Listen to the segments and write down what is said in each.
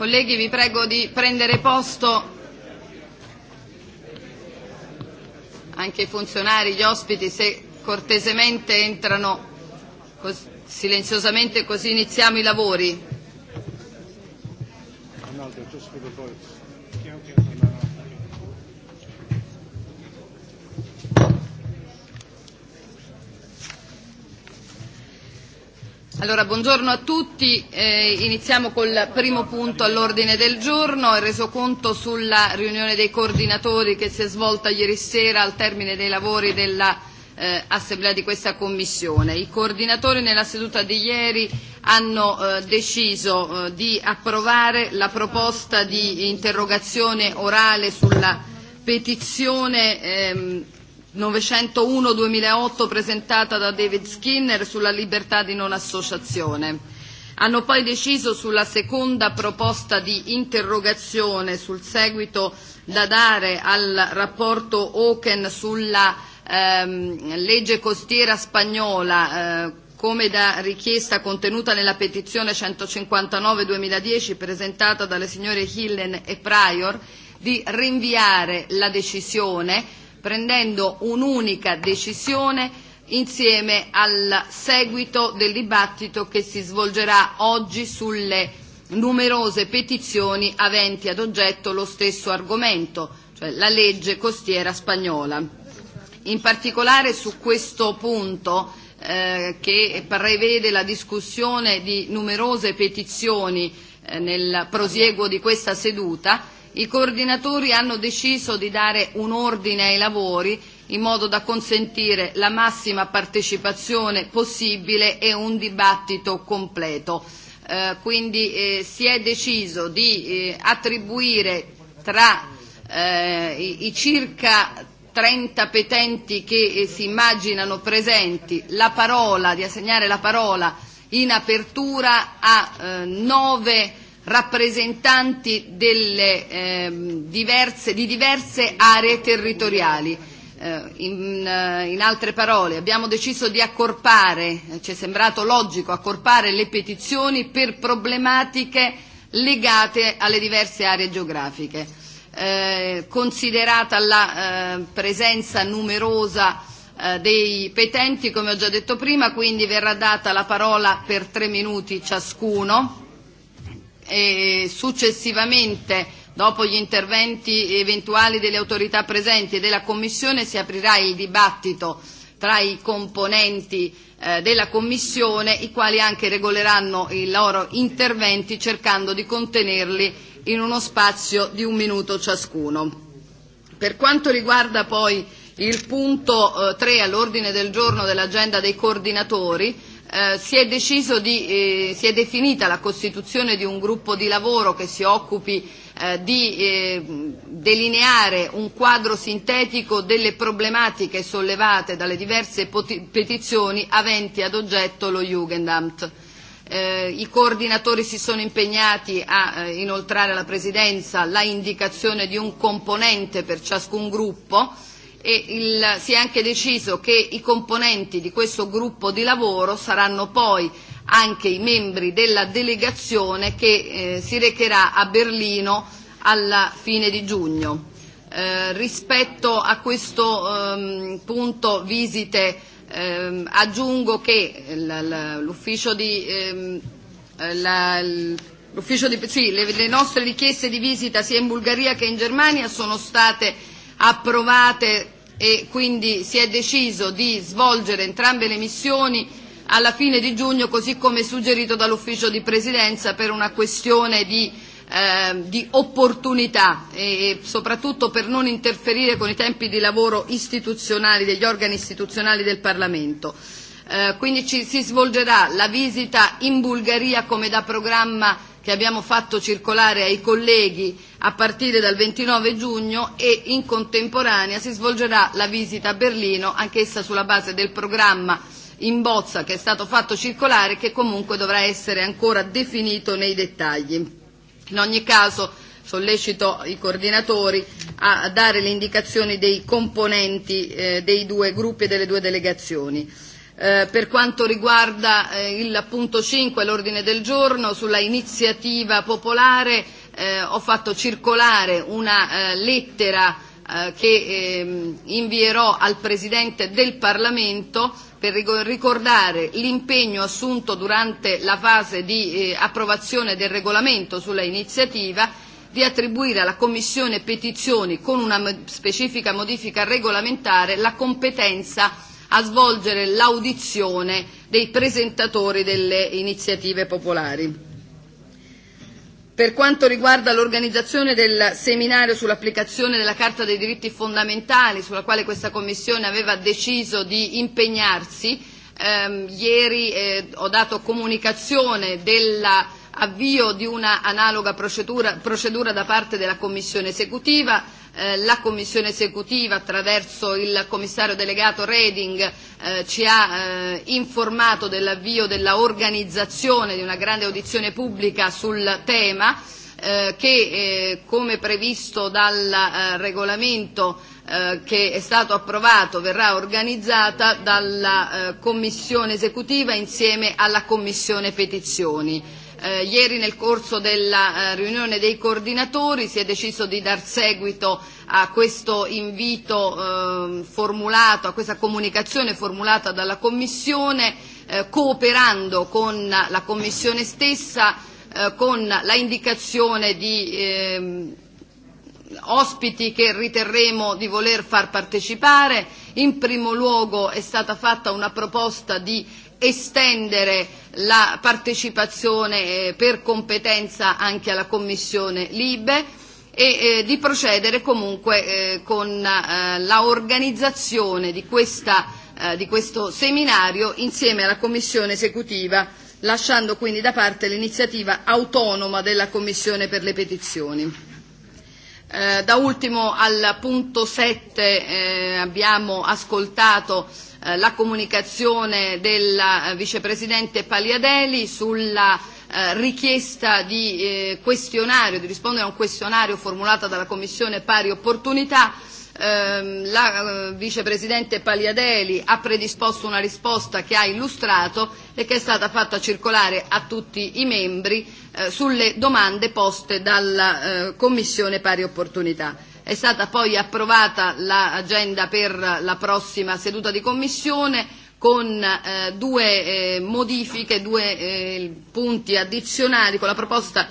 Colleghi, vi prego di prendere posto. Anche i funzionari, gli ospiti, se cortesemente entrano cos- silenziosamente così iniziamo i lavori. Allora, buongiorno a tutti. Eh, iniziamo col primo punto all'ordine del giorno, il resoconto sulla riunione dei coordinatori che si è svolta ieri sera al termine dei lavori dell'assemblea eh, di questa commissione. I coordinatori nella seduta di ieri hanno eh, deciso eh, di approvare la proposta di interrogazione orale sulla petizione ehm, 901-2008 presentata da David Skinner sulla libertà di non associazione. Hanno poi deciso sulla seconda proposta di interrogazione sul seguito da dare al rapporto Oken sulla ehm, legge costiera spagnola eh, come da richiesta contenuta nella petizione 159-2010 presentata dalle signore Hillen e Pryor, di rinviare la decisione prendendo un'unica decisione insieme al seguito del dibattito che si svolgerà oggi sulle numerose petizioni aventi ad oggetto lo stesso argomento, cioè la legge costiera spagnola. In particolare su questo punto eh, che prevede la discussione di numerose petizioni eh, nel prosieguo di questa seduta, I coordinatori hanno deciso di dare un ordine ai lavori in modo da consentire la massima partecipazione possibile e un dibattito completo. Eh, quindi eh, si è deciso di eh, attribuire tra eh, i, i circa 30 petenti che eh, si immaginano presenti la parola, di assegnare la parola in apertura a eh, 9 rappresentanti delle, eh, diverse, di diverse aree territoriali. Eh, in, eh, in altre parole, abbiamo deciso di accorpare, eh, ci è sembrato logico accorpare le petizioni per problematiche legate alle diverse aree geografiche. Eh, considerata la eh, presenza numerosa eh, dei petenti, come ho già detto prima, quindi verrà data la parola per tre minuti ciascuno e successivamente, dopo gli interventi eventuali delle autorità presenti e della Commissione, si aprirà il dibattito tra i componenti eh, della Commissione, i quali anche regoleranno i loro interventi cercando di contenerli in uno spazio di un minuto ciascuno. Per quanto riguarda poi il punto eh, 3 all'ordine del giorno dell'agenda dei coordinatori, Eh, si, è deciso di, eh, si è definita la costituzione di un gruppo di lavoro che si occupi eh, di eh, delineare un quadro sintetico delle problematiche sollevate dalle diverse petizioni aventi ad oggetto lo Jugendamt. Eh, I coordinatori si sono impegnati a eh, inoltrare alla Presidenza la indicazione di un componente per ciascun gruppo e il, si è anche deciso che i componenti di questo gruppo di lavoro saranno poi anche i membri della delegazione che eh, si recherà a Berlino alla fine di giugno. Eh, rispetto a questo ehm, punto visite ehm, aggiungo che l'ufficio di, ehm, la, di sì, le, le nostre richieste di visita sia in Bulgaria che in Germania sono state approvate e quindi si è deciso di svolgere entrambe le missioni alla fine di giugno così come suggerito dall'ufficio di presidenza per una questione di, eh, di opportunità e soprattutto per non interferire con i tempi di lavoro istituzionali degli organi istituzionali del Parlamento. Eh, quindi ci, si svolgerà la visita in Bulgaria come da programma che abbiamo fatto circolare ai colleghi a partire dal 29 giugno e in contemporanea si svolgerà la visita a Berlino, anch'essa sulla base del programma in bozza che è stato fatto circolare e che comunque dovrà essere ancora definito nei dettagli. In ogni caso sollecito i coordinatori a dare le indicazioni dei componenti eh, dei due gruppi e delle due delegazioni. Eh, per quanto riguarda eh, il punto 5, l'ordine del giorno, sulla iniziativa popolare eh, ho fatto circolare una eh, lettera eh, che eh, invierò al Presidente del Parlamento per ricordare l'impegno assunto durante la fase di eh, approvazione del regolamento sulla iniziativa di attribuire alla Commissione petizioni con una specifica modifica regolamentare la competenza a svolgere l'audizione dei presentatori delle iniziative popolari. Per quanto riguarda l'organizzazione del seminario sull'applicazione della Carta dei diritti fondamentali, sulla quale questa Commissione aveva deciso di impegnarsi, ehm, ieri eh, ho dato comunicazione dell'avvio di una analoga procedura, procedura da parte della Commissione esecutiva Eh, la Commissione esecutiva attraverso il commissario delegato Reding eh, ci ha eh, informato dell'avvio dell'organizzazione di una grande audizione pubblica sul tema eh, che eh, come previsto dal eh, regolamento eh, che è stato approvato verrà organizzata dalla eh, Commissione esecutiva insieme alla Commissione petizioni. Eh, ieri nel corso della eh, riunione dei coordinatori si è deciso di dar seguito a questo invito eh, formulato, a questa comunicazione formulata dalla Commissione, eh, cooperando con la Commissione stessa, eh, con la indicazione di eh, ospiti che riterremo di voler far partecipare. In primo luogo è stata fatta una proposta di estendere la partecipazione eh, per competenza anche alla Commissione Libe e eh, di procedere comunque eh, con eh, la organizzazione di, questa, eh, di questo seminario insieme alla Commissione esecutiva, lasciando quindi da parte l'iniziativa autonoma della Commissione per le petizioni. Eh, da ultimo al punto 7 eh, abbiamo ascoltato eh, Eh, la comunicazione del eh, vicepresidente Pagliadeli sulla eh, richiesta di questionario, di rispondere a un questionario formulato dalla Commissione Pari Opportunità. Ehm, la vicepresidente Pagliadeli ha predisposto una risposta che ha illustrato e che è stata fatta circolare a tutti i membri sulle domande poste dalla Commissione Pari Opportunità. È stata poi approvata l'agenda per la prossima seduta di commissione con eh, due eh, modifiche, due eh, punti addizionali, con la proposta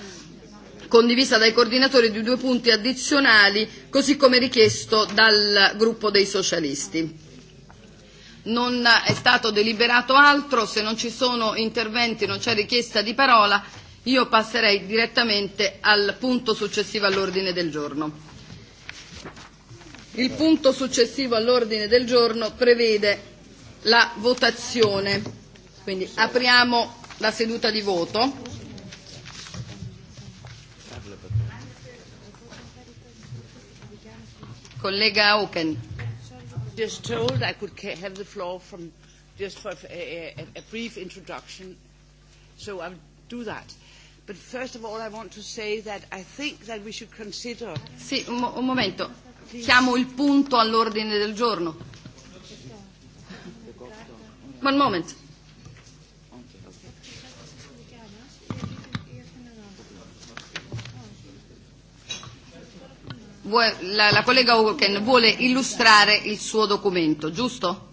condivisa dai coordinatori di due punti addizionali, così come richiesto dal gruppo dei socialisti. Non è stato deliberato altro, se non ci sono interventi, non c'è richiesta di parola, io passerei direttamente al punto successivo all'ordine del giorno. Il punto successivo all'ordine del giorno prevede la votazione. Quindi apriamo la seduta di voto. Collega Auken. Just told I could have the floor from just for a, uh, a, uh, a brief introduction, so I'll do that. But first of all, I want to say that I think that we should consider. Sì, un, un momento. Siamo il punto all'ordine del giorno. One moment. La, la collega Oken vuole illustrare il suo documento, giusto?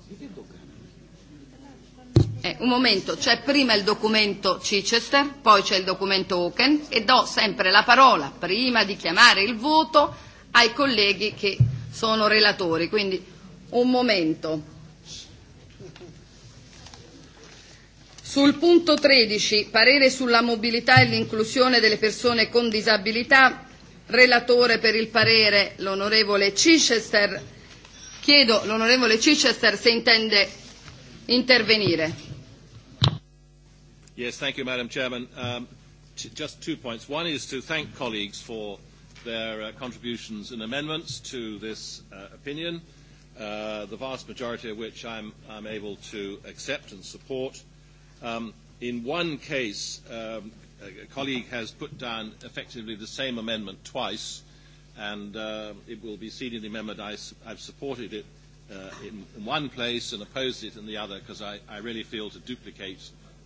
Eh, un momento, c'è prima il documento Chichester, poi c'è il documento Oken e do sempre la parola, prima di chiamare il voto, ai colleghi che sono relatori. Quindi un momento. Sul punto 13, parere sulla mobilità e l'inclusione delle persone con disabilità, relatore per il parere l'onorevole Cicester. Chiedo l'onorevole Cicester se intende intervenire. Yes, thank you, Madam Chairman. Um, just two points. One is to thank colleagues for their uh, contributions and amendments to this uh, opinion, uh, the vast majority of which I'm, I'm able to accept and support. Um, in one case, um, a colleague has put down effectively the same amendment twice, and uh, it will be seen in the amendment I, I've supported it uh, in, in one place and opposed it in the other because I, I really feel to duplicate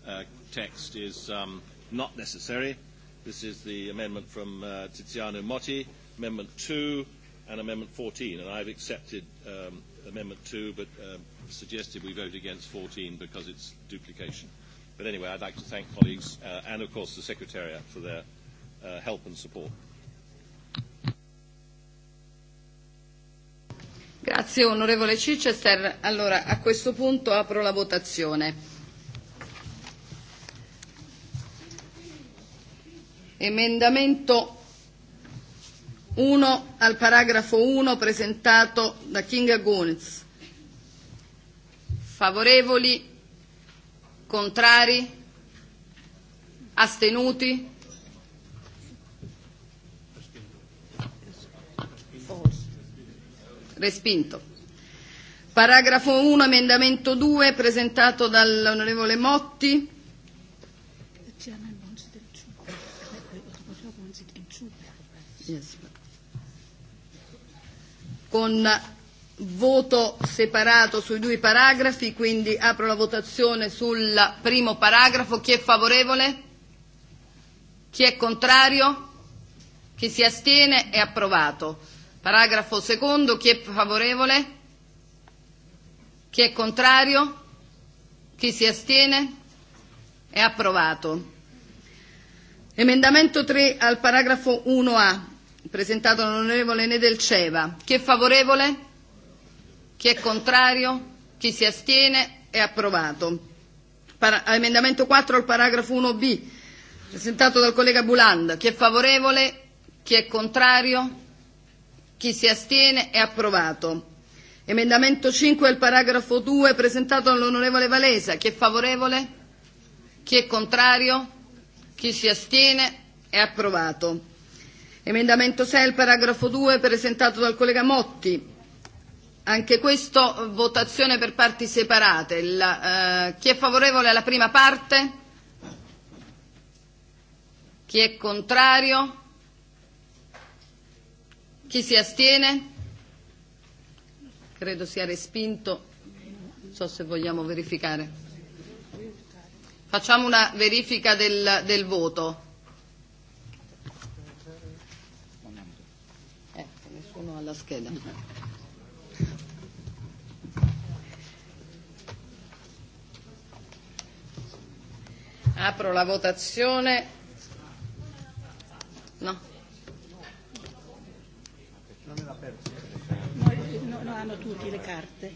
uh, text is um, not necessary. This is the amendment from uh, Tiziano Motti, Amendment 2 and Amendment 14. And I've accepted um, Amendment 2 but um, suggested we vote against 14 because it's duplication. But anyway, I'd like to thank colleagues uh, and, of course, the Secretariat for their uh, help and support. Grazie onorevole Cicester. Allora a questo punto apro la votazione. Emendamento 1 al paragrafo 1 presentato da Kinga Gunz. Favorevoli? Contrari? Astenuti? Respinto. Paragrafo 1, emendamento 2, presentato dall'onorevole Motti. con voto separato sui due paragrafi, quindi apro la votazione sul primo paragrafo. Chi è favorevole? Chi è contrario? Chi si astiene? È approvato. Paragrafo secondo. Chi è favorevole? Chi è contrario? Chi si astiene? È approvato. Emendamento 3 al paragrafo 1A presentato l'onorevole Nedelceva. Chi è favorevole? Chi è contrario? Chi si astiene? È approvato. Para- emendamento 4 al paragrafo 1b, presentato dal collega Buland. Chi è favorevole? Chi è contrario? Chi si astiene? È approvato. Emendamento 5 al paragrafo 2, presentato dall'onorevole Valesa. Chi è favorevole? Chi è contrario? Chi si astiene? È approvato. Emendamento 6 al paragrafo 2 presentato dal collega Motti. Anche questo votazione per parti separate. Il, eh, chi è favorevole alla prima parte? Chi è contrario? Chi si astiene? Credo sia respinto. Non so se vogliamo verificare. Facciamo una verifica del, del voto. della scheda. Apro la votazione. Eh, no. hanno tutti le carte.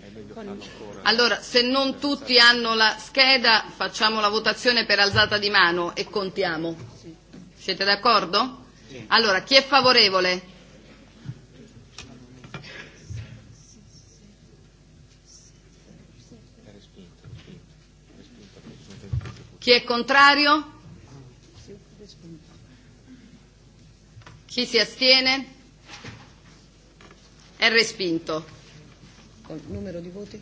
Allora, se non tutti hanno la scheda, facciamo la votazione per alzata di mano e contiamo. Siete d'accordo? Allora, chi è favorevole? Chi è contrario? Chi si astiene? È respinto. Col numero di voti?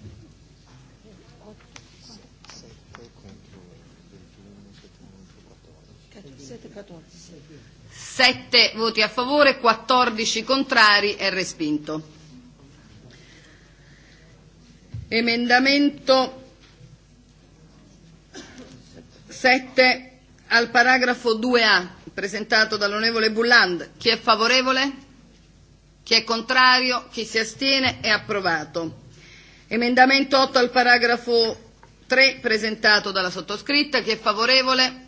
Sette voti a favore, 14 contrari, è respinto. Emendamento 7 al paragrafo 2A presentato dall'onorevole Bulland. Chi è favorevole? Chi è contrario? Chi si astiene? È approvato. Emendamento 8 al paragrafo 3 presentato dalla sottoscritta. Chi è favorevole?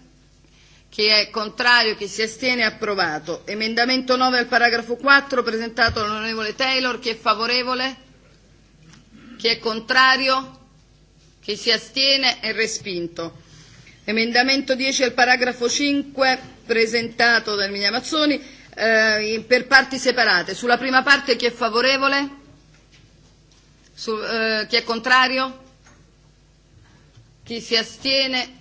Chi è contrario? Chi si astiene? È approvato. Emendamento 9 al paragrafo 4 presentato dall'onorevole Taylor. Chi è favorevole? Chi è contrario? Chi si astiene? È respinto. Emendamento 10 al paragrafo 5 presentato da Emilia Mazzoni eh, per parti separate. Sulla prima parte chi è favorevole? Su, eh, chi è contrario? Chi si astiene?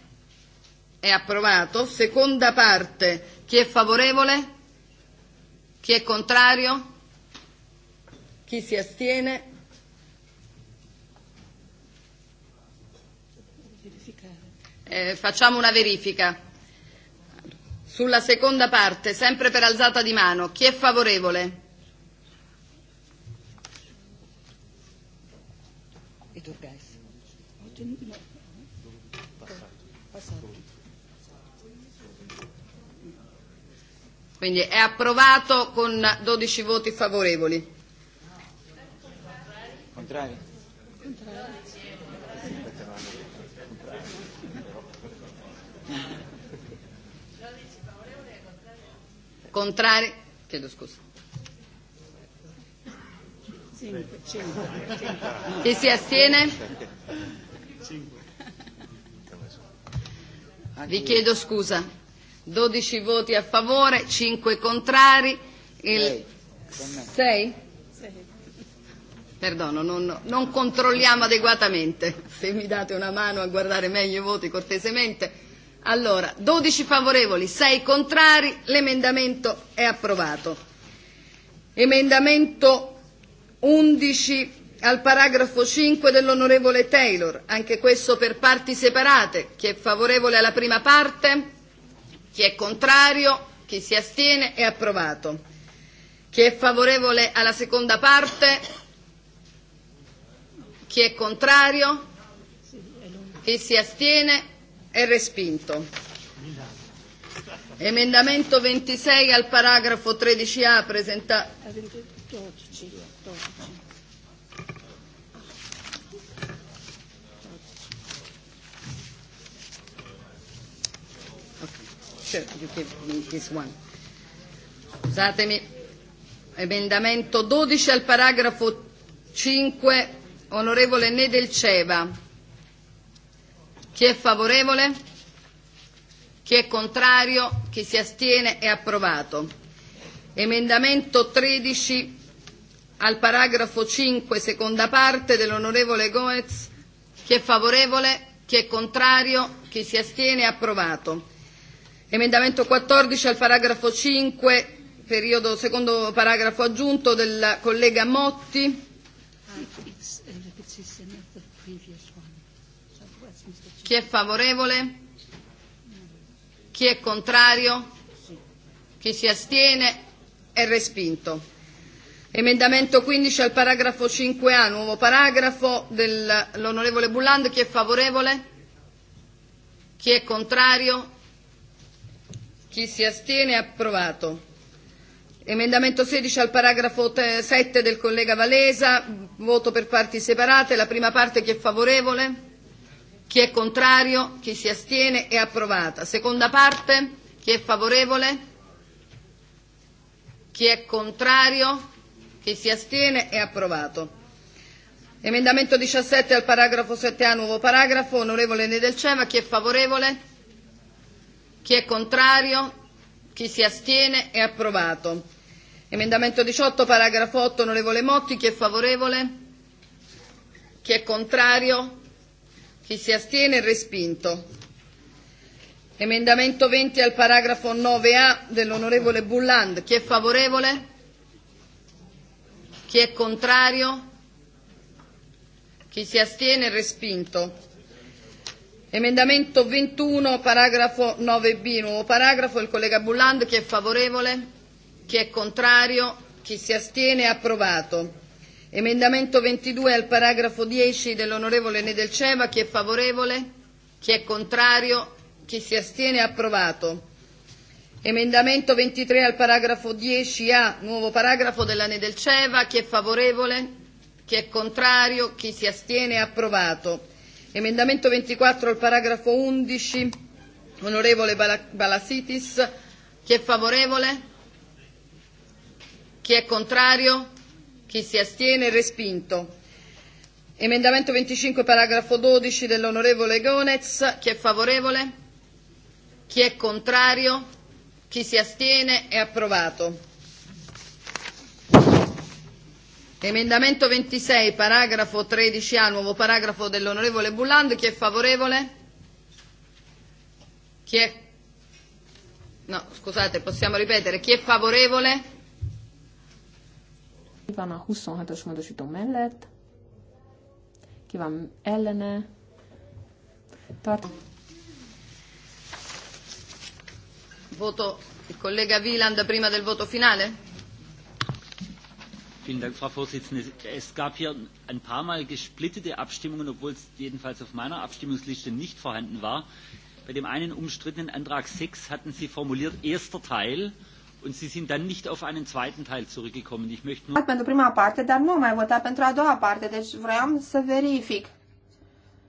È approvato. Seconda parte chi è favorevole? Chi è contrario? Chi si astiene? eh, facciamo una verifica. Sulla seconda parte, sempre per alzata di mano, chi è favorevole? Quindi è approvato con 12 voti favorevoli. Contrari. Contrari. Contrari? Chiedo scusa. Chi si astiene? Vi chiedo scusa. 12 voti a favore, 5 contrari. Il 6? Perdono, non, non controlliamo adeguatamente. Se mi date una mano a guardare meglio i voti cortesemente. Allora, 12 favorevoli, 6 contrari, l'emendamento è approvato. Emendamento 11 al paragrafo 5 dell'onorevole Taylor, anche questo per parti separate. Chi è favorevole alla prima parte? Chi è contrario? Chi si astiene? È approvato. Chi è favorevole alla seconda parte? Chi è contrario? Chi si astiene? È respinto. Emendamento 26 al paragrafo 13A presentato. Scusatemi. Emendamento 12 al paragrafo 5, onorevole Nedelceva. Chi è favorevole? Chi è contrario? Chi si astiene? È approvato. Emendamento 13 al paragrafo 5, seconda parte dell'onorevole Goetz. Chi è favorevole? Chi è contrario? Chi si astiene? È approvato. Emendamento 14 al paragrafo 5, periodo, secondo paragrafo aggiunto del collega Motti. Chi è favorevole? Chi è contrario? Chi si astiene? È respinto. Emendamento 15 al paragrafo 5A, nuovo paragrafo dell'onorevole Bulland. Chi è favorevole? Chi è contrario? Chi si astiene? Approvato. Emendamento 16 al paragrafo 7 del collega Valesa, voto per parti separate. La prima parte chi è favorevole? Chi è contrario? Chi si astiene? È approvata. Seconda parte? Chi è favorevole? Chi è contrario? Chi si astiene? È approvato. Emendamento 17 al paragrafo 7a, nuovo paragrafo. Onorevole Nedelceva, chi è favorevole? Chi è contrario? Chi si astiene? È approvato. Emendamento 18, paragrafo 8, onorevole Motti, chi è favorevole? Chi è contrario? Chi si astiene? Respinto. Emendamento 20 al paragrafo 9A dell'onorevole Bulland. Chi è favorevole? Chi è contrario? Chi si astiene? Respinto. Emendamento 21, paragrafo 9b, nuovo paragrafo, il collega Bulland. Chi è favorevole? Chi è contrario? Chi si astiene? Approvato. Emendamento 22 al paragrafo 10 dell'onorevole Nedelceva, chi è favorevole? Chi è contrario? Chi si astiene? Approvato. Emendamento 23 al paragrafo 10a, nuovo paragrafo della Nedelceva, chi è favorevole? Chi è contrario? Chi si astiene? Approvato. Emendamento 24 al paragrafo 11, onorevole Balasitis, chi è favorevole? Chi è contrario? Chi si astiene? Respinto. Emendamento 25, paragrafo 12 dell'onorevole Gonez. Chi è favorevole? Chi è contrario? Chi si astiene? È approvato. Emendamento 26, paragrafo 13A, nuovo paragrafo dell'onorevole Bulland. Chi è favorevole? Chi è... No, scusate, possiamo ripetere. Chi è favorevole? Ki van a 26-os módosító mellett? Ki van ellene? Tart... Voto il collega Wieland prima del voto finale? Vielen Dank, Frau Vorsitzende. Es gab hier ein paar Mal gesplittete Abstimmungen, obwohl es jedenfalls auf meiner Abstimmungsliste nicht vorhanden war. Bei dem einen umstrittenen Antrag 6 hatten Sie formuliert, erster Teil, und sie sind dann nicht auf einen zweiten Teil zurückgekommen. Ich möchte nur pentru prima parte, dar nu am mai votat pentru a doua parte, deci vroiam să verific.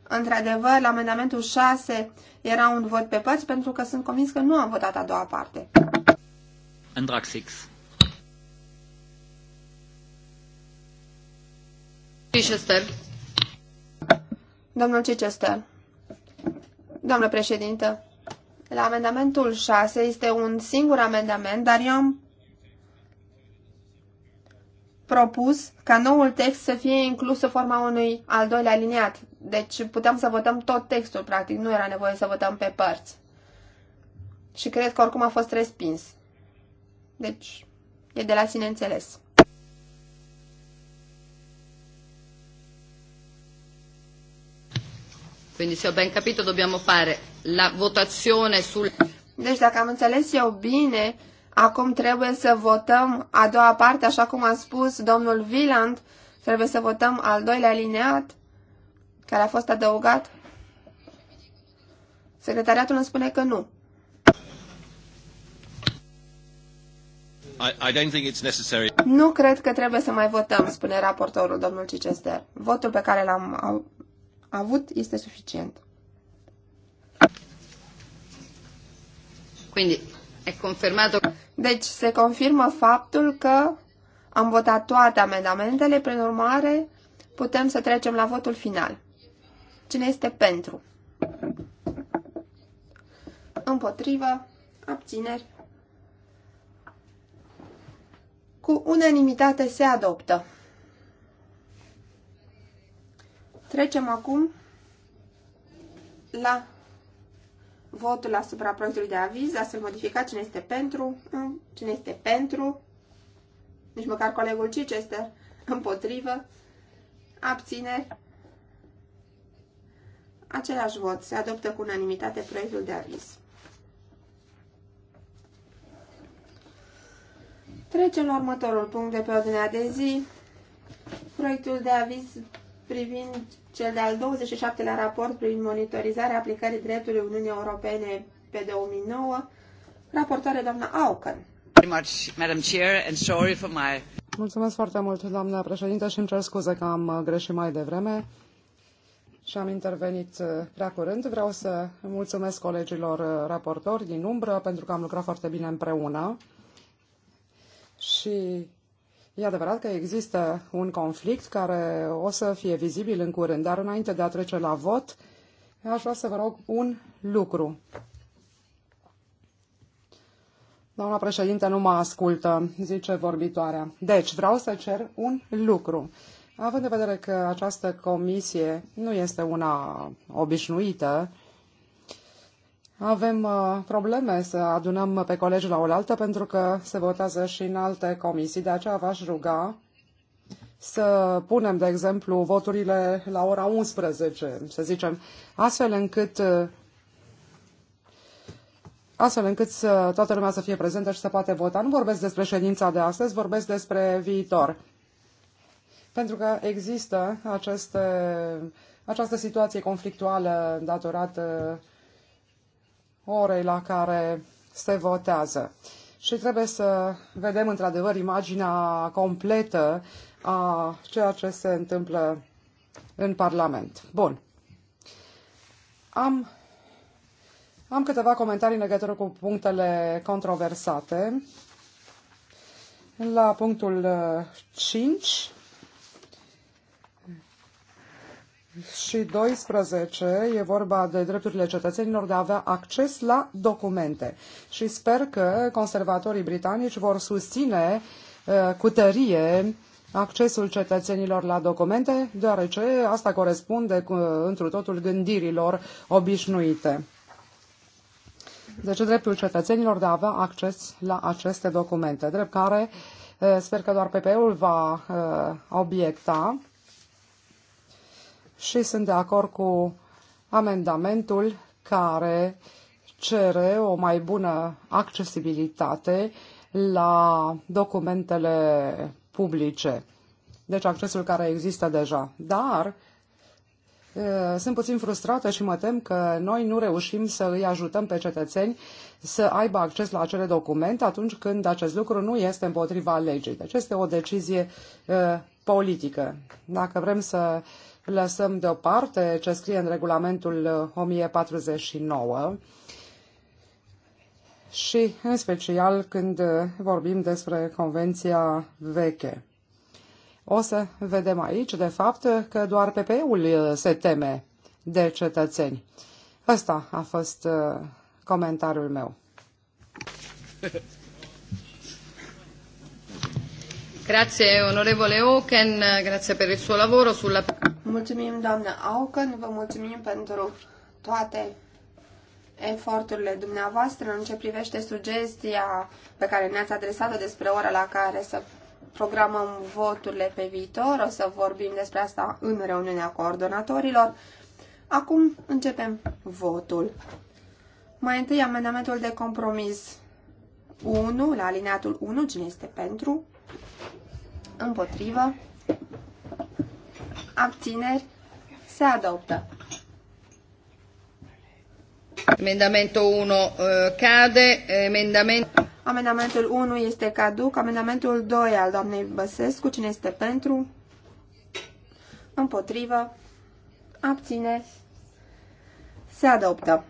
Într-adevăr, la amendamentul 6 era un vot pe părți pentru că sunt convins că nu am votat a doua parte. Antrag 6. Chichester. Domnul Chichester. Doamnă președintă, la amendamentul 6 este un singur amendament, dar eu am propus ca noul text să fie inclus în forma unui al doilea aliniat. Deci putem să votăm tot textul, practic, nu era nevoie să votăm pe părți. Și cred că oricum a fost respins. Deci, e de la sine înțeles. Quindi se ho ben capito dobbiamo fare la votazione sul... Deci, dacă am înțeles eu bine, acum trebuie să votăm a doua parte, așa cum a spus domnul Viland, trebuie să votăm al doilea alineat care a fost adăugat. Secretariatul îmi spune că nu. I, I don't think it's necessary. Nu cred că trebuie să mai votăm, spune raportorul domnul Cicester. Votul pe care l-am avut este suficient. Quindi è confermato. Deci se confirmă faptul că am votat toate amendamentele, prin urmare putem să trecem la votul final. Cine este pentru? Împotrivă? Abțineri? Cu unanimitate se adoptă. Trecem acum la votul asupra proiectului de aviz, a astfel modificat cine este pentru, cine este pentru, nici măcar colegul Chichester împotrivă, abțineri, același vot, se adoptă cu unanimitate proiectul de aviz. Trecem la următorul punct de pe ordinea de zi, proiectul de aviz privind cel de-al 27-lea raport privind monitorizarea aplicării dreptului Uniunii Europene pe 2009, raportoare doamna Auken. Mulțumesc foarte mult, doamna președinte, și îmi cer scuze că am uh, greșit mai devreme și am intervenit uh, prea curând. Vreau să mulțumesc colegilor uh, raportori din umbră pentru că am lucrat foarte bine împreună și E adevărat că există un conflict care o să fie vizibil în curând, dar înainte de a trece la vot, aș vrea să vă rog un lucru. Doamna președinte nu mă ascultă, zice vorbitoarea. Deci, vreau să cer un lucru. Având în vedere că această comisie nu este una obișnuită, avem uh, probleme să adunăm pe colegi la oaltă pentru că se votează și în alte comisii, de aceea v-aș ruga să punem, de exemplu, voturile la ora 11, să zicem, astfel încât uh, astfel încât să, toată lumea să fie prezentă și să poate vota. Nu vorbesc despre ședința de astăzi, vorbesc despre viitor. Pentru că există aceste, această situație conflictuală datorată orei la care se votează. Și trebuie să vedem într-adevăr imaginea completă a ceea ce se întâmplă în Parlament. Bun. Am, am câteva comentarii în legătură cu punctele controversate. La punctul 5 uh, și 12 e vorba de drepturile cetățenilor de a avea acces la documente. Și sper că conservatorii britanici vor susține uh, cu tărie accesul cetățenilor la documente, deoarece asta corespunde cu, uh, întru totul gândirilor obișnuite. Deci dreptul cetățenilor de a avea acces la aceste documente, drept care uh, sper că doar PP-ul va obiecta și sunt de acord cu amendamentul care cere o mai bună accesibilitate la documentele publice. Deci accesul care există deja. Dar sunt puțin frustrată și mă tem că noi nu reușim să îi ajutăm pe cetățeni să aibă acces la acele documente atunci când acest lucru nu este împotriva legii. Deci este o decizie politică. Dacă vrem să lăsăm deoparte ce scrie în regulamentul 1049 uh, și în special când uh, vorbim despre convenția veche. O să vedem aici, de fapt, că doar PP-ul uh, se teme de cetățeni. Ăsta a fost comentariul meu. Grazie onorevole Oken, grazie per il suo lavoro sulla... Mulțumim, doamnă Aucăn, vă mulțumim pentru toate eforturile dumneavoastră în ce privește sugestia pe care ne-ați adresat-o despre ora la care să programăm voturile pe viitor. O să vorbim despre asta în reuniunea coordonatorilor. Acum începem votul. Mai întâi amendamentul de compromis 1, la alineatul 1, cine este pentru, împotrivă, abțineri, se adoptă. Amendamentul 1 uh, eh, cade, amendament... Amendamentul 1 este caduc, amendamentul 2 al doamnei Băsescu, cine este pentru, împotrivă, abține, se adoptă.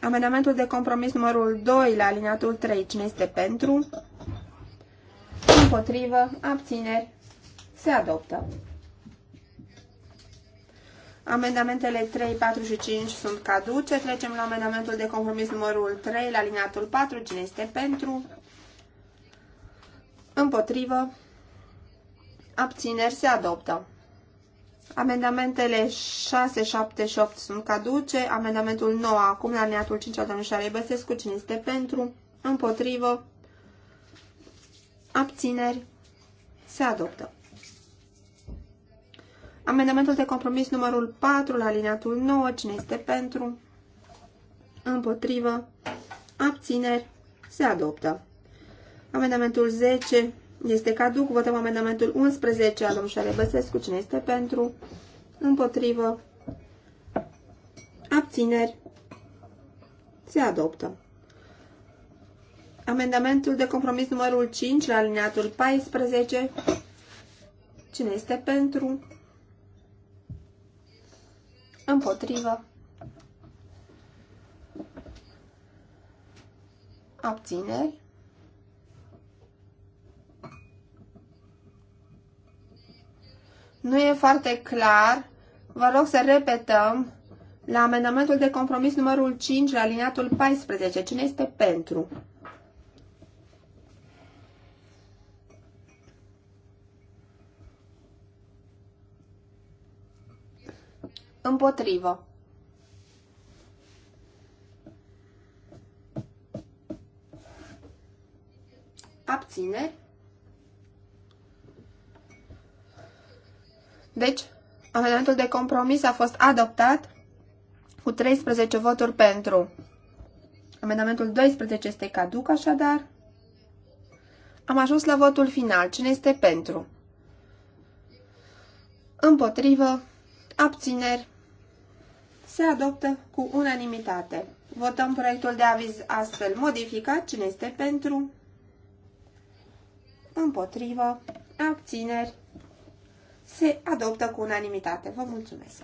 Amendamentul de compromis numărul 2 la alineatul 3, cine este pentru, împotrivă, abține, se adoptă. Amendamentele 3, 4 și 5 sunt caduce. Trecem la amendamentul de compromis numărul 3, la liniatul 4. Cine este pentru? Împotrivă. Abțineri se adoptă. Amendamentele 6, 7 și 8 sunt caduce. Amendamentul 9, acum la liniatul 5 al domnului Șarei Băsescu. Cine este pentru? Împotrivă. Abțineri se adoptă. Amendamentul de compromis numărul 4 la alineatul 9. Cine este pentru? Împotrivă. Abțineri. Se adoptă. Amendamentul 10 este caduc. Votăm amendamentul 11 al domnului Băsescu. Cine este pentru? Împotrivă. Abțineri. Se adoptă. Amendamentul de compromis numărul 5 la alineatul 14. Cine este pentru? Împotrivă. Abțineri. Nu e foarte clar. Vă rog să repetăm la amendamentul de compromis numărul 5 la liniatul 14. Cine este pentru? Împotrivă. Abține. Deci, amendamentul de compromis a fost adoptat cu 13 voturi pentru. Amendamentul 12 este caduc, așadar. Am ajuns la votul final. Cine este pentru? Împotrivă. Abțineri se adoptă cu unanimitate. Votăm proiectul de aviz astfel modificat. Cine este pentru? Împotrivă. Abțineri. Se adoptă cu unanimitate. Vă mulțumesc!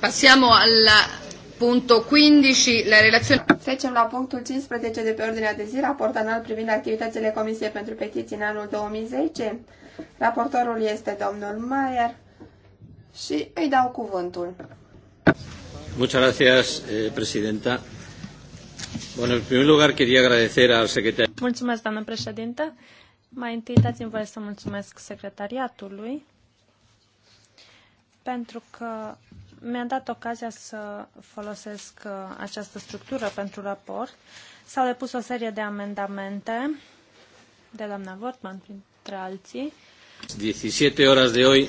Passiamo alla Punctul 15, la relazione... Trecem la punctul 15 de pe ordinea de zi, raport anual privind activitățile Comisiei pentru Petiții în anul 2010. Raportorul este domnul Maier și îi dau cuvântul. Muchas gracias, eh, presidenta. Bueno, en primer lugar quería agradecer al secretario. Mulțumesc, doamnă președintă. Mai întâi dați-mi voie să mulțumesc secretariatului pentru că mi-a dat ocazia să folosesc uh, această structură pentru raport. S-au depus o serie de amendamente de doamna Wortman, printre alții. 17 ore de hoy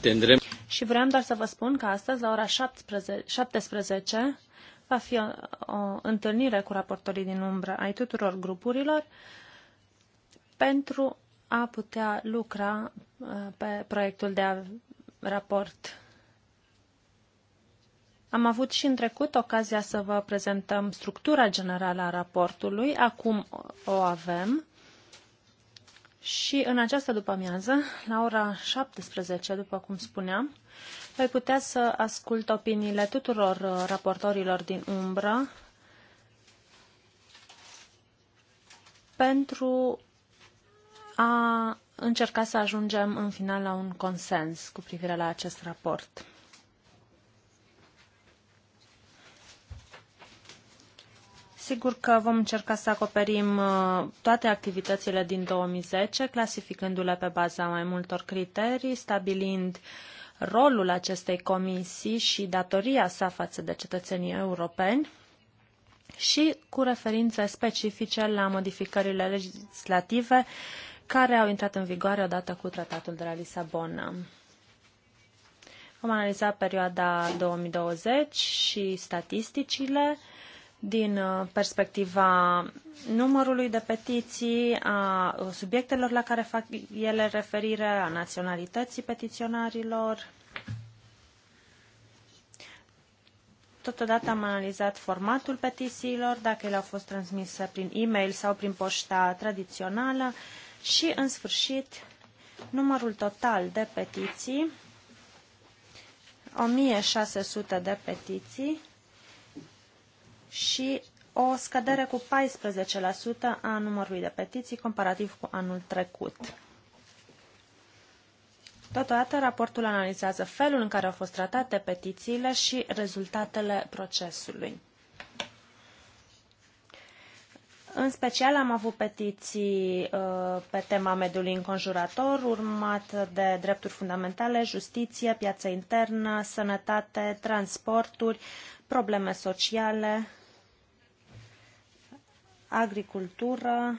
tendrem... Și vreau doar să vă spun că astăzi, la ora 17, 17 va fi o, o întâlnire cu raportorii din umbră ai tuturor grupurilor pentru a putea lucra uh, pe proiectul de raport am avut și în trecut ocazia să vă prezentăm structura generală a raportului, acum o avem. Și în această după-amiază, la ora 17, după cum spuneam, voi putea să ascult opiniile tuturor uh, raportorilor din umbră pentru a încerca să ajungem în final la un consens cu privire la acest raport. Sigur că vom încerca să acoperim uh, toate activitățile din 2010, clasificându-le pe baza mai multor criterii, stabilind rolul acestei comisii și datoria sa față de cetățenii europeni și cu referințe specifice la modificările legislative care au intrat în vigoare odată cu tratatul de la Lisabona. Vom analiza perioada 2020 și statisticile din uh, perspectiva numărului de petiții, a uh, subiectelor la care fac ele referire, a naționalității petiționarilor. Totodată am analizat formatul petițiilor, dacă ele au fost transmise prin e-mail sau prin poșta tradițională și, în sfârșit, numărul total de petiții, 1600 de petiții, și o scădere cu 14% a numărului de petiții comparativ cu anul trecut. Totodată, raportul analizează felul în care au fost tratate petițiile și rezultatele procesului. În special am avut petiții uh, pe tema mediului înconjurator, urmat de drepturi fundamentale, justiție, piață internă, sănătate, transporturi, probleme sociale, agricultură.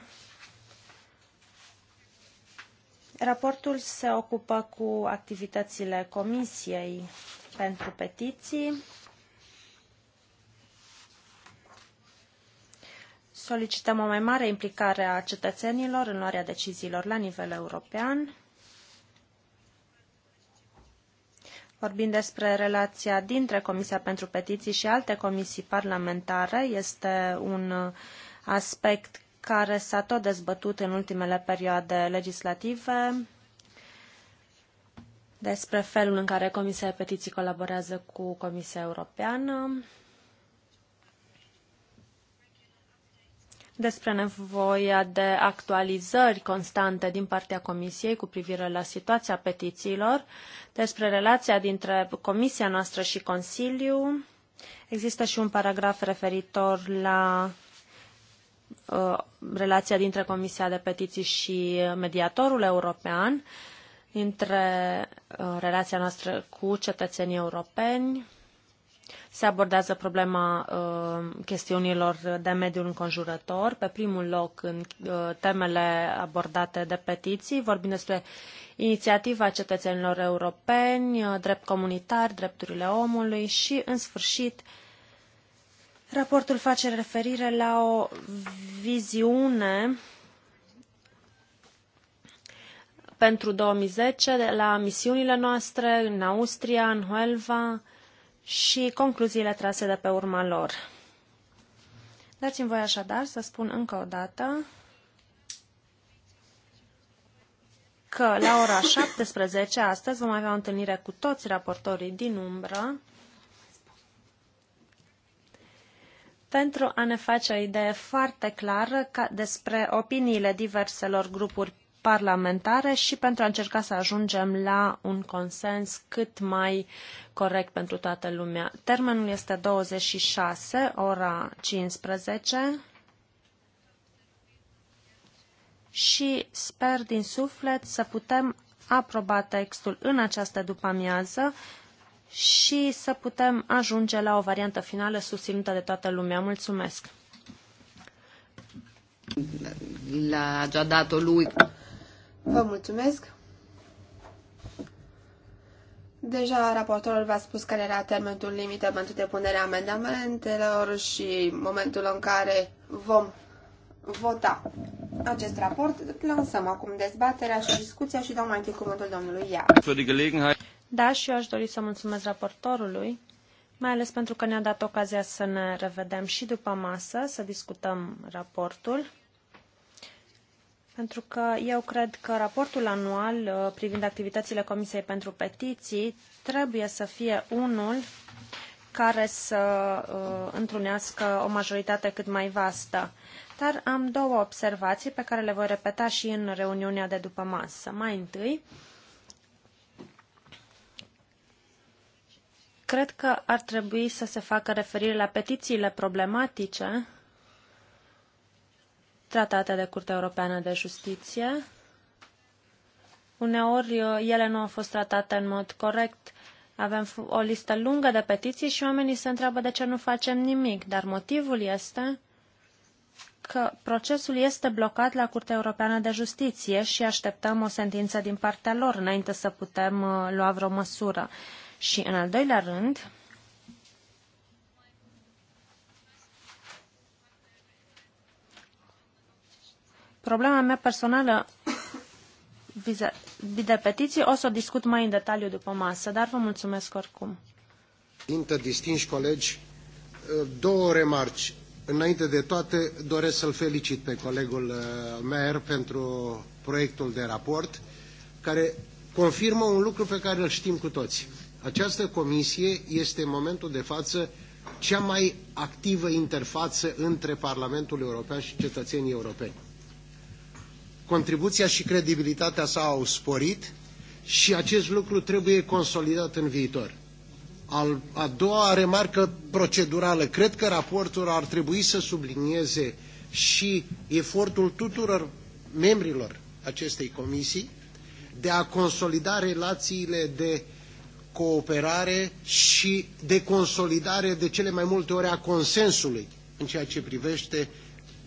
Raportul se ocupă cu activitățile Comisiei pentru petiții. Solicităm o mai mare implicare a cetățenilor în luarea deciziilor la nivel european. Vorbind despre relația dintre Comisia pentru Petiții și alte comisii parlamentare, este un uh, aspect care s-a tot dezbătut în ultimele perioade legislative despre felul în care Comisia Petiții colaborează cu Comisia Europeană, despre nevoia de actualizări constante din partea Comisiei cu privire la situația petițiilor, despre relația dintre Comisia noastră și Consiliu. Există și un paragraf referitor la Uh, relația dintre Comisia de Petiții și mediatorul european, dintre uh, relația noastră cu cetățenii europeni. Se abordează problema uh, chestiunilor de mediul înconjurător, pe primul loc în temele abordate de petiții, vorbim despre inițiativa cetățenilor europeni, drept comunitar, drepturile omului și, în sfârșit, Raportul face referire la o viziune pentru 2010 de la misiunile noastre în Austria, în Huelva și concluziile trase de pe urma lor. Dați-mi voi așadar să spun încă o dată că la ora 17 astăzi vom avea o întâlnire cu toți raportorii din umbră pentru a ne face o idee foarte clară ca despre opiniile diverselor grupuri parlamentare și pentru a încerca să ajungem la un consens cât mai corect pentru toată lumea. Termenul este 26, ora 15 și sper din suflet să putem aproba textul în această după-amiază și să putem ajunge la o variantă finală susținută de toată lumea. Mulțumesc! L-a già dato lui. Vă mulțumesc! Deja raportorul v-a spus care era termenul limită pentru depunerea amendamentelor și momentul în care vom vota acest raport. Lansăm acum dezbaterea și discuția și dau mai întâi cuvântul domnului Ia. Da, și eu aș dori să mulțumesc raportorului, mai ales pentru că ne-a dat ocazia să ne revedem și după masă, să discutăm raportul. Pentru că eu cred că raportul anual uh, privind activitățile Comisiei pentru Petiții trebuie să fie unul care să uh, întrunească o majoritate cât mai vastă. Dar am două observații pe care le voi repeta și în reuniunea de după masă. Mai întâi, uh, Cred că ar trebui să se facă referire la petițiile problematice tratate de Curtea Europeană de Justiție. Uneori uh, ele nu au fost tratate în mod corect. Avem o listă lungă de petiții și oamenii se întreabă de ce nu facem nimic, dar motivul este că procesul este blocat la Curtea Europeană de Justiție și așteptăm o sentință din partea lor înainte să putem uh, lua vreo măsură. Și în al doilea rând, problema mea personală de petiții o să o discut mai în detaliu după masă, dar vă mulțumesc oricum. Dintă, distinși colegi, două remarci. Înainte de toate, doresc să-l felicit pe colegul uh, Meier pentru proiectul de raport, care confirmă un lucru pe care îl știm cu toții această comisie este în momentul de față cea mai activă interfață între Parlamentul European și cetățenii europeni. Contribuția și credibilitatea sa au sporit și acest lucru trebuie consolidat în viitor. Al, a doua remarcă procedurală. Cred că raportul ar trebui să sublinieze și efortul tuturor membrilor acestei comisii de a consolida relațiile de uh, cooperare și de consolidare de cele mai multe ori a consensului în ceea ce privește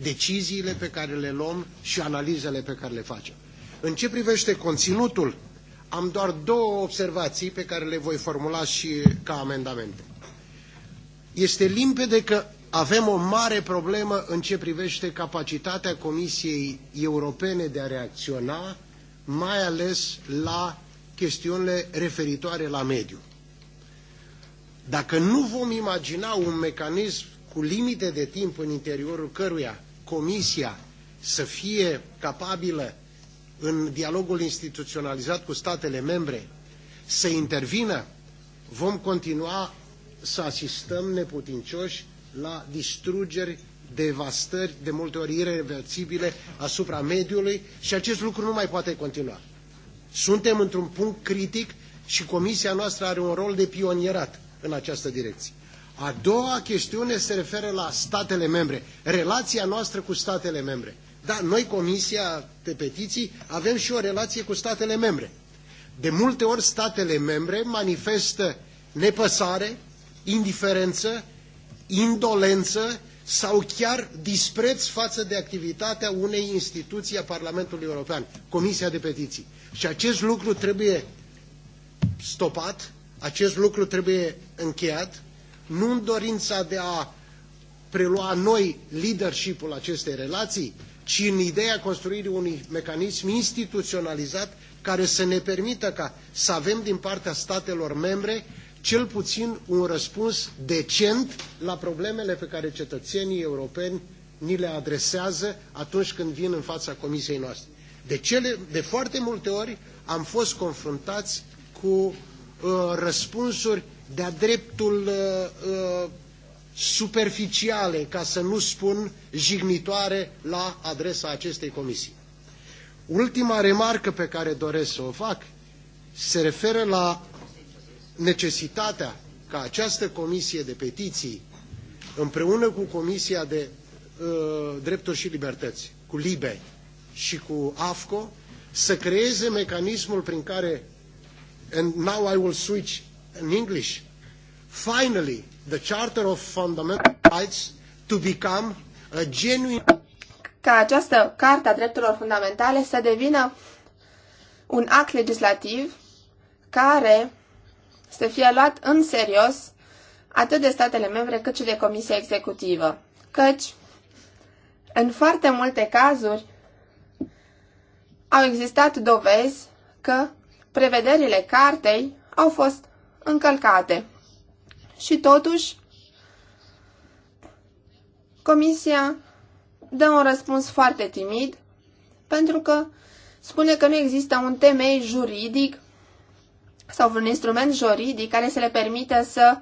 deciziile pe care le luăm și analizele pe care le facem. În ce privește conținutul, am doar două observații pe care le voi formula și ca amendamente. Este limpede că avem o mare problemă în ce privește capacitatea Comisiei Europene de a reacționa, mai ales la chestiunile referitoare la mediu. Dacă nu vom imagina un mecanism cu limite de timp în interiorul căruia Comisia să fie capabilă în dialogul instituționalizat cu statele membre să intervină, vom continua să asistăm neputincioși la distrugeri, devastări, de multe ori irreversibile asupra mediului și acest lucru nu mai poate continua. Suntem într-un punct critic și comisia noastră are un rol de pionierat în această direcție. A doua chestiune se referă la statele membre, relația noastră cu statele membre. Da, noi, Comisia de Petiții, avem și o relație cu statele membre. De multe ori statele membre manifestă nepăsare, indiferență, indolență sau chiar dispreț față de activitatea unei instituții a Parlamentului European, Comisia de Petiții. Și acest lucru trebuie stopat, acest lucru trebuie încheiat, nu în dorința de a prelua noi leadership-ul acestei relații, ci în ideea construirii unui mecanism instituționalizat care să ne permită ca să avem din partea statelor membre cel puțin un răspuns decent la problemele pe care cetățenii europeni ni le adresează atunci când vin în fața comisiei noastre. De, cele, de foarte multe ori am fost confruntați cu uh, răspunsuri de-a dreptul uh, uh superficiale, ca să nu spun jignitoare, la adresa acestei comisii. Ultima remarcă pe care doresc să o fac se referă la necesitatea ca această comisie de petiții, împreună cu Comisia de uh, Drepturi și Libertăți, cu LIBE și cu AFCO, să creeze mecanismul prin care, and now I will switch in English, finally, the Charter of Fundamental Rights to become a genuine... Ca această carte a drepturilor fundamentale să devină un act legislativ care să fie luat în serios atât de statele membre cât și de Comisia Executivă. Căci, în foarte multe cazuri, au existat dovezi că prevederile cartei au fost încălcate. Și totuși, Comisia dă un răspuns foarte timid pentru că spune că nu există un temei juridic sau un instrument juridic care să le permită să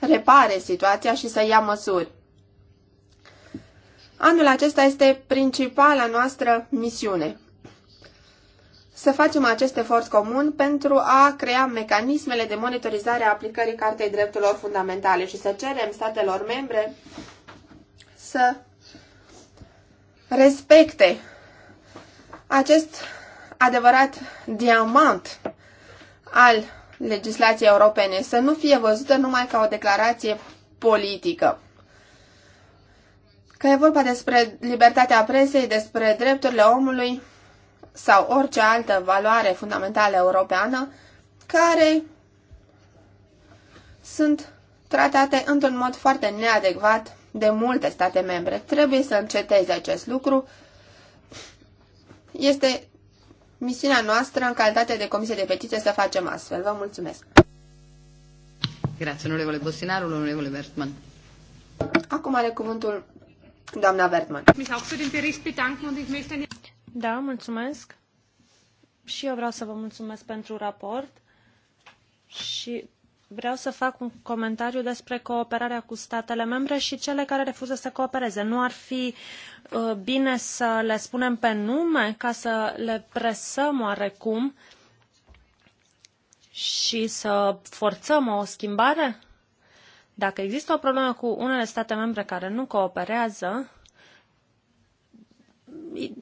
repare situația și să ia măsuri. Anul acesta este principala noastră misiune. Să facem acest efort comun pentru a crea mecanismele de monitorizare a aplicării Cartei Drepturilor Fundamentale și să cerem statelor membre să respecte acest adevărat diamant al legislației europene să nu fie văzută numai ca o declarație politică. Că e vorba despre libertatea presei, despre drepturile omului sau orice altă valoare fundamentală europeană, care sunt tratate într-un mod foarte neadecvat de multe state membre. Trebuie să înceteze acest lucru. Este Misiunea noastră, în calitate de Comisie de Petiție, să facem astfel. Vă mulțumesc. Grație, onorevole Bostinaru, onorevole Bertman. Acum are cuvântul doamna Bertman. Da, mulțumesc. Și eu vreau să vă mulțumesc pentru raport și vreau să fac un comentariu despre cooperarea cu statele membre și cele care refuză să coopereze. Nu ar fi uh, bine să le spunem pe nume ca să le presăm oarecum și să forțăm o schimbare? Dacă există o problemă cu unele state membre care nu cooperează,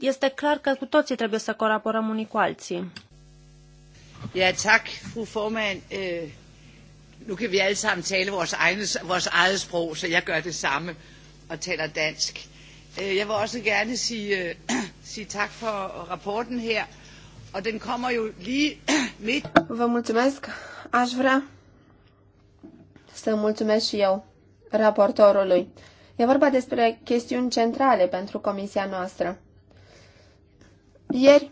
este clar că cu toții trebuie să colaborăm unii cu alții. Ja, tak, fru formand. Øh, nu kan vi alle sammen tale vores, egne, vores eget sprog, så jeg gør det samme og taler dansk. Øh, jeg vil også gerne sige, øh, sige tak for rapporten her, og den kommer jo lige midt. Vă mulțumesc. Aș vrea să mulțumesc și eu raportorului. E vorba despre chestiuni centrale pentru comisia noastră. Ieri,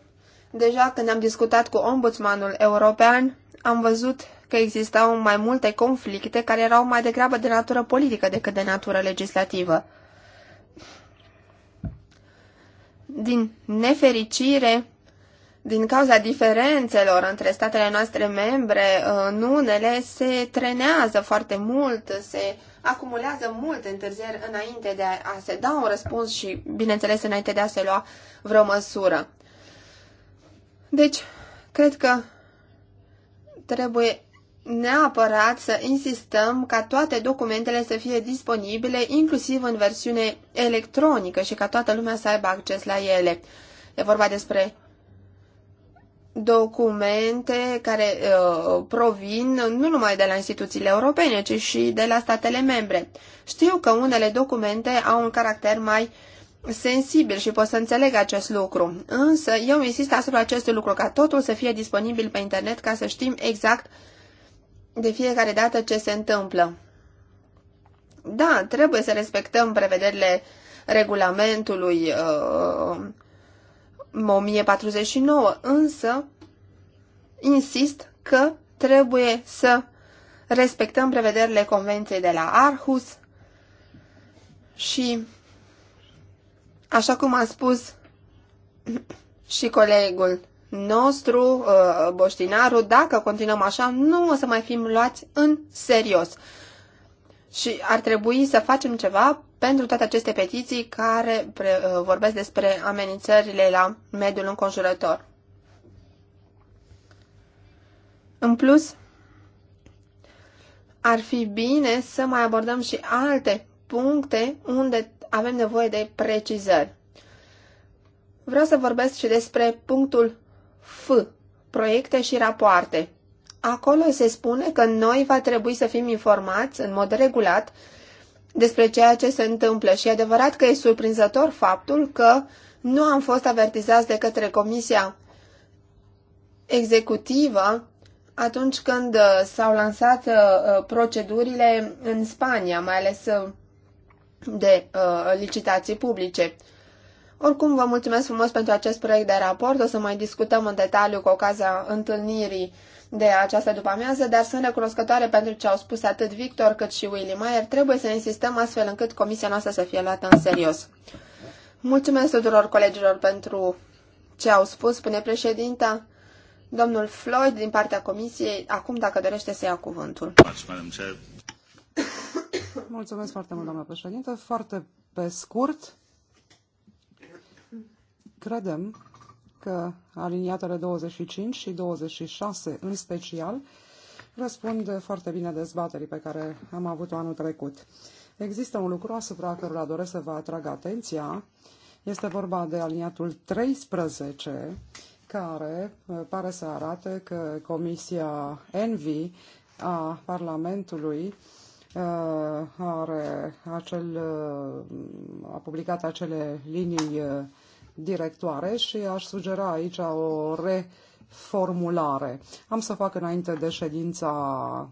deja când am discutat cu ombudsmanul european, am văzut că existau mai multe conflicte care erau mai degrabă de natură politică decât de natură legislativă. Din nefericire, din cauza diferențelor între statele noastre membre, uh, în unele se trenează foarte mult, se acumulează mult întârzieri înainte de a se da un răspuns și, bineînțeles, înainte de a se lua vreo măsură. Deci, cred că trebuie neapărat să insistăm ca toate documentele să fie disponibile, inclusiv în versiune electronică și ca toată lumea să aibă acces la ele. E vorba despre documente care uh, provin nu numai de la instituțiile europene, ci și de la statele membre. Știu că unele documente au un caracter mai sensibil și pot să înțeleg acest lucru, însă eu insist asupra acestui lucru ca totul să fie disponibil pe internet ca să știm exact uh, de fiecare dată ce se întâmplă. Da, trebuie să respectăm prevederile regulamentului uh, 1049, însă insist că trebuie să respectăm prevederile Convenției de la Arhus și, așa cum a spus și colegul nostru, uh, Boștinaru, dacă continuăm așa, nu o să mai fim luați în serios. Și ar trebui să facem ceva pentru toate aceste petiții care uh, vorbesc despre amenințările la mediul înconjurător. În plus, ar fi bine să mai abordăm și alte puncte unde avem nevoie de precizări. Vreau să vorbesc și despre punctul F. Proiecte și rapoarte. Acolo se spune că noi va trebui să fim informați în mod regulat despre ceea ce se întâmplă și e adevărat că e surprinzător faptul că nu am fost avertizați de către Comisia Executivă atunci când uh, s-au lansat uh, uh, procedurile în Spania, mai ales de licitații publice. Oricum, vă mulțumesc frumos pentru acest proiect de raport. O să mai discutăm în detaliu cu ocazia întâlnirii de această după-amiază, dar sunt recunoscătoare pentru ce au spus atât Victor cât și Willy Mayer. Trebuie să insistăm astfel încât comisia noastră să fie luată în serios. Mulțumesc tuturor colegilor pentru ce au spus, spune președinta. Domnul Floyd, din partea comisiei, acum, dacă dorește să ia cuvântul. Mulțumesc foarte mult, doamna președinte. Foarte pe scurt, Credem că aliniatele 25 și 26 în special răspund foarte bine dezbaterii pe care am avut-o anul trecut. Există un lucru asupra cărora doresc să vă atrag atenția. Este vorba de aliniatul 13, care uh, pare să arate că Comisia Envi a Parlamentului uh, are acel, uh, a publicat acele linii directoare și aș sugera aici o reformulare. Am să fac înainte de ședința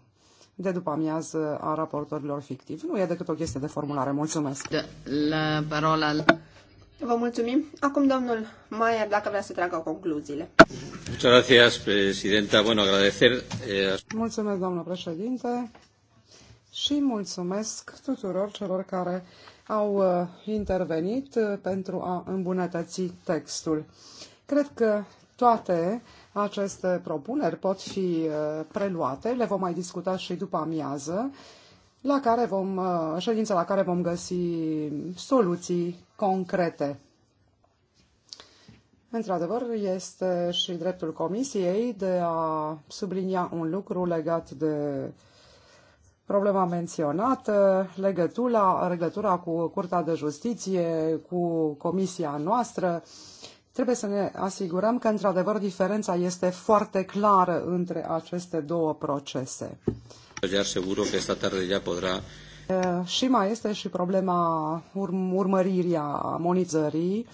de după amiază a raportorilor fictivi. Nu e decât o chestie de formulare. Mulțumesc. Da, la parola. Vă mulțumim. Acum, domnul Maier, dacă vrea să tragă concluziile. Eh, mulțumesc, doamnă președinte, și mulțumesc tuturor celor care au uh, intervenit uh, pentru a îmbunătăți textul. Cred că toate aceste propuneri pot fi uh, preluate, le vom mai discuta și după amiază, la care vom, ședință la care vom găsi soluții concrete. Într-adevăr, este și dreptul Comisiei de a sublinia un lucru legat de uh, problema menționată, legătura, legătura cu Curtea de Justiție, cu comisia noastră. Trebuie să ne asigurăm că, într-adevăr, diferența este foarte clară între aceste două procese. că Și mai este și problema urm urmăririi, a monizării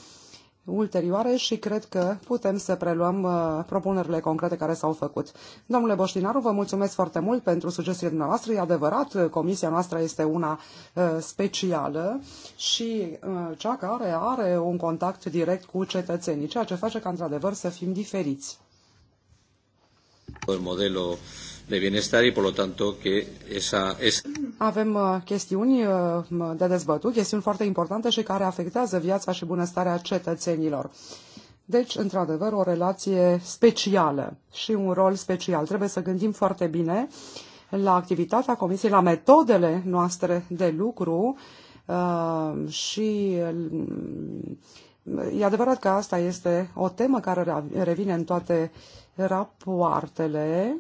ulterioare și cred că putem să preluăm uh, propunerile concrete care s-au făcut. Domnule Boștinaru, vă mulțumesc foarte mult pentru sugestiile dumneavoastră. E adevărat, uh, comisia noastră este una uh, specială și cea care are un contact direct cu cetățenii, ceea ce face ca într-adevăr să fim diferiți de bienestar y por lo tanto que esa es Avem uh, chestiuni uh, de dezbătut, chestiuni foarte importante și care afectează viața și bunăstarea cetățenilor. Deci, într-adevăr, o relație specială și un rol special. Trebuie să gândim foarte bine la activitatea Comisiei, la metodele noastre de lucru uh, și mm, e adevărat că asta este o temă care revine în toate rapoartele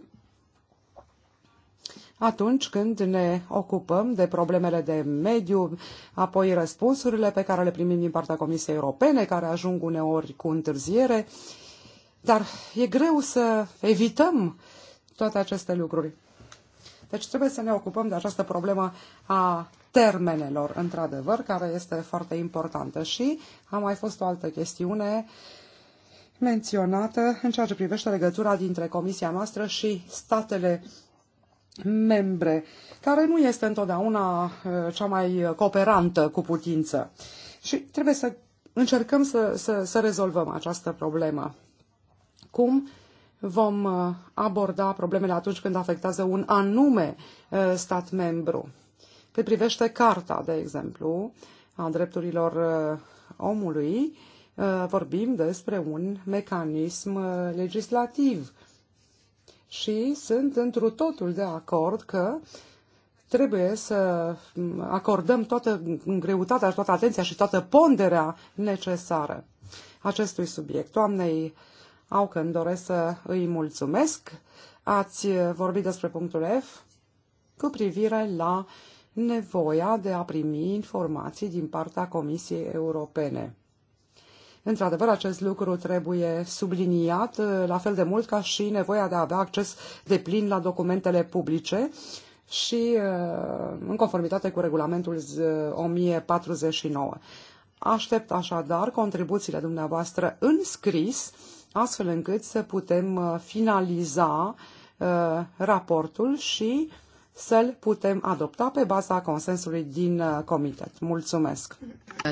atunci când ne ocupăm de problemele de mediu, apoi răspunsurile pe care le primim din partea Comisiei Europene, care ajung uneori cu întârziere, dar e greu să evităm toate aceste lucruri. Deci trebuie să ne ocupăm de această problemă a termenelor, într-adevăr, care este foarte importantă. Și a mai fost o altă chestiune menționată în ceea ce privește legătura dintre Comisia noastră și statele membre, care nu este întotdeauna uh, cea mai cooperantă cu putință. Și trebuie să încercăm să, să, să rezolvăm această problemă. Cum vom uh, aborda problemele atunci când afectează un anume uh, stat membru? Cât privește carta, de exemplu, a drepturilor omului, vorbim despre un mecanism legislativ și sunt întru totul de acord că trebuie să acordăm toată greutatea și toată atenția și toată ponderea necesară acestui subiect. Doamnei când doresc să îi mulțumesc. Ați vorbit despre punctul F cu privire la nevoia de a primi informații din partea Comisiei Europene. Într-adevăr, acest lucru trebuie subliniat la fel de mult ca și nevoia de a avea acces de plin la documentele publice și uh, în conformitate cu regulamentul 1049. Aștept așadar contribuțiile dumneavoastră în scris, astfel încât să putem uh, finaliza uh, raportul și să-l putem adopta pe baza consensului din comitet. Mulțumesc!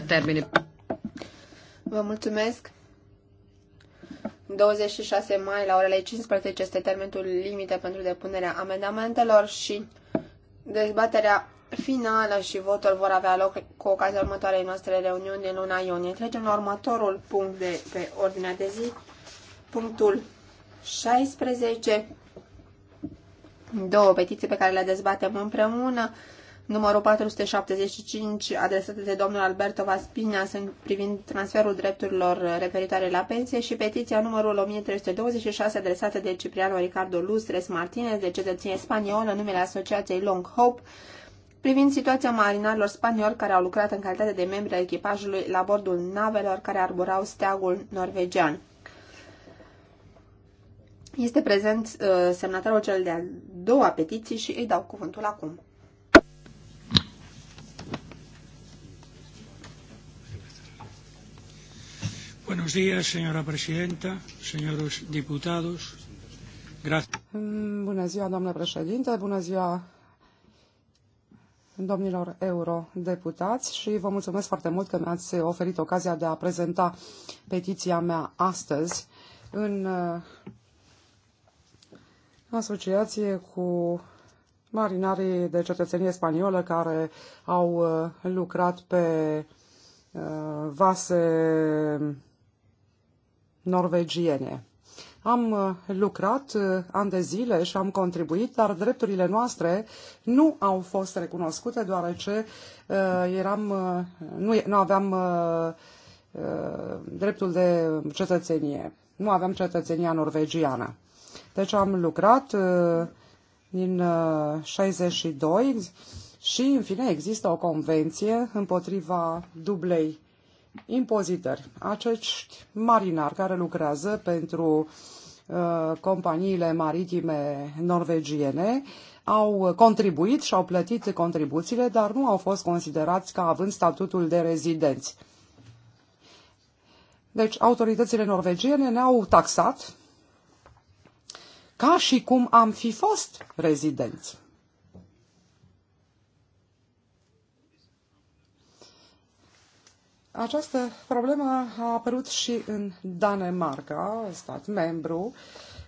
Termine. Vă mulțumesc. 26 mai la orele 15 este termenul limită pentru depunerea amendamentelor și dezbaterea finală și votul vor avea loc cu ocazia următoarei noastre reuniuni din luna iunie. Trecem la următorul punct de pe ordinea de zi, punctul 16, două petiții pe care le dezbatem împreună numărul 475 adresată de domnul Alberto Vaspina privind transferul drepturilor referitoare la pensie și petiția numărul 1326 adresată de Cipriano Ricardo Lustres Martinez de cetățenie spaniolă în numele Asociației Long Hope privind situația marinarilor spanioli care au lucrat în calitate de membri al echipajului la bordul navelor care arborau steagul norvegian. Este prezent uh, semnatarul cel de-al doua petiții și îi dau cuvântul acum. Buenos días, señora presidenta, señores diputados. Gracias. Mm, bună ziua, doamnă președinte, bună ziua, domnilor eurodeputați și vă mulțumesc foarte mult că mi-ați oferit ocazia de a prezenta petiția mea astăzi în uh, asociație cu marinarii de cetățenie spaniolă care au uh, lucrat pe uh, vase norvegiene. Am uh, lucrat uh, ani de zile și am contribuit, dar drepturile noastre nu au fost recunoscute deoarece uh, eram, nu, nu aveam dreptul de cetățenie. Nu aveam cetățenia norvegiană. Deci am lucrat din 62 și, în fine, există o convenție împotriva dublei impozitări. Acești marinari care lucrează pentru uh, companiile maritime norvegiene au contribuit și au plătit contribuțiile, dar nu au fost considerați ca având statutul de rezidenți. Deci autoritățile norvegiene ne-au taxat ca și cum am fi fost rezidenți. Această problemă a apărut și în Danemarca, stat membru,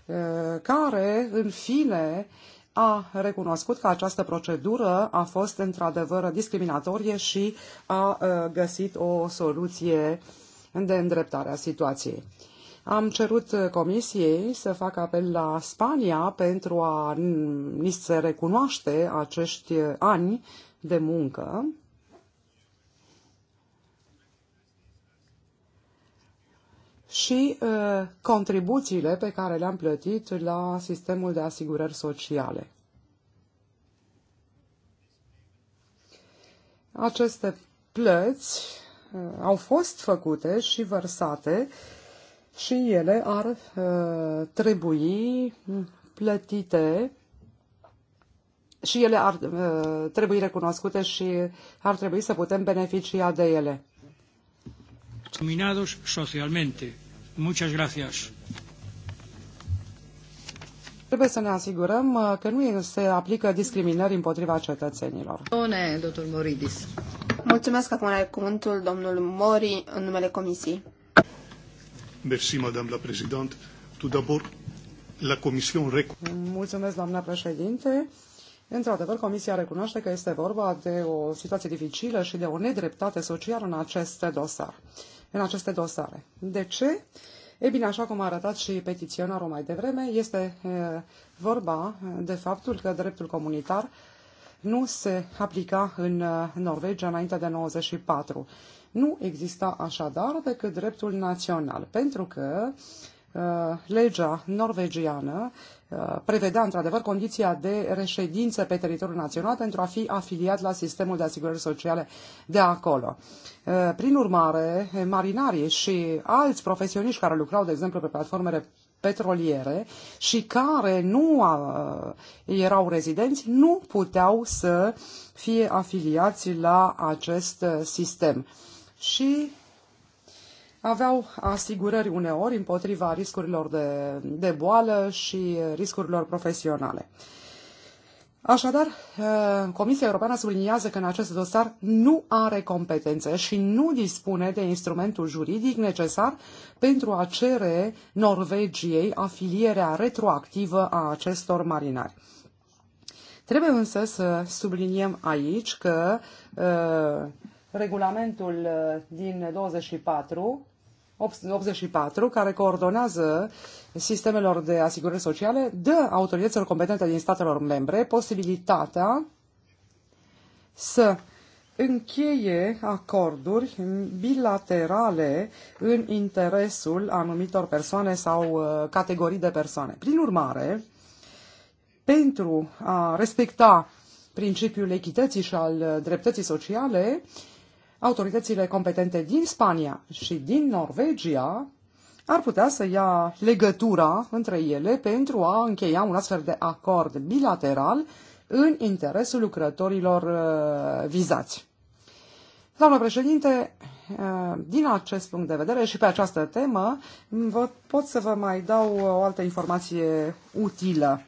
eh, care, în fine, a recunoscut că această procedură a fost într-adevăr discriminatorie și a eh, găsit o soluție de îndreptare a situației. Am cerut eh, comisiei să facă apel la Spania pentru a ni se recunoaște acești ani de muncă și uh, contribuțiile pe care le-am plătit la sistemul de asigurări sociale. Aceste plăți uh, au fost făcute și vărsate și ele ar uh, trebui plătite și ele ar trebui recunoscute și ar trebui să putem beneficia de ele. Dominados socialmente. Muchas gracias. Trebuie să ne asigurăm uh, că nu se aplică discriminări împotriva cetățenilor. doctor Moridis. Mulțumesc acum cuvântul domnul Mori în numele comisiei. Merci, madame la présidente. Tout d'abord, la comisie rec... Mulțumesc, doamna președinte. Într-adevăr, Comisia recunoaște că este vorba de o situație dificilă și de o nedreptate socială în acest dosar în aceste dosare. De ce? E bine, așa cum a arătat și petiționarul mai devreme, este vorba de faptul că dreptul comunitar nu se aplica în Norvegia înainte de 94. Nu exista așadar decât dreptul național, pentru că legea norvegiană Uh, prevedea într-adevăr condiția de reședință pe teritoriul național pentru a fi afiliat la sistemul de asigurări sociale de acolo. Uh, prin urmare, marinarii și alți profesioniști care lucrau, de exemplu, pe platformele petroliere și care nu a, uh, erau rezidenți nu puteau să fie afiliați la acest sistem. Și aveau asigurări uneori împotriva riscurilor de, de boală și riscurilor profesionale. Așadar, eh, Comisia Europeană subliniază că în acest dosar nu are competențe și nu dispune de instrumentul juridic necesar pentru a cere Norvegiei afilierea retroactivă a acestor marinari. Trebuie însă să subliniem aici că uh, regulamentul uh, din 24, 84, care coordonează sistemelor de asigurări sociale, dă autorităților competente din statelor membre posibilitatea să încheie acorduri bilaterale în interesul anumitor persoane sau uh, categorii de persoane. Prin urmare, pentru a respecta principiul echității și al dreptății sociale, autoritățile competente din Spania și din Norvegia ar putea să ia legătura între ele pentru a încheia un astfel de acord bilateral în interesul lucrătorilor uh, vizați. Doamna președinte, uh, din acest punct de vedere și pe această temă, vă pot să vă mai dau o altă informație utilă.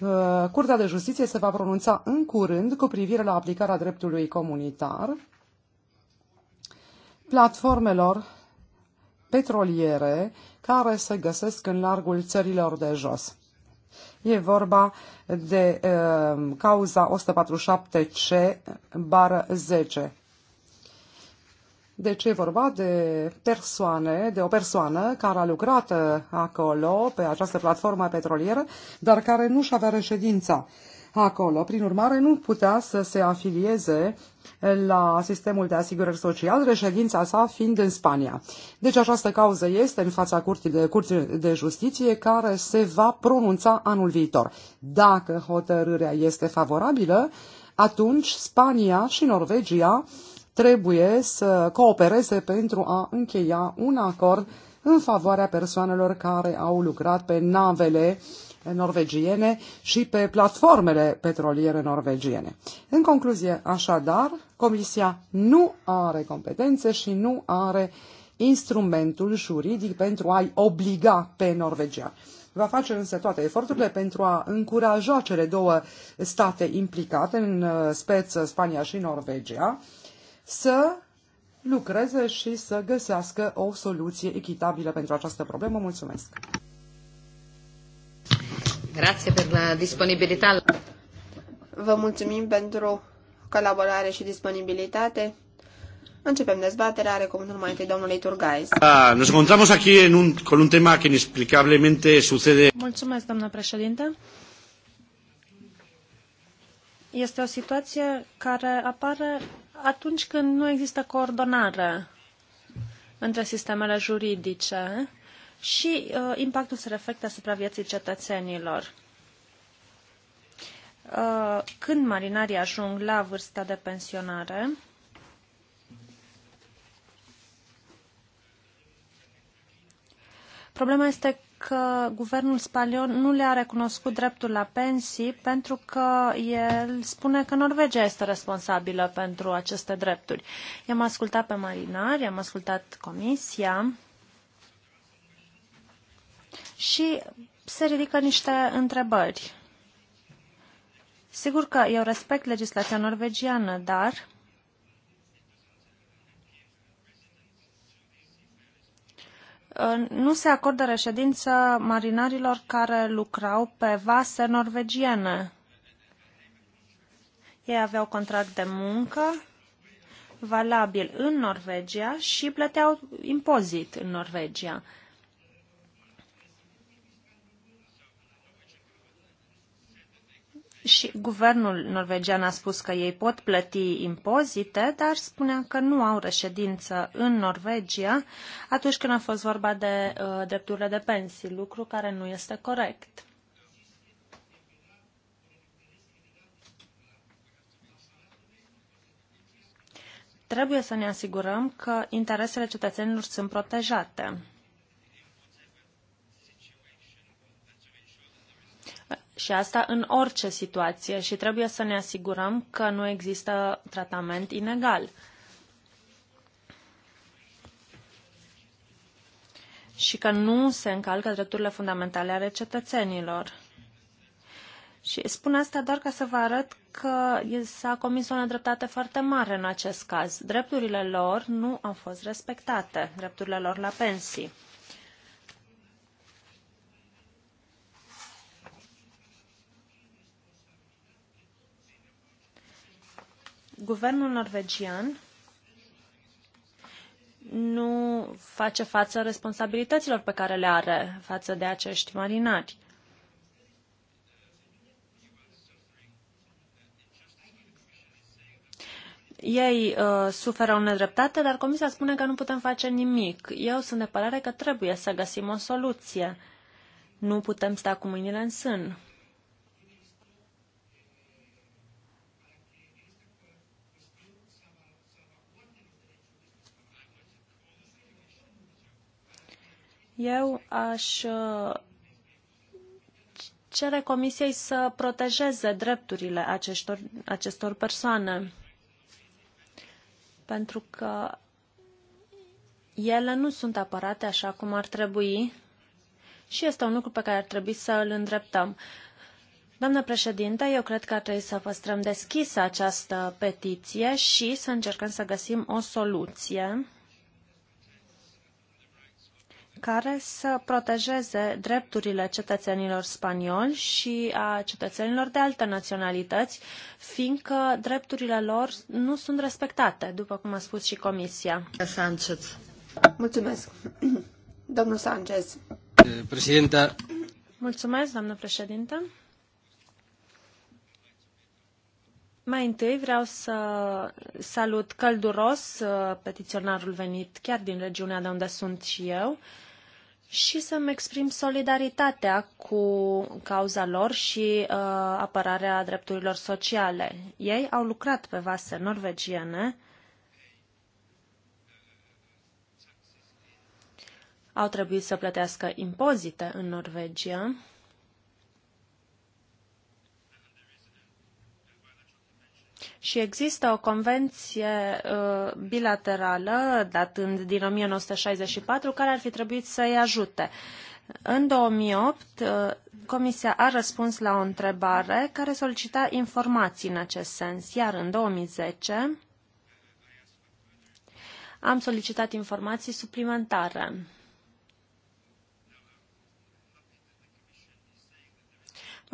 Uh, Curtea de Justiție se va pronunța în curând cu privire la aplicarea dreptului comunitar platformelor petroliere care se găsesc în largul țărilor de jos. E vorba de uh, cauza 147C bară 10. Deci e vorba de persoane, de o persoană care a lucrat acolo, pe această platformă petrolieră, dar care nu și avea reședința acolo. Prin urmare, nu putea să se afilieze la sistemul de asigurări social, reședința sa fiind în Spania. Deci această cauză este în fața curții de, curții de justiție care se va pronunța anul viitor. Dacă hotărârea este favorabilă, atunci Spania și Norvegia trebuie să coopereze pentru a încheia un acord în favoarea persoanelor care au lucrat pe navele uh, norvegiene și pe platformele petroliere norvegiene. În concluzie, așadar, Comisia nu are competențe și nu are instrumentul juridic pentru a-i obliga pe Norvegia. Va face însă toate eforturile pentru a încuraja cele două state implicate, în uh, speță Spania și Norvegia, să lucreze și să găsească o soluție echitabilă pentru această problemă. Mulțumesc! Grazie per la disponibilità. Vă mulțumim pentru colaborare și disponibilitate. Începem dezbaterea, are cuvântul mai întâi domnului Turgais. Ah, nos encontramos aquí en un, con un tema que inexplicablemente sucede. Mulțumesc, doamnă președinte. Este o situație care apare atunci când nu există coordonare între sistemele juridice și uh, impactul se reflectă asupra vieții cetățenilor. Uh, când marinarii ajung la vârsta de pensionare, problema este că guvernul spaniol nu le-a recunoscut dreptul la pensii pentru că el spune că Norvegia este responsabilă pentru aceste drepturi. I-am ascultat pe marinari, am ascultat comisia și se ridică niște întrebări. Sigur că eu respect legislația norvegiană, dar ă, nu se acordă reședință marinarilor care lucrau pe vase norvegiene. Ei aveau contract de muncă valabil în Norvegia și plăteau impozit în Norvegia. și guvernul norvegian a spus că ei pot plăti impozite, dar spunea că nu au reședință în Norvegia atunci când a fost vorba de uh, drepturile de pensii, lucru care nu este corect. Trebuie să ne asigurăm că interesele cetățenilor sunt protejate. Și asta în orice situație și trebuie să ne asigurăm că nu există tratament inegal. Și că nu se încalcă drepturile fundamentale ale cetățenilor. Și spun asta doar ca să vă arăt că s-a comis o nedreptate foarte mare în acest caz. Drepturile lor nu au fost respectate, drepturile lor la pensii. guvernul norvegian nu face față responsabilităților pe care le are față de acești marinari. Ei uh, suferă o nedreptate, dar Comisia spune că nu putem face nimic. Eu sunt de părere că trebuie să găsim o soluție. Nu putem sta cu mâinile în sân. Eu aș uh, cere Comisiei să protejeze drepturile acestor, acestor persoane, pentru că ele nu sunt apărate așa cum ar trebui și este un lucru pe care ar trebui să îl îndreptăm. Doamnă președinte, eu cred că ar trebui să păstrăm deschisă această petiție și să încercăm să găsim o soluție care să protejeze drepturile cetățenilor spanioli și a cetățenilor de alte naționalități, fiindcă drepturile lor nu sunt respectate, după cum a spus și Comisia. Sanchez. Mulțumesc. Domnul Sanchez. Președinta. Mulțumesc, doamnă președinte. Mai întâi vreau să salut călduros uh, petiționarul venit chiar din regiunea de unde sunt și eu și să-mi exprim solidaritatea cu cauza lor și uh, apărarea drepturilor sociale. Ei au lucrat pe vase norvegiene, au trebuit să plătească impozite în Norvegia, Și există o convenție uh, bilaterală datând din 1964 care ar fi trebuit să-i ajute. În 2008, uh, Comisia a răspuns la o întrebare care solicita informații în acest sens, iar în 2010 am solicitat informații suplimentare.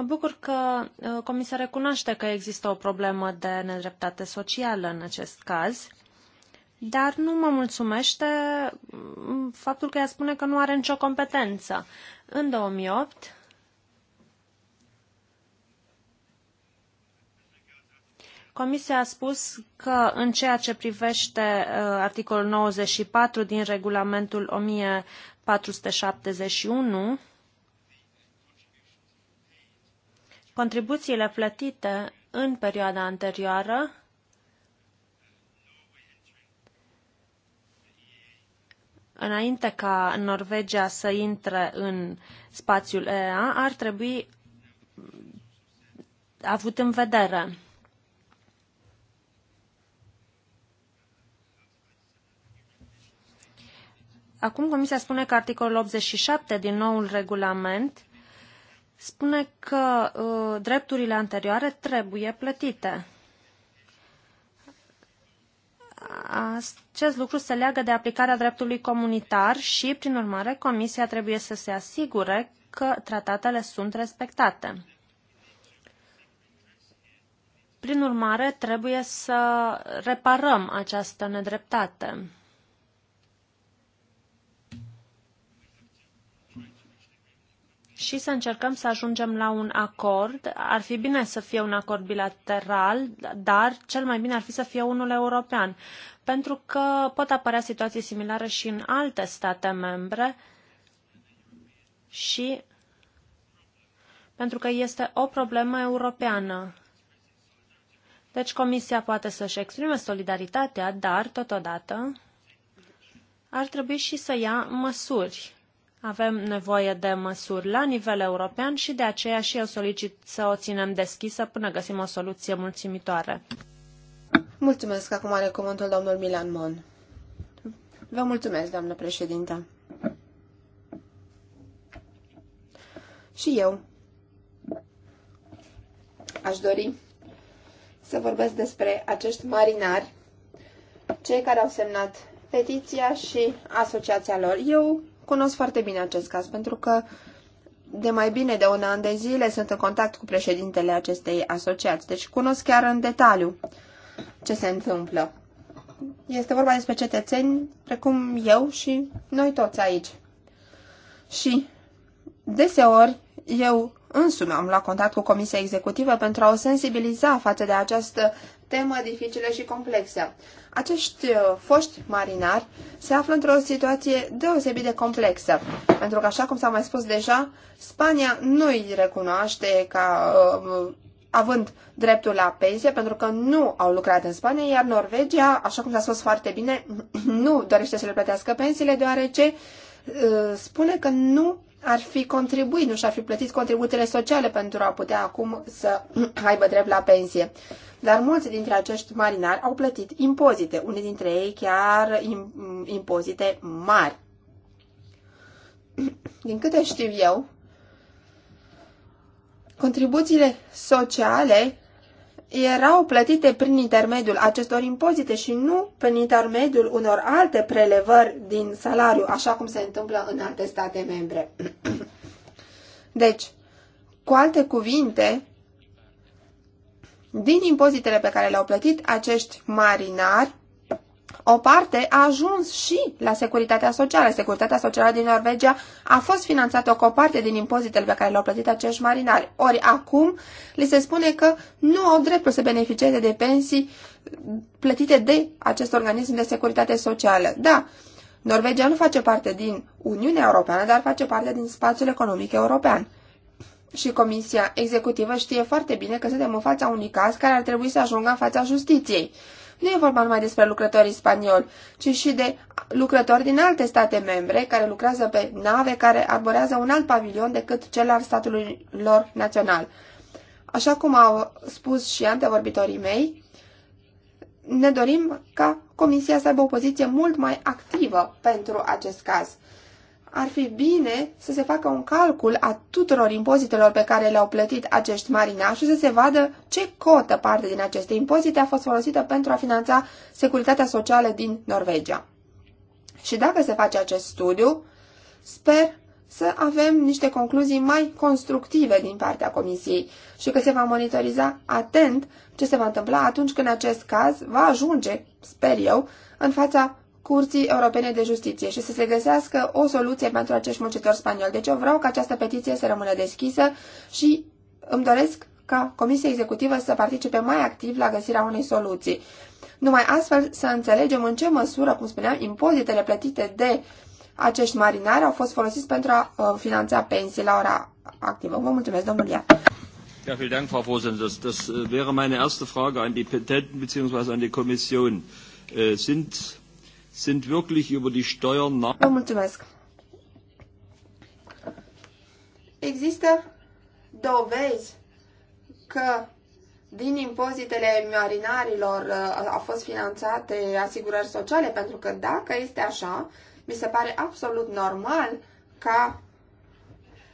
Mă bucur că uh, Comisia recunoaște că există o problemă de nedreptate socială în acest caz, dar nu mă mulțumește mm, faptul că ea spune că nu are nicio competență. În 2008, Comisia a spus că în ceea ce privește uh, articolul 94 din regulamentul 1471, contribuțiile plătite în perioada anterioară înainte ca Norvegia să intre în spațiul EA, ar trebui avut în vedere. Acum Comisia spune că articolul 87 din noul regulament spune că uh, drepturile anterioare trebuie plătite. Acest lucru se leagă de aplicarea dreptului comunitar și, prin urmare, Comisia trebuie să se asigure că tratatele sunt respectate. Prin urmare, trebuie să reparăm această nedreptate. și să încercăm să ajungem la un acord. Ar fi bine să fie un acord bilateral, dar cel mai bine ar fi să fie unul european, pentru că pot apărea situații similare și în alte state membre și pentru că este o problemă europeană. Deci Comisia poate să-și exprime solidaritatea, dar, totodată, ar trebui și să ia măsuri. Avem nevoie de măsuri la nivel european și de aceea și eu solicit să o ținem deschisă până găsim o soluție mulțumitoare. Mulțumesc. Acum are cuvântul domnul Milan Mon. Vă mulțumesc, doamnă președintă. Și eu aș dori să vorbesc despre acești marinari, cei care au semnat petiția și asociația lor. Eu cunosc foarte bine acest caz, pentru că de mai bine de un an de zile sunt în contact cu președintele acestei asociații, deci cunosc chiar în detaliu ce se întâmplă. Este vorba despre cetățeni precum eu și noi toți aici. Și deseori eu însumi am luat contact cu Comisia Executivă pentru a o sensibiliza față de această temă dificilă și complexă. Acești uh, foști marinari se află într-o situație deosebit de complexă, pentru că, așa cum s-a mai spus deja, Spania nu îi recunoaște ca uh, având dreptul la pensie pentru că nu au lucrat în Spania, iar Norvegia, așa cum s-a spus foarte bine, nu dorește să le plătească pensiile deoarece uh, spune că nu ar fi contribuit, nu și-ar fi plătit contribuțiile sociale pentru a putea acum să aibă drept la pensie. Dar mulți dintre acești marinari au plătit impozite, unii dintre ei chiar impozite mari. Din câte știu eu, contribuțiile sociale erau plătite prin intermediul acestor impozite și nu prin intermediul unor alte prelevări din salariu, așa cum se întâmplă în alte state membre. Deci, cu alte cuvinte, din impozitele pe care le-au plătit acești marinari, o parte a ajuns și la securitatea socială. Securitatea socială din Norvegia a fost finanțată cu o parte din impozitele pe care le-au plătit acești marinari. Ori acum li se spune că nu au dreptul să beneficieze de pensii plătite de acest organism de securitate socială. Da, Norvegia nu face parte din Uniunea Europeană, dar face parte din spațiul economic european și Comisia Executivă știe foarte bine că suntem în fața unui caz care ar trebui să ajungă în fața justiției. Nu e vorba numai despre lucrătorii spanioli, ci și de lucrători din alte state membre care lucrează pe nave care arborează un alt pavilion decât cel al statului lor național. Așa cum au spus și antevorbitorii mei, ne dorim ca Comisia să aibă o poziție mult mai activă pentru acest caz ar fi bine să se facă un calcul a tuturor impozitelor pe care le-au plătit acești marinași și să se vadă ce cotă parte din aceste impozite a fost folosită pentru a finanța securitatea socială din Norvegia. Și dacă se face acest studiu, sper să avem niște concluzii mai constructive din partea Comisiei și că se va monitoriza atent ce se va întâmpla atunci când acest caz va ajunge, sper eu, în fața Curții Europene de Justiție și să se găsească o soluție pentru acești muncitori spanioli. Deci eu vreau ca această petiție să rămână deschisă și îmi doresc ca Comisia Executivă să participe mai activ la găsirea unei soluții. Numai astfel să înțelegem în ce măsură, cum spuneam, impozitele plătite de acești marinari au fost folosiți pentru a uh, finanța pensii la ora activă. Vă mulțumesc, domnul Ia. Ja, vielen Dank, Frau Vorsitzende. Das, das äh, wäre meine erste Frage an die Petenten bzw. an die Kommission. Äh, sind sind wirklich über die Steuern nach... Vă mulțumesc! Există dovezi că din impozitele marinarilor uh, au fost finanțate asigurări sociale, pentru că dacă este așa, mi se pare absolut normal ca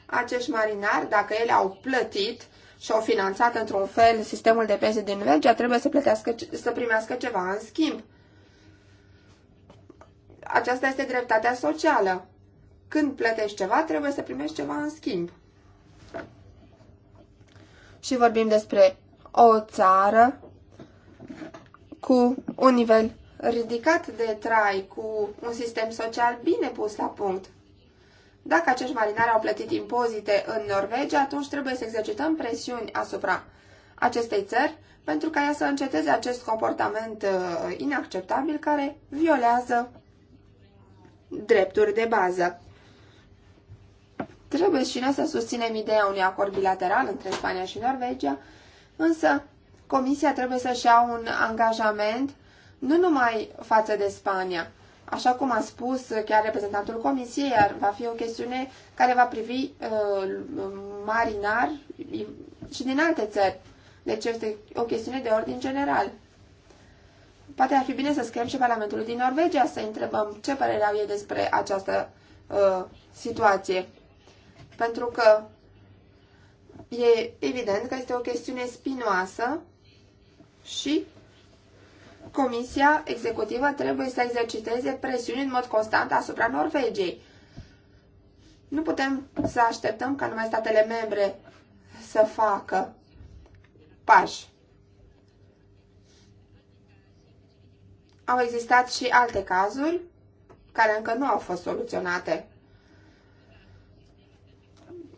acești marinari, dacă ele au plătit și au finanțat într-un fel sistemul de pensii din Belgia, trebuie să, plătească, să primească ceva în schimb aceasta este dreptatea socială. Când plătești ceva, trebuie să primești ceva în schimb. Și vorbim despre o țară cu un nivel ridicat de trai, cu un sistem social bine pus la punct. Dacă acești marinari au plătit impozite în Norvegia, atunci trebuie să exercităm presiuni asupra acestei țări pentru ca ea să înceteze acest comportament uh, inacceptabil care violează drepturi de bază. Trebuie și noi să susținem ideea unui acord bilateral între Spania și Norvegia, însă Comisia trebuie să-și ia un angajament nu numai față de Spania. Așa cum a spus chiar reprezentantul Comisiei, va fi o chestiune care va privi uh, marinar și din alte țări. Deci este o chestiune de ordin general. Poate ar fi bine să scriem și Parlamentul din Norvegia să întrebăm ce părere au ei despre această uh, situație. Pentru că e evident că este o chestiune spinoasă și Comisia Executivă trebuie să exerciteze presiuni în mod constant asupra Norvegiei. Nu putem să așteptăm ca numai statele membre să facă pași. Au existat și alte cazuri care încă nu au fost soluționate.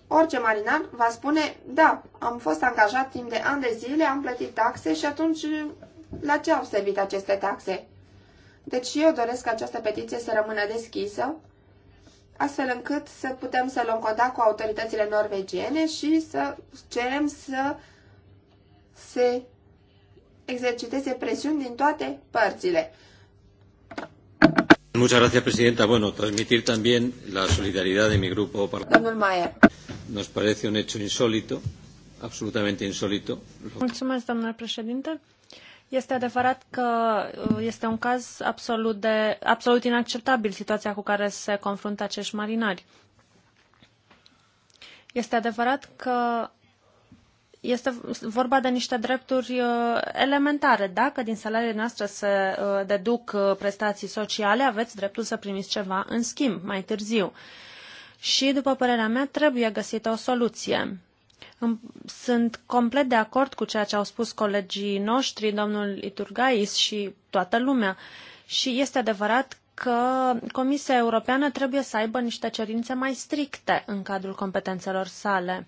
Orice marinar va spune, da, am fost angajat timp de ani de zile, am plătit taxe și atunci la ce au servit aceste taxe? Deci și eu doresc ca această petiție să rămână deschisă, astfel încât să putem să luăm contact cu autoritățile norvegiene și să cerem să se exerciteze presiuni din toate părțile. Muchas gracias, Presidenta. Bueno, transmitir también la solidaridad de mi grupo parlamentario. Nos parece un hecho insólito, absolutamente insólito. Mulțumesc, domnule președinte. Este adevărat că uh, este un caz absolut, de, absolut inacceptabil situația cu care se confruntă acești marinari. Este adevărat că este vorba de niște drepturi uh, elementare. Dacă din salariile noastre se uh, deduc uh, prestații sociale, aveți dreptul să primiți ceva în schimb mai târziu. Și, după părerea mea, trebuie găsită o soluție. Sunt complet de acord cu ceea ce au spus colegii noștri, domnul Iturgais și toată lumea. Și este adevărat că Comisia Europeană trebuie să aibă niște cerințe mai stricte în cadrul competențelor sale.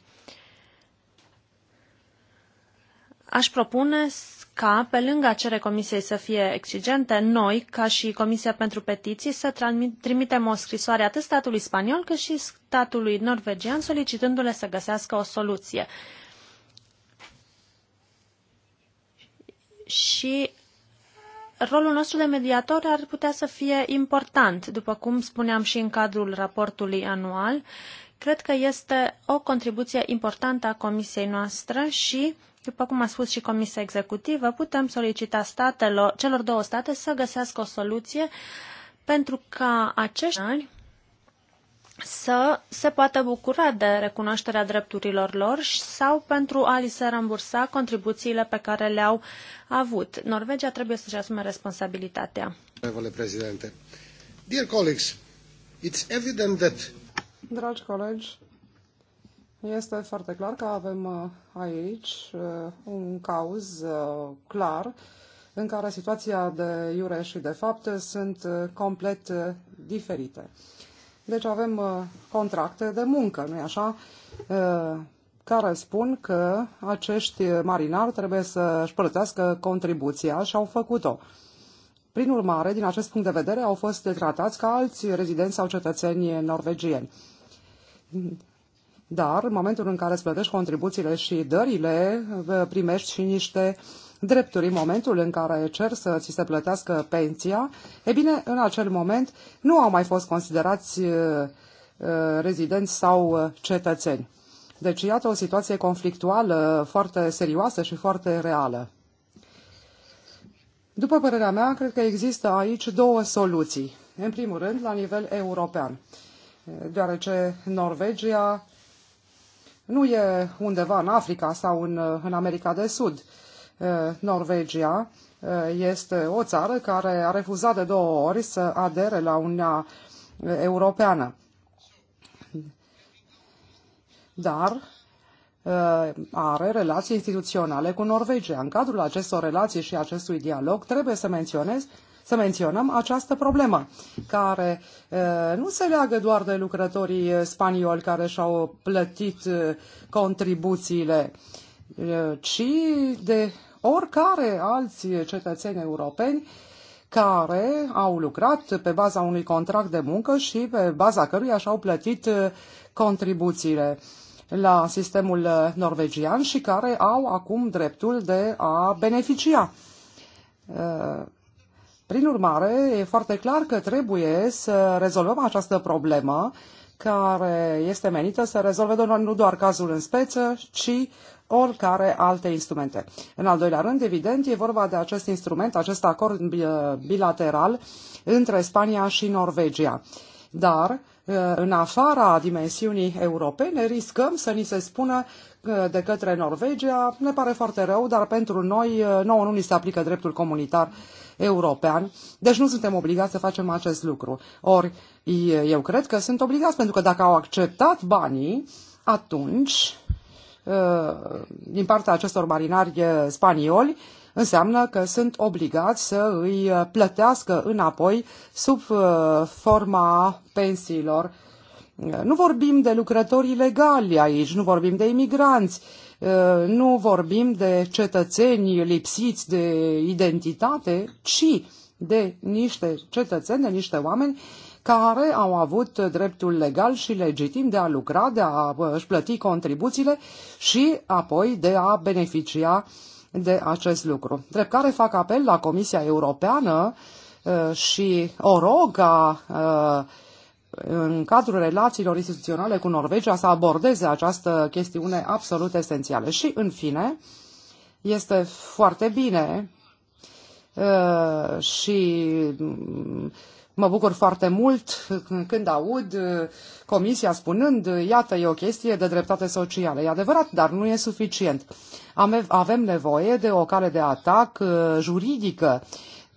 Aș propune ca, pe lângă a cere Comisiei să fie exigente, noi, ca și Comisia pentru Petiții, să trimitem o scrisoare atât statului spaniol cât și statului norvegian, solicitându-le să găsească o soluție. Și rolul nostru de mediator ar putea să fie important, după cum spuneam și în cadrul raportului anual. Cred că este o contribuție importantă a Comisiei noastre și după cum a spus și Comisia Executivă, putem solicita statelor, celor două state să găsească o soluție pentru ca acești ani să se poată bucura de recunoașterea drepturilor lor sau pentru a li se rambursa contribuțiile pe care le-au avut. Norvegia trebuie să-și asume responsabilitatea. Domnule președinte, dear colleagues, it's evident that... Dragi colegi, este foarte clar că avem uh, aici uh, un cauz uh, clar în care situația de iure și de fapt sunt complet diferite. Deci avem contracte de muncă, nu-i așa? care spun că acești marinari trebuie să își plătească contribuția și au făcut-o. Prin urmare, din acest punct de vedere, au fost tratați ca alți rezidenți sau cetățeni norvegieni dar în momentul în care îți plătești contribuțiile și dările, primești și niște drepturi. În momentul în care cer să ți se plătească pensia, e bine, în acel moment nu au mai fost considerați uh, uh, rezidenți sau uh, cetățeni. Deci, iată o situație conflictuală foarte serioasă și foarte reală. După părerea mea, cred că există aici două soluții. În primul rând, la nivel european, deoarece Norvegia nu e undeva în Africa sau în, în America de Sud. Norvegia este o țară care a refuzat de două ori să adere la Uniunea Europeană. Dar are relații instituționale cu Norvegia. În cadrul acestor relații și acestui dialog trebuie să menționez să menționăm această problemă, care nu se leagă doar de lucrătorii spanioli care și-au plătit contribuțiile, ci de oricare alți cetățeni europeni care au lucrat pe baza unui contract de muncă și pe baza căruia și-au plătit contribuțiile la sistemul norvegian și care au acum dreptul de a beneficia prin urmare, e foarte clar că trebuie să rezolvăm această problemă care este menită să rezolve doar, nu doar cazul în speță, ci oricare alte instrumente. În al doilea rând, evident, e vorba de acest instrument, acest acord bilateral între Spania și Norvegia. Dar, uh, în afara dimensiunii europene, riscăm să ni se spună uh, de către Norvegia, ne pare foarte rău, dar pentru noi, uh, nouă nu ni se aplică dreptul comunitar european, deci nu suntem obligați să facem acest lucru. Ori eu cred că sunt obligați, pentru că dacă au acceptat banii, atunci, ă, din partea acestor marinari spanioli, înseamnă că sunt obligați să îi ă, plătească înapoi sub ă, forma pensiilor. Nu vorbim de lucrători ilegali aici, nu vorbim de imigranți, Uh, nu vorbim de cetățeni lipsiți de identitate, ci de niște cetățeni, de niște oameni care au avut dreptul legal și legitim de a lucra, de a uh, își plăti contribuțiile și apoi de a beneficia de acest lucru. Drept care fac apel la Comisia Europeană uh, și o rog a, în cadrul relațiilor instituționale cu Norvegia să abordeze această chestiune absolut esențială. Și, în fine, este foarte bine uh, și mm, mă bucur foarte mult când aud uh, comisia spunând, iată, e o chestie de dreptate socială. E adevărat, dar nu e suficient. Avem nevoie de o cale de atac uh, juridică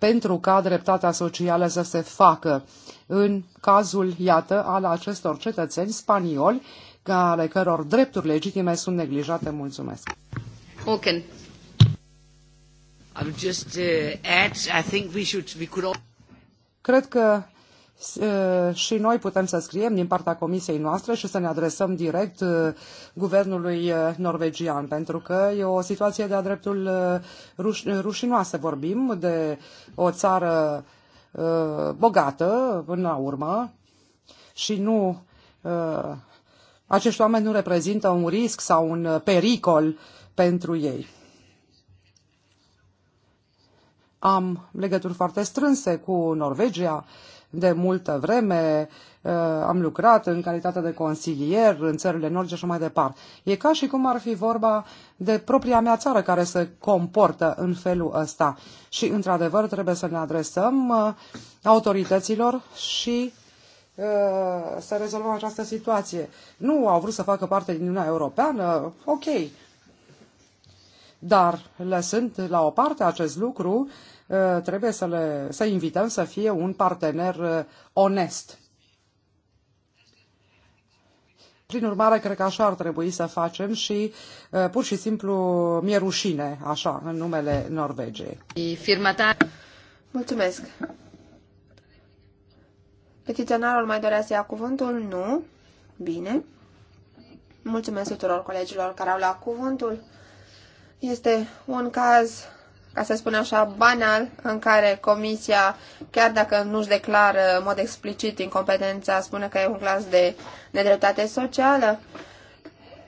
pentru ca dreptatea socială să se facă. În cazul, iată, al acestor cetățeni spanioli, care căror drepturi legitime sunt neglijate. Mulțumesc. Okay. Just, uh, add, I think we should, we could... all... Cred că Uh, și noi putem să scriem din partea comisiei noastre și să ne adresăm direct uh, guvernului uh, norvegian, pentru că e o situație de-a dreptul ruș- rușinoasă. Vorbim de o țară bogată până la urmă și nu acești oameni nu reprezintă un risc sau un pericol pentru ei. Am legături foarte strânse cu Norvegia, de multă vreme, uh, am lucrat în calitate de consilier în țările nordice și mai departe. E ca și cum ar fi vorba de propria mea țară care se comportă în felul ăsta. Și, într-adevăr, trebuie să ne adresăm uh, autorităților și uh, să rezolvăm această situație. Nu au vrut să facă parte din Uniunea Europeană, ok, dar lăsând la o parte acest lucru, Eh, trebuie să, le, să invităm să fie un partener eh, onest. Prin urmare, cred că așa ar trebui să facem și eh, pur și simplu mi-e rușine, așa, în numele Norvegiei. Firmatar. Mulțumesc. Petiționarul mai dorea să ia cuvântul? Nu. Bine. Mulțumesc tuturor colegilor care au luat cuvântul. Este un caz ca să spun așa, banal, în care comisia, chiar dacă nu-și declară în mod explicit incompetența, spune că e un clas de nedreptate socială.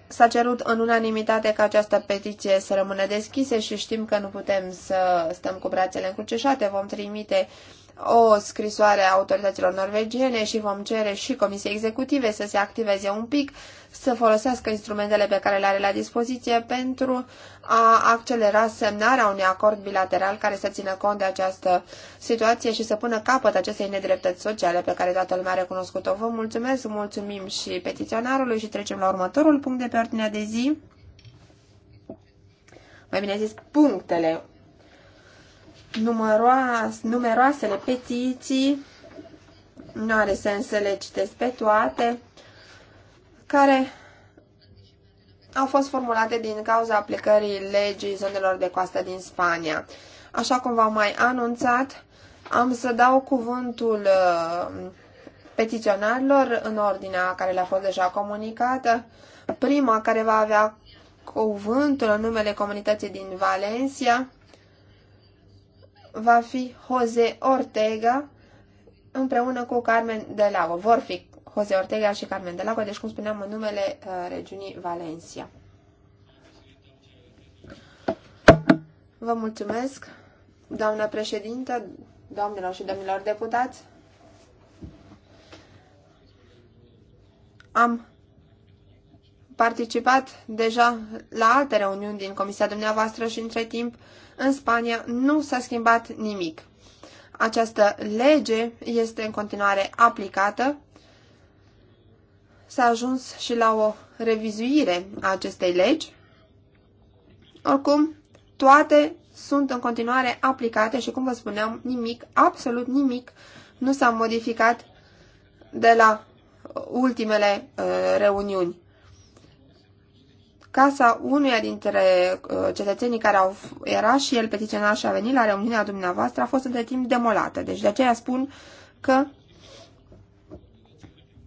S-a cerut în unanimitate ca această petiție să rămână deschise și știm că nu putem să stăm cu brațele încrucișate. Vom trimite uh, o scrisoare a autorităților norvegiene și vom cere și Comisiei Executive să se activeze un pic, să folosească instrumentele pe care le are la dispoziție pentru a accelera semnarea unui acord bilateral care să țină cont de această situație și să pună capăt acestei nedreptăți sociale pe care toată lumea a recunoscut-o. Vă mulțumesc, mulțumim și petiționarului și trecem la următorul punct de pe ordinea de zi. Mai bine zis, punctele numeroas, numeroasele petiții, nu are sens să le citesc pe toate, care au fost formulate din cauza aplicării legii zonelor de coastă din Spania. Așa cum v-am mai anunțat, am să dau cuvântul uh, petiționarilor în ordinea care le-a fost deja comunicată. Prima care va avea cuvântul în numele comunității din Valencia va fi Jose Ortega împreună cu Carmen de Lago. Vor fi Jose Ortega și Carmen de Lago, deci cum spuneam în numele uh, regiunii Valencia. Vă mulțumesc, doamnă președintă, doamnelor și domnilor deputați. Am participat deja la alte reuniuni din comisia dumneavoastră și între timp în Spania nu s-a schimbat nimic. Această lege este în continuare aplicată. S-a ajuns și la o revizuire a acestei legi. Oricum, toate sunt în continuare aplicate și, cum vă spuneam, nimic, absolut nimic, nu s-a modificat de la ultimele uh, reuniuni casa unuia dintre uh, cetățenii care au, era și el petiționar și a venit la reuniunea dumneavoastră a fost între timp demolată. Deci de aceea spun că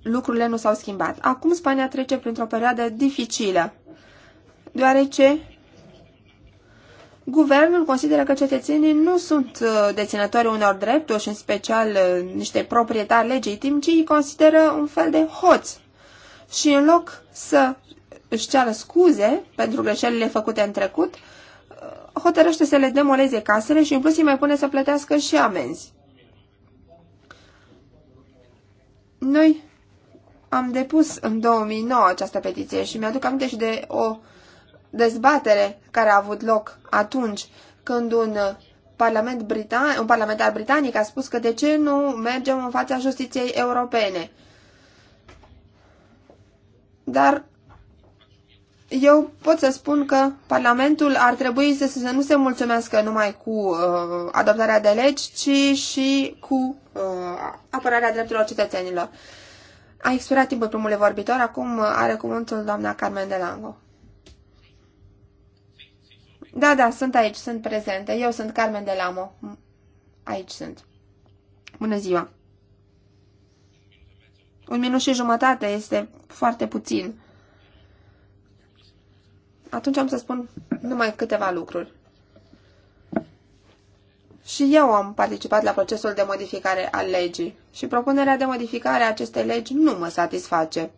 lucrurile nu s-au schimbat. Acum Spania trece printr-o perioadă dificilă, deoarece guvernul consideră că cetățenii nu sunt uh, deținători unor drepturi și în special uh, niște proprietari legitimi, ci îi consideră un fel de hoți. Și în loc să își ceară scuze pentru greșelile făcute în trecut, hotărăște să le demoleze casele și în plus îi mai pune să plătească și amenzi. Noi am depus în 2009 această petiție și mi-aduc aminte și de o dezbatere care a avut loc atunci când un, parlament britan, un parlamentar britanic a spus că de ce nu mergem în fața justiției europene. Dar eu pot să spun că Parlamentul ar trebui să, să nu se mulțumească numai cu uh, adoptarea de legi, ci și cu uh, apărarea drepturilor cetățenilor. A expirat timpul primului vorbitor, acum are cuvântul doamna Carmen de Lango. Da, da, sunt aici, sunt prezentă. Eu sunt Carmen de Lamo. Aici sunt. Bună ziua! Un minut și jumătate este foarte puțin atunci am să spun numai câteva lucruri. Și eu am participat la procesul de modificare a legii și propunerea de modificare a acestei legi nu mă satisface.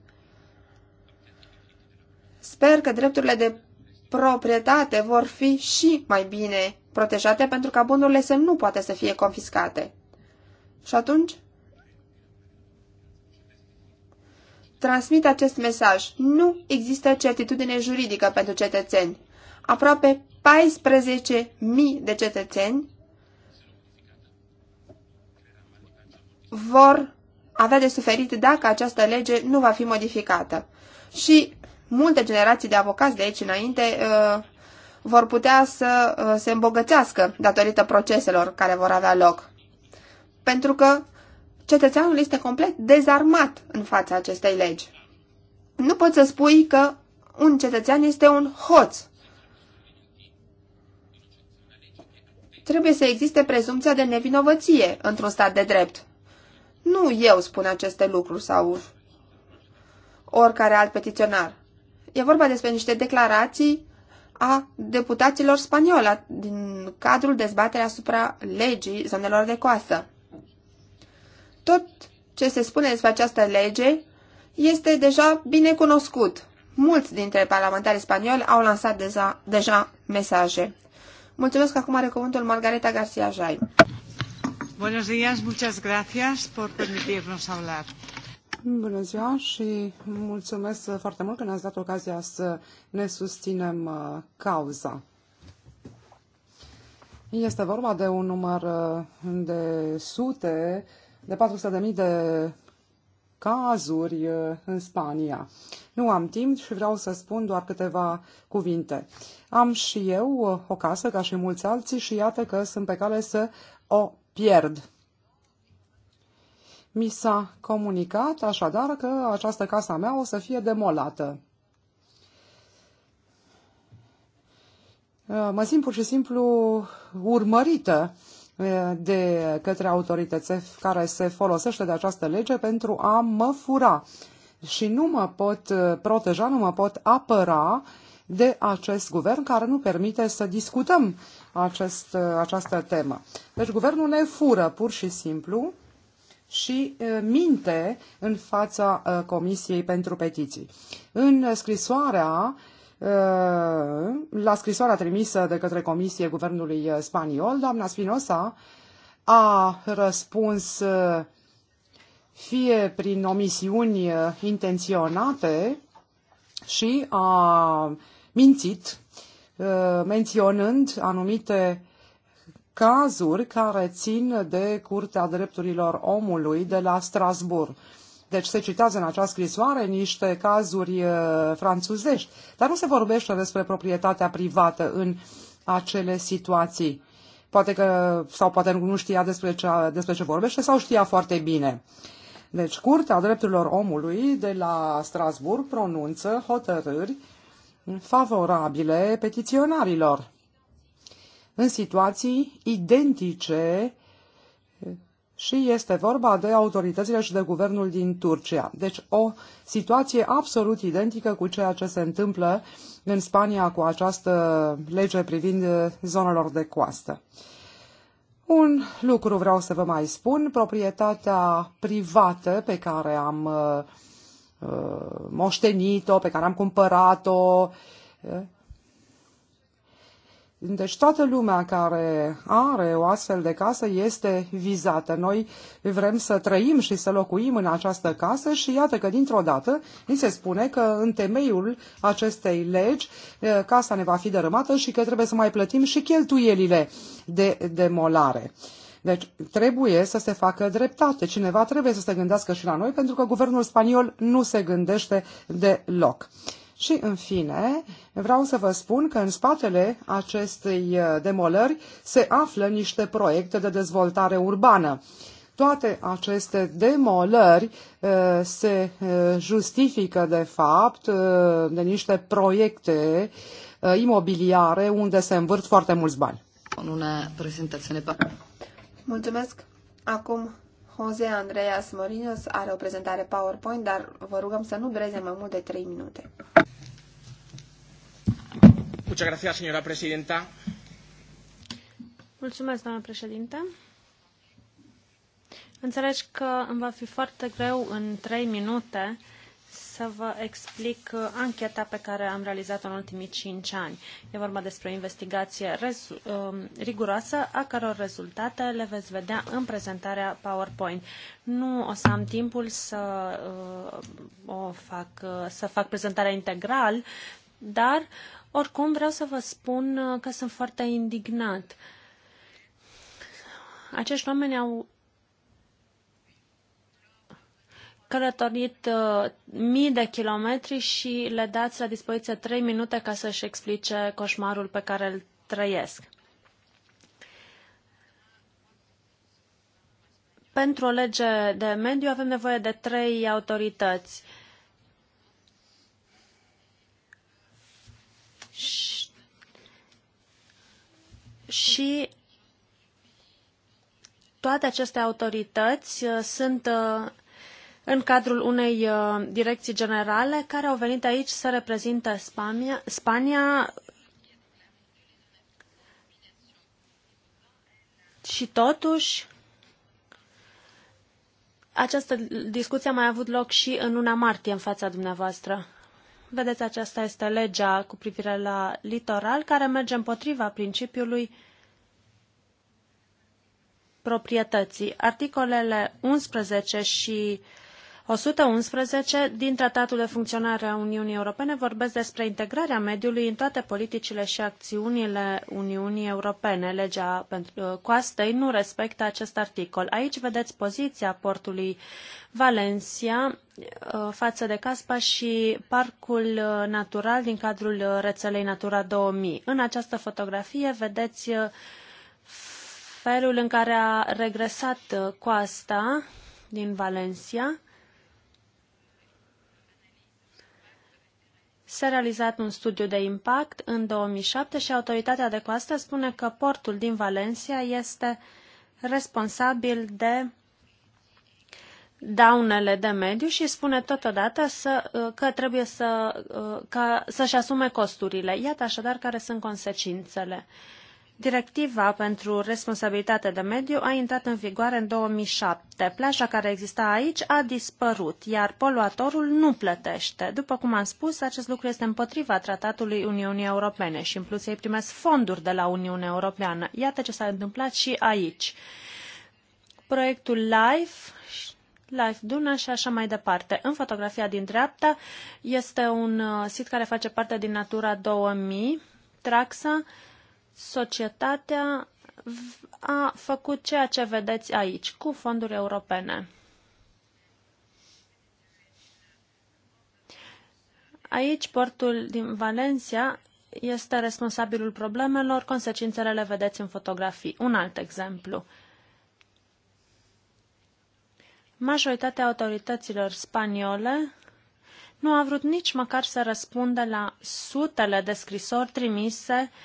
Sper că drepturile de proprietate vor fi și mai bine protejate pentru ca bunurile să nu poată să fie confiscate. Și atunci transmit acest mesaj. Nu există certitudine juridică pentru cetățeni. Aproape 14.000 de cetățeni vor avea de suferit dacă această lege nu va fi modificată. Și multe generații de avocați de aici înainte uh, vor putea să uh, se îmbogățească datorită proceselor care vor avea loc. Pentru că cetățeanul este complet dezarmat în fața acestei legi. Nu poți să spui că un cetățean este un hoț. Trebuie să existe prezumția de nevinovăție într-un stat de drept. Nu eu spun aceste lucruri sau oricare alt petiționar. E vorba despre niște declarații a deputaților spanioli din cadrul dezbaterea asupra legii zonelor de coastă. Tot ce se spune despre această lege este deja bine cunoscut. Mulți dintre parlamentarii spanioli au lansat deja, deja mesaje. Mulțumesc, acum are cuvântul Margareta Garcia Jai. Buenos días, muchas gracias por permitirnos hablar. Bună ziua și mulțumesc foarte mult că ne-ați dat ocazia să ne susținem uh, cauza. Este vorba de un număr uh, de sute de 400.000 de cazuri uh, în Spania. Nu am timp și vreau să spun doar câteva cuvinte. Am și eu uh, o casă, ca și mulți alții, și iată că sunt pe cale să o pierd. Mi s-a comunicat așadar că această casa mea o să fie demolată. Uh, mă simt pur și simplu urmărită de către autorități care se folosește de această lege pentru a mă fura și nu mă pot uh, proteja, nu mă pot apăra de acest guvern care nu permite să discutăm acest, uh, această temă. Deci guvernul ne fură pur și simplu și uh, minte în fața Comisiei pentru Petiții. În scrisoarea Uh, la scrisoarea trimisă de către Comisie Guvernului uh, Spaniol, doamna Spinosa a răspuns uh, fie prin omisiuni intenționate și a mințit, menționând anumite cazuri care țin de Curtea Drepturilor Omului de la Strasbourg. Deci se citează în această scrisoare niște cazuri uh, franțuzești, dar nu se vorbește despre proprietatea privată în acele situații. Poate că, sau poate nu știa despre ce, despre ce vorbește, sau știa foarte bine. Deci, Curtea Drepturilor Omului de la Strasburg pronunță hotărâri favorabile petiționarilor în situații identice și este vorba de autoritățile și de guvernul din Turcia. Deci o situație absolut identică cu ceea ce se întâmplă în Spania cu această lege privind uh, zonelor de coastă. Un lucru vreau să vă mai spun, proprietatea privată pe care am uh, uh moștenit-o, pe care am cumpărat-o, uh, deci toată lumea care are o astfel de casă este vizată. Noi vrem să trăim și să locuim în această casă și iată că dintr-o dată ni se spune că în temeiul acestei legi casa ne va fi dărâmată și că trebuie să mai plătim și cheltuielile de demolare. Deci trebuie să se facă dreptate. Cineva trebuie să se gândească și la noi pentru că guvernul spaniol nu se gândește deloc. Și, în fine, vreau să vă spun că în spatele acestei uh, demolări se află niște proiecte de dezvoltare urbană. Toate aceste demolări uh, se uh, justifică, de fapt, de niște proiecte imobiliare unde se învârt foarte mulți bani. Una prezentație. Mulțumesc. Acum Jose Andreas Morinos are o prezentare PowerPoint, dar vă rugăm să nu dureze mai mult de 3 minute. Muchas gracias, señora presidenta. Mulțumesc, doamnă președinte. Înțelegi că îmi va fi foarte greu în 3 minute să vă explic uh, ancheta pe care am realizat-o în ultimii cinci ani. E vorba despre o investigație um, riguroasă, a căror rezultate le veți vedea în prezentarea PowerPoint. Nu o să am timpul să, uh, o fac, uh, să fac prezentarea integral, dar oricum vreau să vă spun că sunt foarte indignat. Acești oameni au călătorit uh, mii de kilometri și le dați la dispoziție trei minute ca să-și explice coșmarul pe care îl trăiesc. Pentru o lege de mediu avem nevoie de trei autorități. și toate aceste autorități uh, sunt uh, în cadrul unei uh, direcții generale care au venit aici să reprezinte Spania, Spania și totuși această discuție a mai avut loc și în luna martie în fața dumneavoastră. Vedeți, aceasta este legea cu privire la litoral care merge împotriva principiului proprietății. Articolele 11 și 111 din Tratatul de Funcționare a Uniunii Europene vorbesc despre integrarea mediului în toate politicile și acțiunile Uniunii Europene. Legea pentru uh, coastei nu respectă acest articol. Aici vedeți poziția portului Valencia uh, față de Caspa și parcul uh, natural din cadrul rețelei Natura 2000. În această fotografie vedeți felul în care a regresat coasta din Valencia S-a realizat un studiu de impact în 2007 și autoritatea de coastă spune că portul din Valencia este responsabil de daunele de mediu și spune totodată să, uh, că trebuie să, uh, ca, să-și asume costurile. Iată așadar care sunt consecințele. Directiva pentru responsabilitate de mediu a intrat în vigoare în 2007. Plaja care exista aici a dispărut, iar poluatorul nu plătește. După cum am spus, acest lucru este împotriva tratatului Uniunii Europene și în plus ei primesc fonduri de la Uniunea Europeană. Iată ce s-a întâmplat și aici. Proiectul LIFE Life Duna și așa mai departe. În fotografia din dreapta este un uh, sit care face parte din Natura 2000, Traxa, societatea a făcut ceea ce vedeți aici, cu fonduri europene. Aici, portul din Valencia este responsabilul problemelor, consecințele le vedeți în fotografii. Un alt exemplu. Majoritatea autorităților spaniole nu a vrut nici măcar să răspundă la sutele de scrisori trimise uh,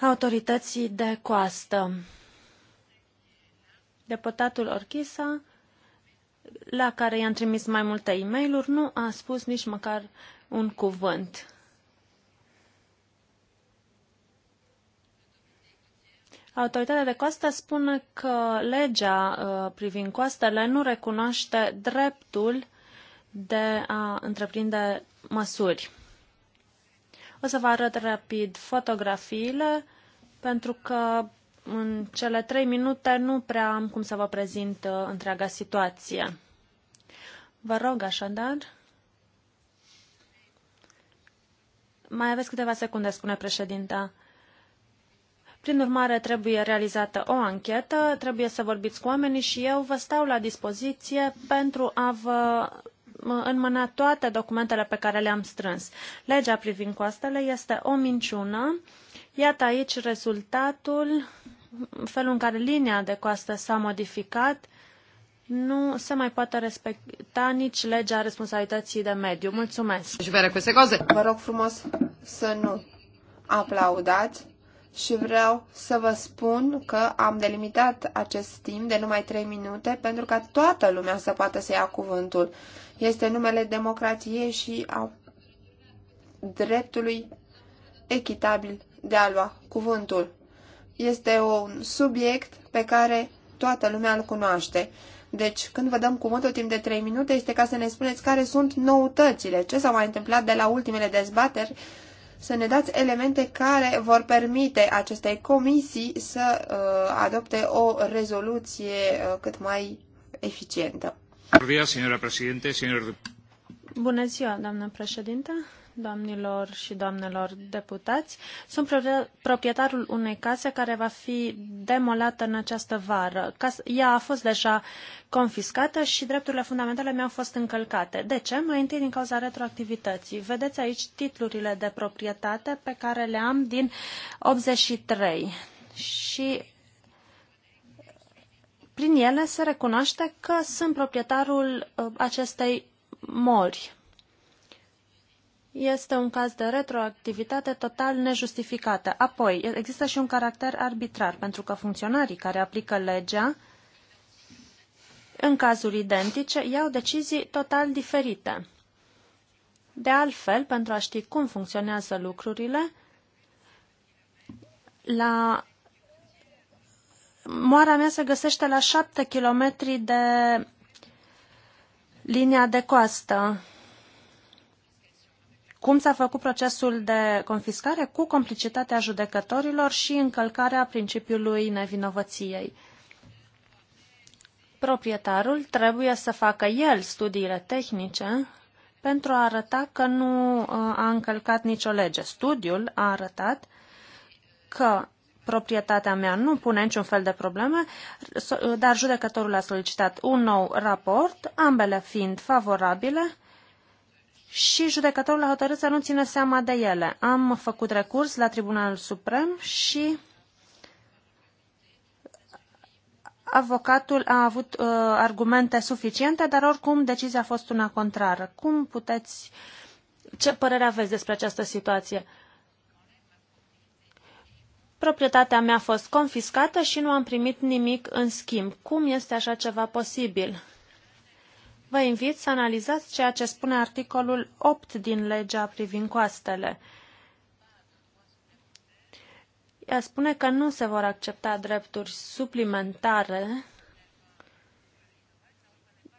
autorității de coastă. Deputatul Orchisa, la care i-am trimis mai multe e mail nu a spus nici măcar un cuvânt. Autoritatea de coastă spune că legea uh, privind coastele nu recunoaște dreptul de a întreprinde măsuri. O să vă arăt rapid fotografiile, pentru că în cele trei minute nu prea am cum să vă prezint uh, întreaga situație. Vă rog așadar. Mai aveți câteva secunde, spune președinta. Prin urmare, trebuie realizată o anchetă, trebuie să vorbiți cu oamenii și eu vă stau la dispoziție pentru a vă în mână toate documentele pe care le-am strâns. Legea privind coastele este o minciună. Iată aici rezultatul, felul în care linia de coastă s-a modificat. Nu se mai poate respecta nici legea responsabilității de mediu. Mulțumesc. Vă rog frumos să nu aplaudați și vreau să vă spun că am delimitat acest timp de numai 3 minute pentru ca toată lumea să poată să ia cuvântul. Este numele democrației și a dreptului echitabil de a lua cuvântul. Este un subiect pe care toată lumea îl cunoaște. Deci, când vă dăm cuvântul timp de 3 minute, este ca să ne spuneți care sunt noutățile, ce s-a mai întâmplat de la ultimele dezbateri să ne dați elemente care vor permite acestei comisii să uh, adopte o rezoluție uh, cât mai eficientă. Bună ziua, doamnă președintă doamnilor și doamnelor deputați. Sunt proprietarul unei case care va fi demolată în această vară. Ea a fost deja confiscată și drepturile fundamentale mi-au fost încălcate. De ce? Mai întâi din cauza retroactivității. Vedeți aici titlurile de proprietate pe care le am din 83 și prin ele se recunoaște că sunt proprietarul uh, acestei mori este un caz de retroactivitate total nejustificată. Apoi, există și un caracter arbitrar, pentru că funcționarii care aplică legea, în cazuri identice, iau decizii total diferite. De altfel, pentru a ști cum funcționează lucrurile, la moara mea se găsește la 7 km de linia de coastă cum s-a făcut procesul de confiscare cu complicitatea judecătorilor și încălcarea principiului nevinovăției. Proprietarul trebuie să facă el studiile tehnice pentru a arăta că nu uh, a încălcat nicio lege. Studiul a arătat că proprietatea mea nu pune niciun fel de probleme, dar judecătorul a solicitat un nou raport, ambele fiind favorabile și judecătorul a hotărât să nu țină seama de ele. Am făcut recurs la Tribunalul Suprem și avocatul a avut uh, argumente suficiente, dar oricum decizia a fost una contrară. Cum puteți, ce părere aveți despre această situație? Proprietatea mea a fost confiscată și nu am primit nimic în schimb. Cum este așa ceva posibil? Vă invit să analizați ceea ce spune articolul 8 din legea privind coastele. Ea spune că nu se vor accepta drepturi suplimentare.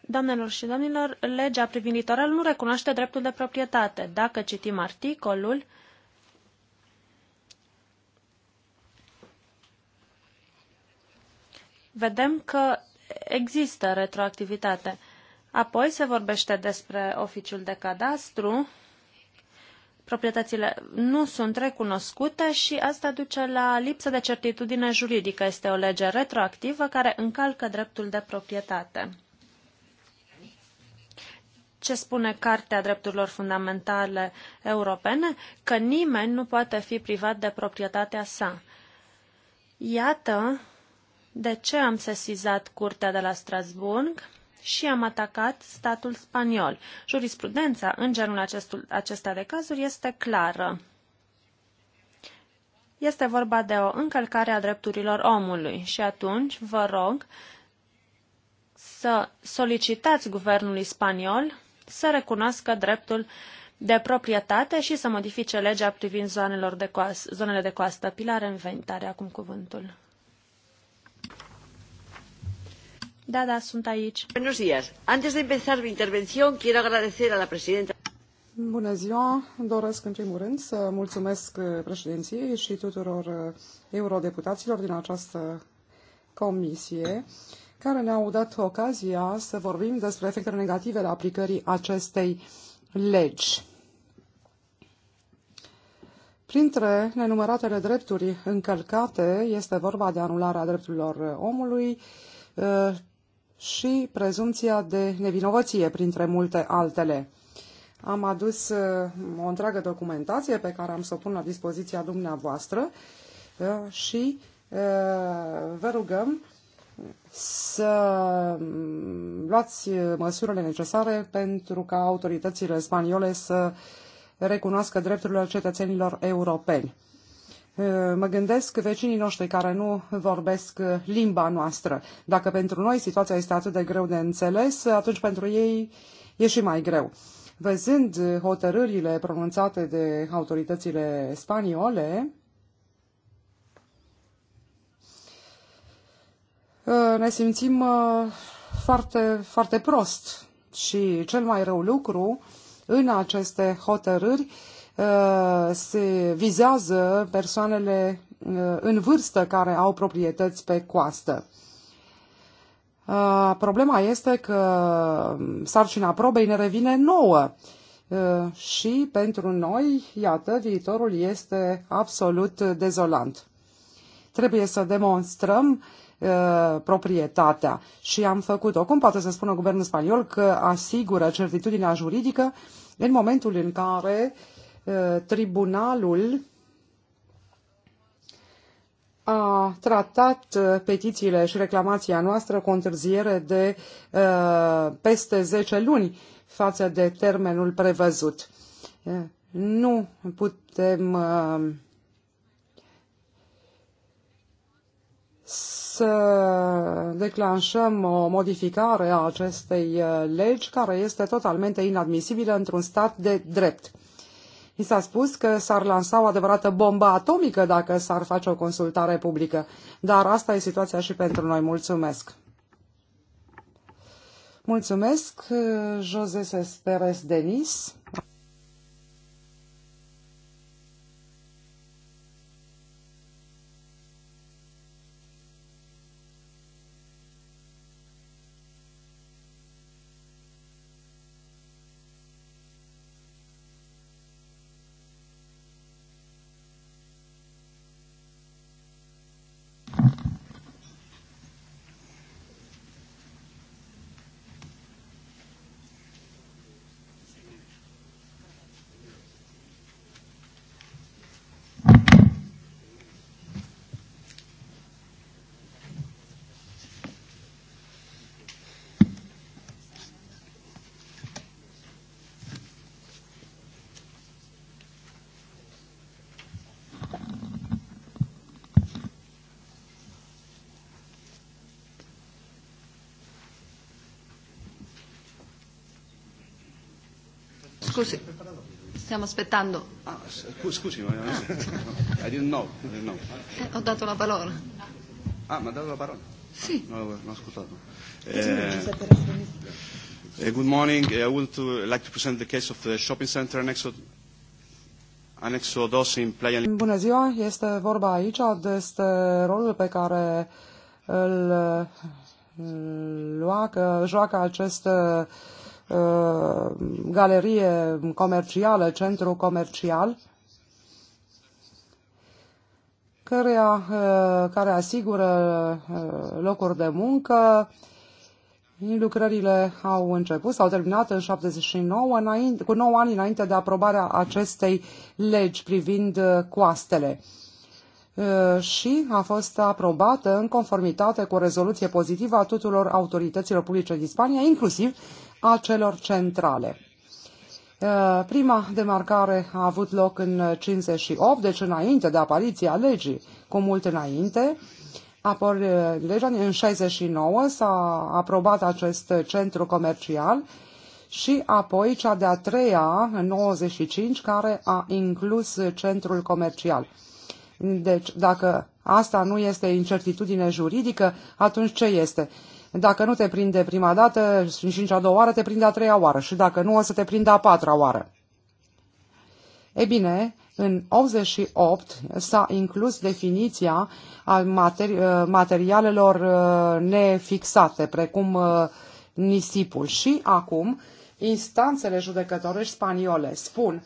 Doamnelor și domnilor, legea privind litoral nu recunoaște dreptul de proprietate. Dacă citim articolul, vedem că există retroactivitate. Apoi se vorbește despre oficiul de cadastru. Proprietățile nu sunt recunoscute și asta duce la lipsă de certitudine juridică. Este o lege retroactivă care încalcă dreptul de proprietate. Ce spune Cartea Drepturilor Fundamentale Europene? Că nimeni nu poate fi privat de proprietatea sa. Iată de ce am sesizat Curtea de la Strasburg și am atacat statul spaniol. Jurisprudența în genul acestul, acesta de cazuri este clară. Este vorba de o încălcare a drepturilor omului și atunci vă rog să solicitați guvernului spaniol să recunoască dreptul de proprietate și să modifice legea privind zonelor de coastă, zonele de coastă. Pilar Inventare, acum cuvântul. Da, da, sunt aici. Buenos días. Antes de empezar mi intervención, quiero agradecer a la presidenta. Bună ziua! Doresc în primul rând să mulțumesc eh, președinției și tuturor eh, eurodeputaților din această comisie care ne-au dat ocazia să vorbim despre efectele negative ale aplicării acestei legi. Printre nenumăratele drepturi încălcate este vorba de anularea drepturilor eh, omului, și prezumția de nevinovăție, printre multe altele. Am adus uh, o întreagă documentație pe care am să o pun la dispoziția dumneavoastră uh, și uh, vă rugăm să mm, luați măsurile necesare pentru ca autoritățile spaniole să recunoască drepturile cetățenilor europeni. Eh, mă gândesc vecinii noștri care nu vorbesc limba noastră. Dacă pentru noi situația este atât de greu de înțeles, atunci pentru ei e și mai greu. Văzând hotărârile pronunțate de autoritățile spaniole, eh, ne simțim eh, foarte, foarte prost. Și cel mai rău lucru în aceste hotărâri Uh, se vizează persoanele uh, în vârstă care au proprietăți pe coastă. Uh, problema este că sarcina probei ne revine nouă și pentru noi, iată, viitorul este absolut dezolant. Trebuie să demonstrăm proprietatea și am făcut-o. Cum poate să spună guvernul spaniol că asigură certitudinea juridică în momentul în care uh, Uh, tribunalul a tratat uh, petițiile și reclamația noastră cu o întârziere de uh, peste 10 luni față de termenul prevăzut. Nu putem să declanșăm o modificare a acestei legi care este totalmente inadmisibilă într-un stat de drept. Mi s-a spus că s-ar lansa o adevărată bombă atomică dacă s-ar face o consultare publică, dar asta e situația și pentru noi. Mulțumesc! Mulțumesc, José Esperes Denis. Scusi, stiamo aspettando. Ah, scusi, ma... ah. I didn't know. I didn't know. Eh, ho dato la parola. Ah, mi ha dato la parola? Sì. Ah, non l'ho ascoltato. Eh, eh, good morning. Eh, I would to, eh, like to present the case of the shopping center Anexo, to in Playa... Bună ziua, este vorba aici despre rolul pe care îl lua, că joacă acest uh, Uh, galerie comercială, centru comercial, care, uh, care asigură uh, locuri de muncă. Lucrările au început, s-au terminat în 79, înainte, cu 9 ani înainte de aprobarea acestei legi privind coastele și a fost aprobată în conformitate cu o rezoluție pozitivă a tuturor autorităților publice din Spania, inclusiv a celor centrale. Uh, prima demarcare a avut loc în 58, deci înainte de apariția legii, cu mult înainte. Apoi, uh, legea în 69 s-a aprobat acest centru comercial și apoi cea de-a treia, în 95, care a inclus centrul comercial. Deci, dacă asta nu este incertitudine juridică, atunci ce este? Dacă nu te prinde prima dată și nici a doua oară, te prinde a treia oară și dacă nu, o să te prinde a patra oară. E bine, în 88 s-a inclus definiția a materi- uh, materialelor uh, nefixate, precum uh, nisipul. Și acum, instanțele judecătorești spaniole spun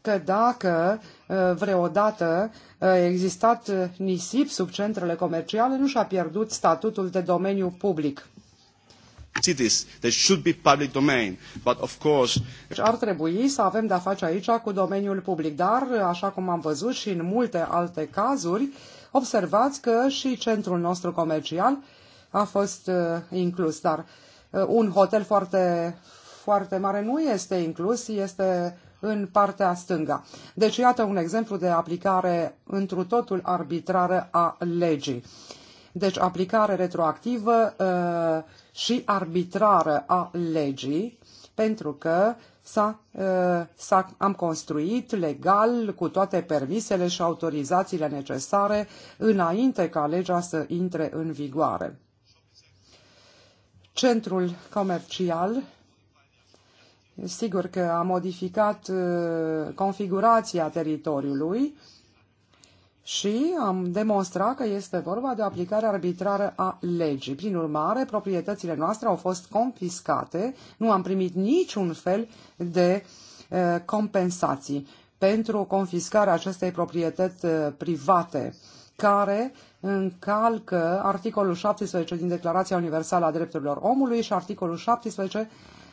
că dacă uh, Eh, vreodată eh, existat eh, nisip sub centrele comerciale, nu și-a pierdut statutul de domeniu public. Cities should be public domain, but of course... Deci ar trebui să avem de-a face aici cu domeniul public, dar, așa cum am văzut și în multe alte cazuri, observați că și centrul nostru comercial a fost inclus, dar un hotel foarte, foarte mare nu este inclus, este în partea stânga. Deci iată un exemplu de aplicare întru totul arbitrară a legii. Deci aplicare retroactivă uh, și arbitrară a legii, pentru că s-a, uh, am construit legal cu toate permisele și autorizațiile necesare înainte ca legea să intre în vigoare. Centrul comercial Sigur că a modificat uh, configurația teritoriului și am demonstrat că este vorba de o aplicare arbitrară a legii. Prin urmare, proprietățile noastre au fost confiscate, nu am primit niciun fel de uh, compensații pentru confiscarea acestei proprietăți uh, private care încalcă articolul 17 din Declarația Universală a Drepturilor Omului și articolul 17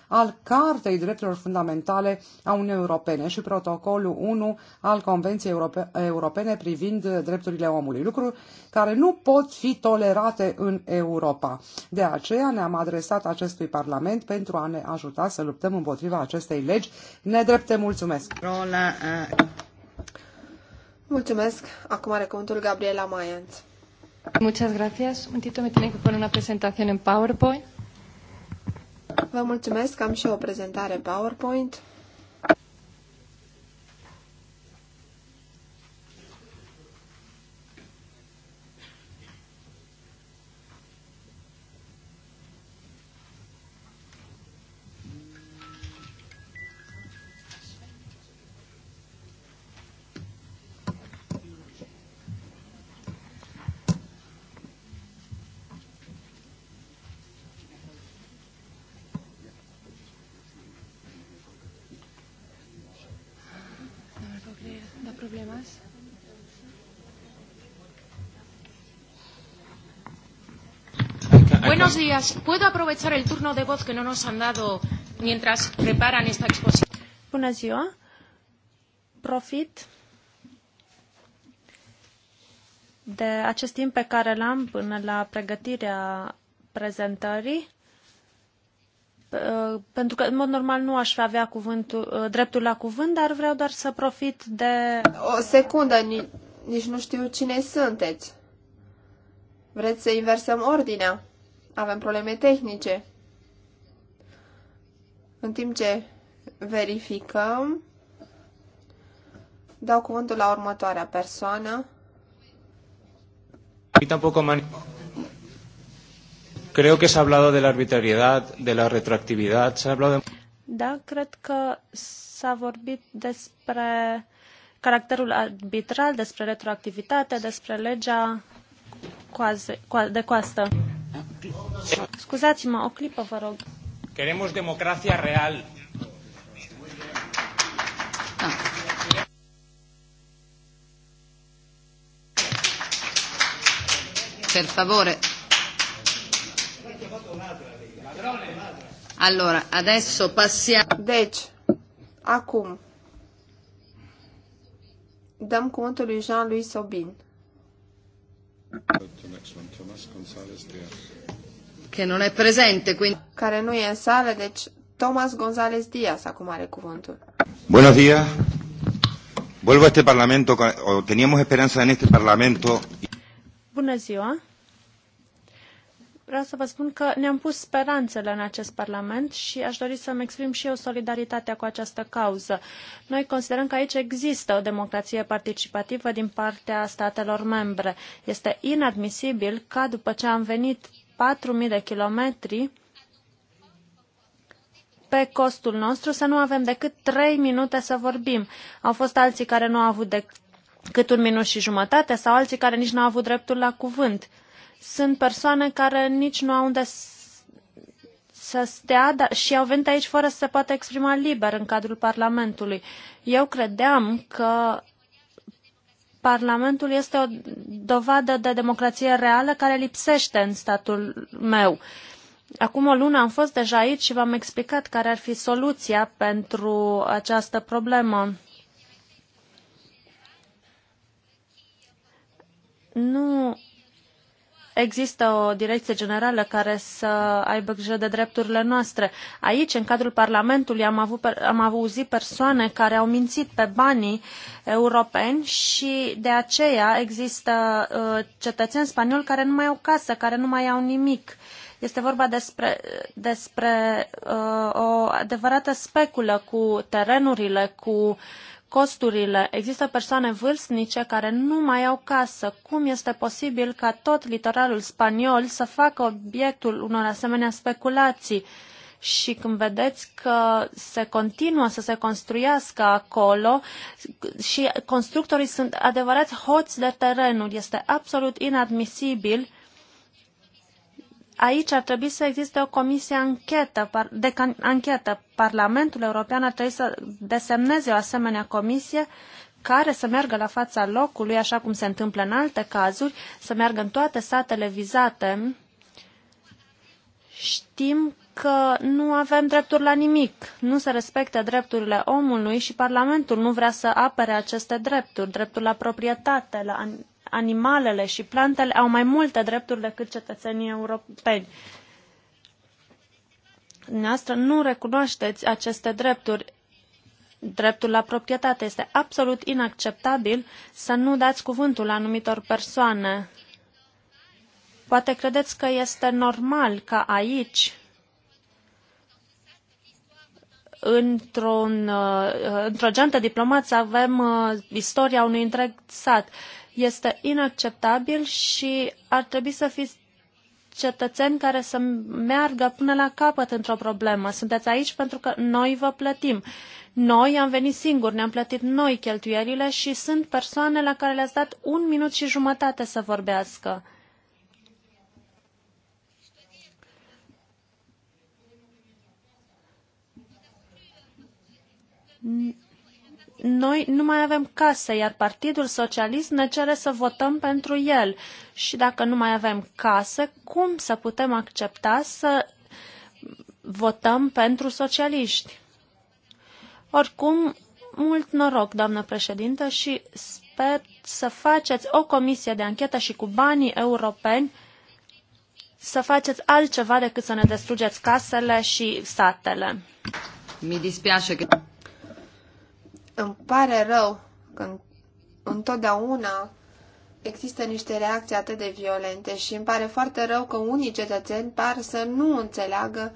al Cartei Drepturilor Fundamentale a Uniunii Europene și protocolul 1 al Convenției Europe Europene privind drepturile omului, lucruri care nu pot fi tolerate în Europa. De aceea ne-am adresat acestui Parlament pentru a ne ajuta să luptăm împotriva acestei legi nedrepte. Mulțumesc! Rola, uh... Mulțumesc. Acum are cuvântul Gabriela Maianț. Muchas gracias. Un tito me tiene que poner una presentación en PowerPoint. Vă mulțumesc, am și o prezentare PowerPoint. Buenos días. ¿Puedo aprovechar el turno de voz que no nos han dado mientras preparan esta exposición? Bună ziua. Profit de acest timp pe care l-am până la pregătirea prezentării uh, pentru că, în mod normal, nu aș avea cuvântul, uh, dreptul la cuvânt, dar vreau doar să profit de... O secundă, nici, nici nu știu cine sunteți. Vreți să inversăm ordinea? avem probleme tehnice. În timp ce verificăm, dau cuvântul la următoarea persoană. Y tampoco man... Creo que se ha hablado de la arbitrariedad, de la retroactividad, se ha hablado de... Da, cred că s-a vorbit despre caracterul arbitral, despre retroactivitate, despre legea coaze, de coastă. Scuzați-mă, o clipă, vă rog. Queremos democracia real. Ah. Per favore. Allora, adesso passiamo. Deci, acum dăm cuvântul lui Jean-Louis Sobin. Che non è presente, quindi... Care nu e în sală, deci Thomas González Díaz acum are cuvântul. Buenos días. Vuelvo a este Parlamento, o teníamos esperanza en este Parlamento. Bună ziua vreau să vă spun că ne-am pus speranțele în acest Parlament și aș dori să-mi exprim și eu solidaritatea cu această cauză. Noi considerăm că aici există o democrație participativă din partea statelor membre. Este inadmisibil ca după ce am venit 4.000 de kilometri pe costul nostru să nu avem decât 3 minute să vorbim. Au fost alții care nu au avut decât cât un minut și jumătate sau alții care nici nu au avut dreptul la cuvânt sunt persoane care nici nu au unde să stea dar, și au venit aici fără să se poată exprima liber în cadrul Parlamentului. Eu credeam că Parlamentul este o dovadă de democrație reală care lipsește în statul meu. Acum o lună am fost deja aici și v-am explicat care ar fi soluția pentru această problemă. Nu există o direcție generală care să aibă grijă de drepturile noastre. Aici, în cadrul Parlamentului, am, avut, am auzit persoane care au mințit pe banii europeni și de aceea există uh, cetățeni spanioli care nu mai au casă, care nu mai au nimic. Este vorba despre, despre uh, o adevărată speculă cu terenurile, cu uh, costurile. Există persoane vârstnice care nu mai au casă. Cum este posibil ca tot litoralul spaniol să facă obiectul unor asemenea speculații? și când vedeți că se continuă să se construiască acolo și constructorii sunt adevărați hoți de terenuri, este absolut inadmisibil aici ar trebui să existe o comisie anchetă, de anchetă. Parlamentul European ar trebui să desemneze o asemenea comisie care să meargă la fața locului, așa cum se întâmplă în alte cazuri, să meargă în toate satele vizate. Știm că nu avem drepturi la nimic, nu se respectă drepturile omului și Parlamentul nu vrea să apere aceste drepturi, dreptul la proprietate, la animalele și plantele au mai multe drepturi decât cetățenii europeni. Dumneavoastră nu recunoașteți aceste drepturi. Dreptul la proprietate este absolut inacceptabil să nu dați cuvântul anumitor persoane. Poate credeți că este normal ca aici într-un, uh, într-o geantă diplomat să avem uh, istoria unui întreg sat este inacceptabil și ar trebui să fiți cetățeni care să meargă până la capăt într-o problemă. Sunteți aici pentru că noi vă plătim. Noi am venit singuri, ne-am plătit noi cheltuielile și sunt persoane la care le-ați dat un minut și jumătate să vorbească. N noi nu mai avem case, iar Partidul Socialist ne cere să votăm pentru el. Și dacă nu mai avem case, cum să putem accepta să votăm pentru socialiști? Oricum, mult noroc, doamnă președintă, și sper să faceți o comisie de anchetă și cu banii europeni să faceți altceva decât să ne destrugeți casele și satele. Mi dispiace că... Îmi pare rău că întotdeauna există niște reacții atât de violente și îmi pare foarte rău că unii cetățeni par să nu înțeleagă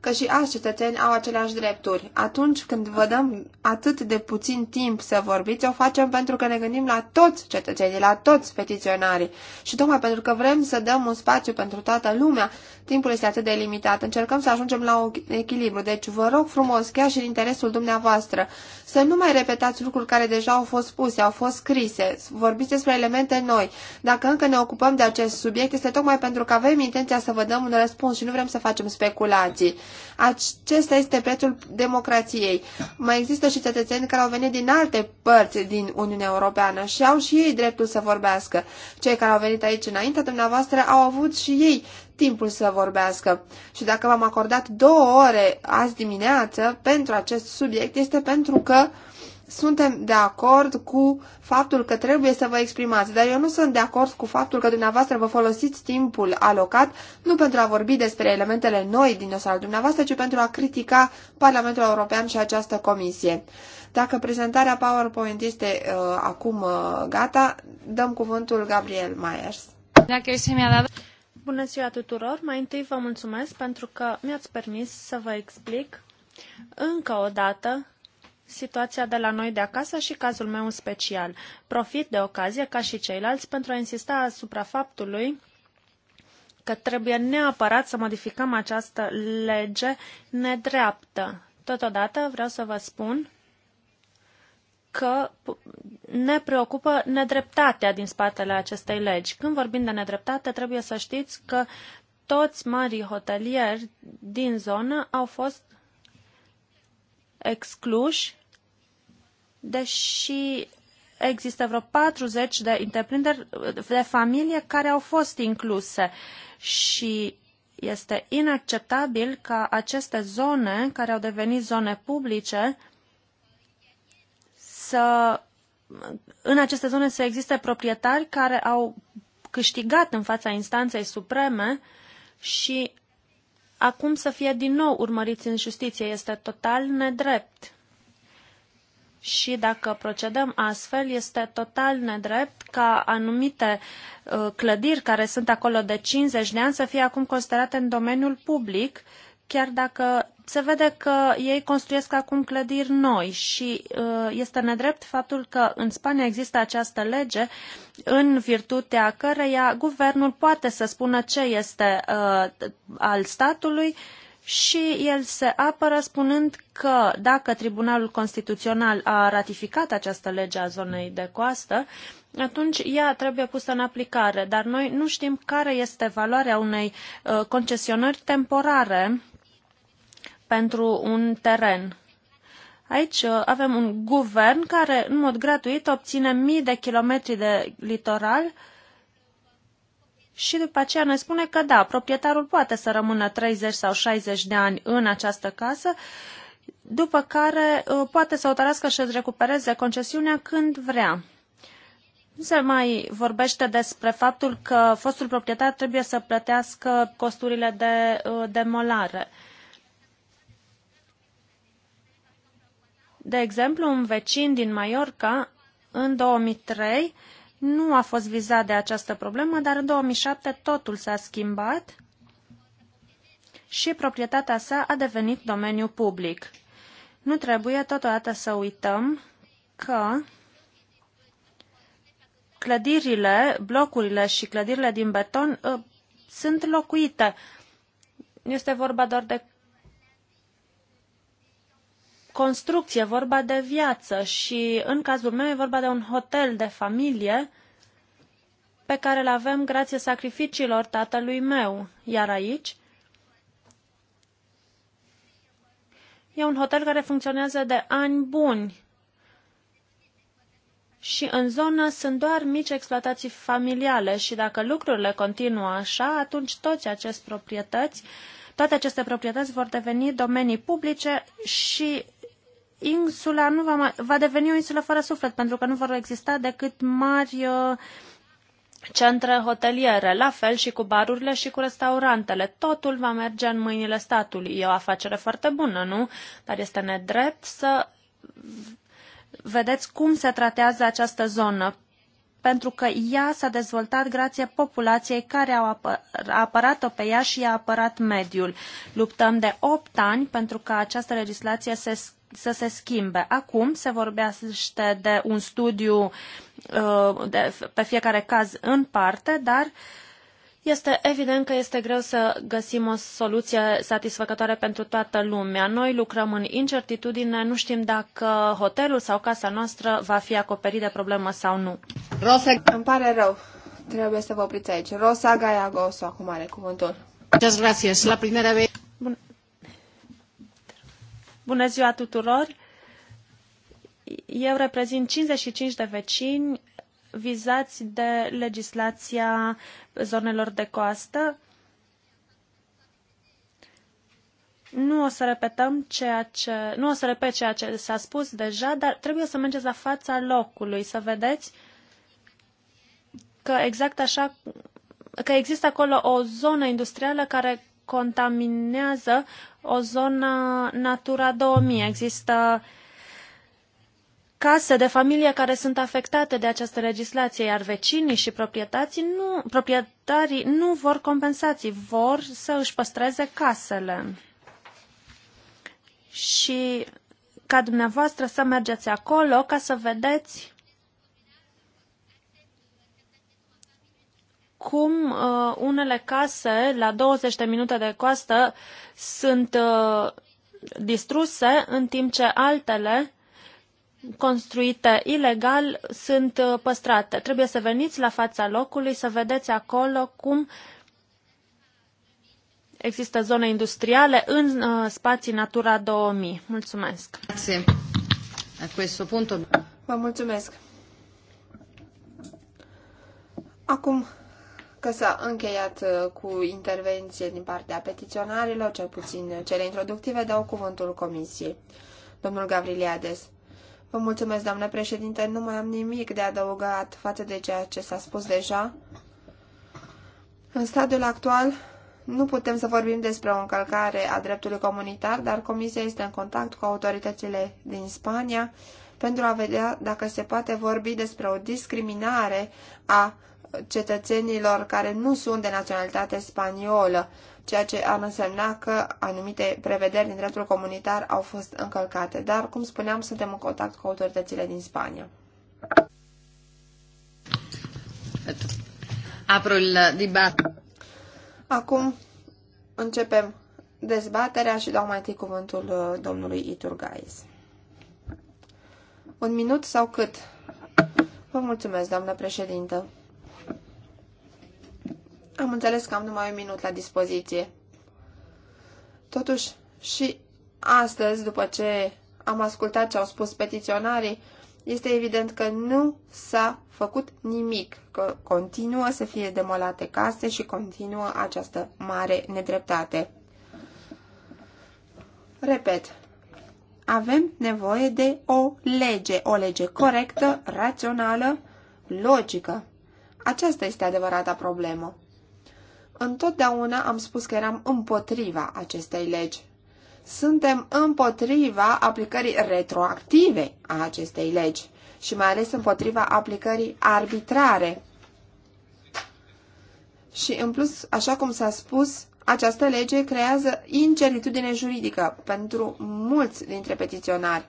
că și alți cetățeni au aceleași drepturi. Atunci când vă dăm atât de puțin timp să vorbiți, o facem pentru că ne gândim la toți cetățenii, la toți petiționarii și tocmai pentru că vrem să dăm un spațiu pentru toată lumea, timpul este atât de limitat. Încercăm să ajungem la un echilibru. Deci vă rog frumos, chiar și în interesul dumneavoastră, să nu mai repetați lucruri care deja au fost spuse, au fost scrise. Vorbiți despre elemente noi. Dacă încă ne ocupăm de acest subiect, este tocmai pentru că avem intenția să vă dăm un răspuns și nu vrem să facem speculații. Acesta este prețul democrației. Mai există și cetățeni care au venit din alte părți din Uniunea Europeană și au și ei dreptul să vorbească. Cei care au venit aici înainte dumneavoastră au avut și ei timpul să vorbească. Și dacă v-am acordat două ore azi dimineață pentru acest subiect, este pentru că suntem de acord cu faptul că trebuie să vă exprimați, dar eu nu sunt de acord cu faptul că dumneavoastră vă folosiți timpul alocat nu pentru a vorbi despre elementele noi din dosarul dumneavoastră, ci pentru a critica Parlamentul European și această comisie. Dacă prezentarea PowerPoint este uh, acum uh, gata, dăm cuvântul Gabriel Myers. Dacă se mi-a dat... Bună ziua tuturor! Mai întâi vă mulțumesc pentru că mi-ați permis să vă explic încă o dată situația de la noi de acasă și cazul meu special. Profit de ocazie, ca și ceilalți, pentru a insista asupra faptului că trebuie neapărat să modificăm această lege nedreaptă. Totodată vreau să vă spun că ne preocupă nedreptatea din spatele acestei legi. Când vorbim de nedreptate, trebuie să știți că toți marii hotelieri din zonă au fost excluși, deși există vreo 40 de întreprinderi de familie care au fost incluse și este inacceptabil ca aceste zone care au devenit zone publice să în aceste zone să existe proprietari care au câștigat în fața instanței supreme și acum să fie din nou urmăriți în justiție este total nedrept. Și dacă procedăm astfel, este total nedrept ca anumite uh, clădiri care sunt acolo de 50 de ani să fie acum considerate în domeniul public uh, chiar dacă se vede că ei construiesc acum clădiri noi și uh, este nedrept faptul că în Spania există această lege în virtutea căreia guvernul poate să spună ce este uh, al statului și el se apără spunând că dacă Tribunalul Constituțional a ratificat această lege a zonei de coastă, atunci ea trebuie pusă în aplicare, dar noi nu știm care este valoarea unei uh, concesionări temporare pentru un teren. Aici uh, avem un guvern care, în mod gratuit, obține mii de kilometri de litoral și după aceea ne spune că da, proprietarul poate să rămână 30 sau 60 de ani în această casă, după care uh, poate să hotărască și recupereze concesiunea când vrea. Nu se mai vorbește despre faptul că fostul proprietar trebuie să plătească costurile de uh, demolare. Uh, De exemplu, un vecin din Mallorca în 2003 nu a fost vizat de această problemă, dar în 2007 totul s-a schimbat și proprietatea sa a devenit domeniu public. Nu trebuie totodată să uităm că clădirile, blocurile și clădirile din beton ă, sunt locuite. Nu este vorba doar de construcție, vorba de viață și în cazul meu e vorba de un hotel de familie pe care îl avem grație sacrificiilor tatălui meu. Iar aici e un hotel care funcționează de ani buni și în zonă sunt doar mici exploatații familiale și dacă lucrurile continuă așa, atunci toți aceste proprietăți, toate aceste proprietăți vor deveni domenii publice și insula nu va, mai, va deveni o insulă fără suflet, pentru că nu vor exista decât mari uh, centre hoteliere, la fel și cu barurile și cu restaurantele. Totul va merge în mâinile statului. E o afacere foarte bună, nu? Dar este nedrept să vedeți cum se tratează această zonă pentru că ea s-a dezvoltat grație populației care au apă apărat-o pe ea și i-a apărat mediul. Luptăm de 8 ani pentru ca această legislație se să se schimbe. Acum se vorbește de un studiu uh, de, pe fiecare caz în parte, dar este evident că este greu să găsim o soluție satisfăcătoare pentru toată lumea. Noi lucrăm în incertitudine, nu știm dacă hotelul sau casa noastră va fi acoperit de problemă sau nu. Rosa, îmi pare rău. Trebuie să vă opriți aici. Rosa Gaiagoso acum are cuvântul. Muchas gracias. La primera vez... Bună ziua tuturor! Eu reprezint 55 de vecini vizați de legislația zonelor de coastă. Nu o să repetăm ceea ce, nu o să repet ceea ce s-a spus deja, dar trebuie să mergeți la fața locului, să vedeți că exact așa că există acolo o zonă industrială care contaminează o zonă Natura 2000. Există case de familie care sunt afectate de această legislație, iar vecinii și proprietarii nu, proprietarii nu vor compensații, vor să își păstreze casele. Și ca dumneavoastră să mergeți acolo ca să vedeți cum uh, unele case la 20 de minute de coastă sunt uh, distruse, în timp ce altele construite ilegal sunt uh, păstrate. Trebuie să veniți la fața locului, să vedeți acolo cum există zone industriale în uh, spații Natura 2000. Mulțumesc! Vă mulțumesc! Acum că s-a încheiat uh, cu intervenție din partea petiționarilor, cel puțin uh, cele introductive, dau cuvântul comisiei. Domnul Gavriliades. Vă mulțumesc, doamnă președinte, nu mai am nimic de adăugat față de ceea ce s-a spus deja. În stadiul actual, nu putem să vorbim despre o încălcare a dreptului comunitar, dar Comisia este în contact cu autoritățile din Spania pentru a vedea dacă se poate vorbi despre o discriminare a cetățenilor care nu sunt de naționalitate spaniolă, ceea ce ar însemna că anumite prevederi din dreptul comunitar au fost încălcate. Dar, cum spuneam, suntem în contact cu autoritățile din Spania. Acum începem dezbaterea și dau mai întâi cuvântul uh, domnului Iturgais. Un minut sau cât? Vă mulțumesc, doamnă președintă. Am înțeles că am numai un minut la dispoziție. Totuși, și astăzi, după ce am ascultat ce au spus petiționarii, este evident că nu s-a făcut nimic, că continuă să fie demolate case și continuă această mare nedreptate. Repet, avem nevoie de o lege, o lege corectă, rațională, logică. Aceasta este adevărata problemă întotdeauna am spus că eram împotriva acestei legi. Suntem împotriva aplicării retroactive a acestei legi și mai ales împotriva aplicării arbitrare. Și în plus, așa cum s-a spus, această lege creează incertitudine juridică pentru mulți dintre petiționari.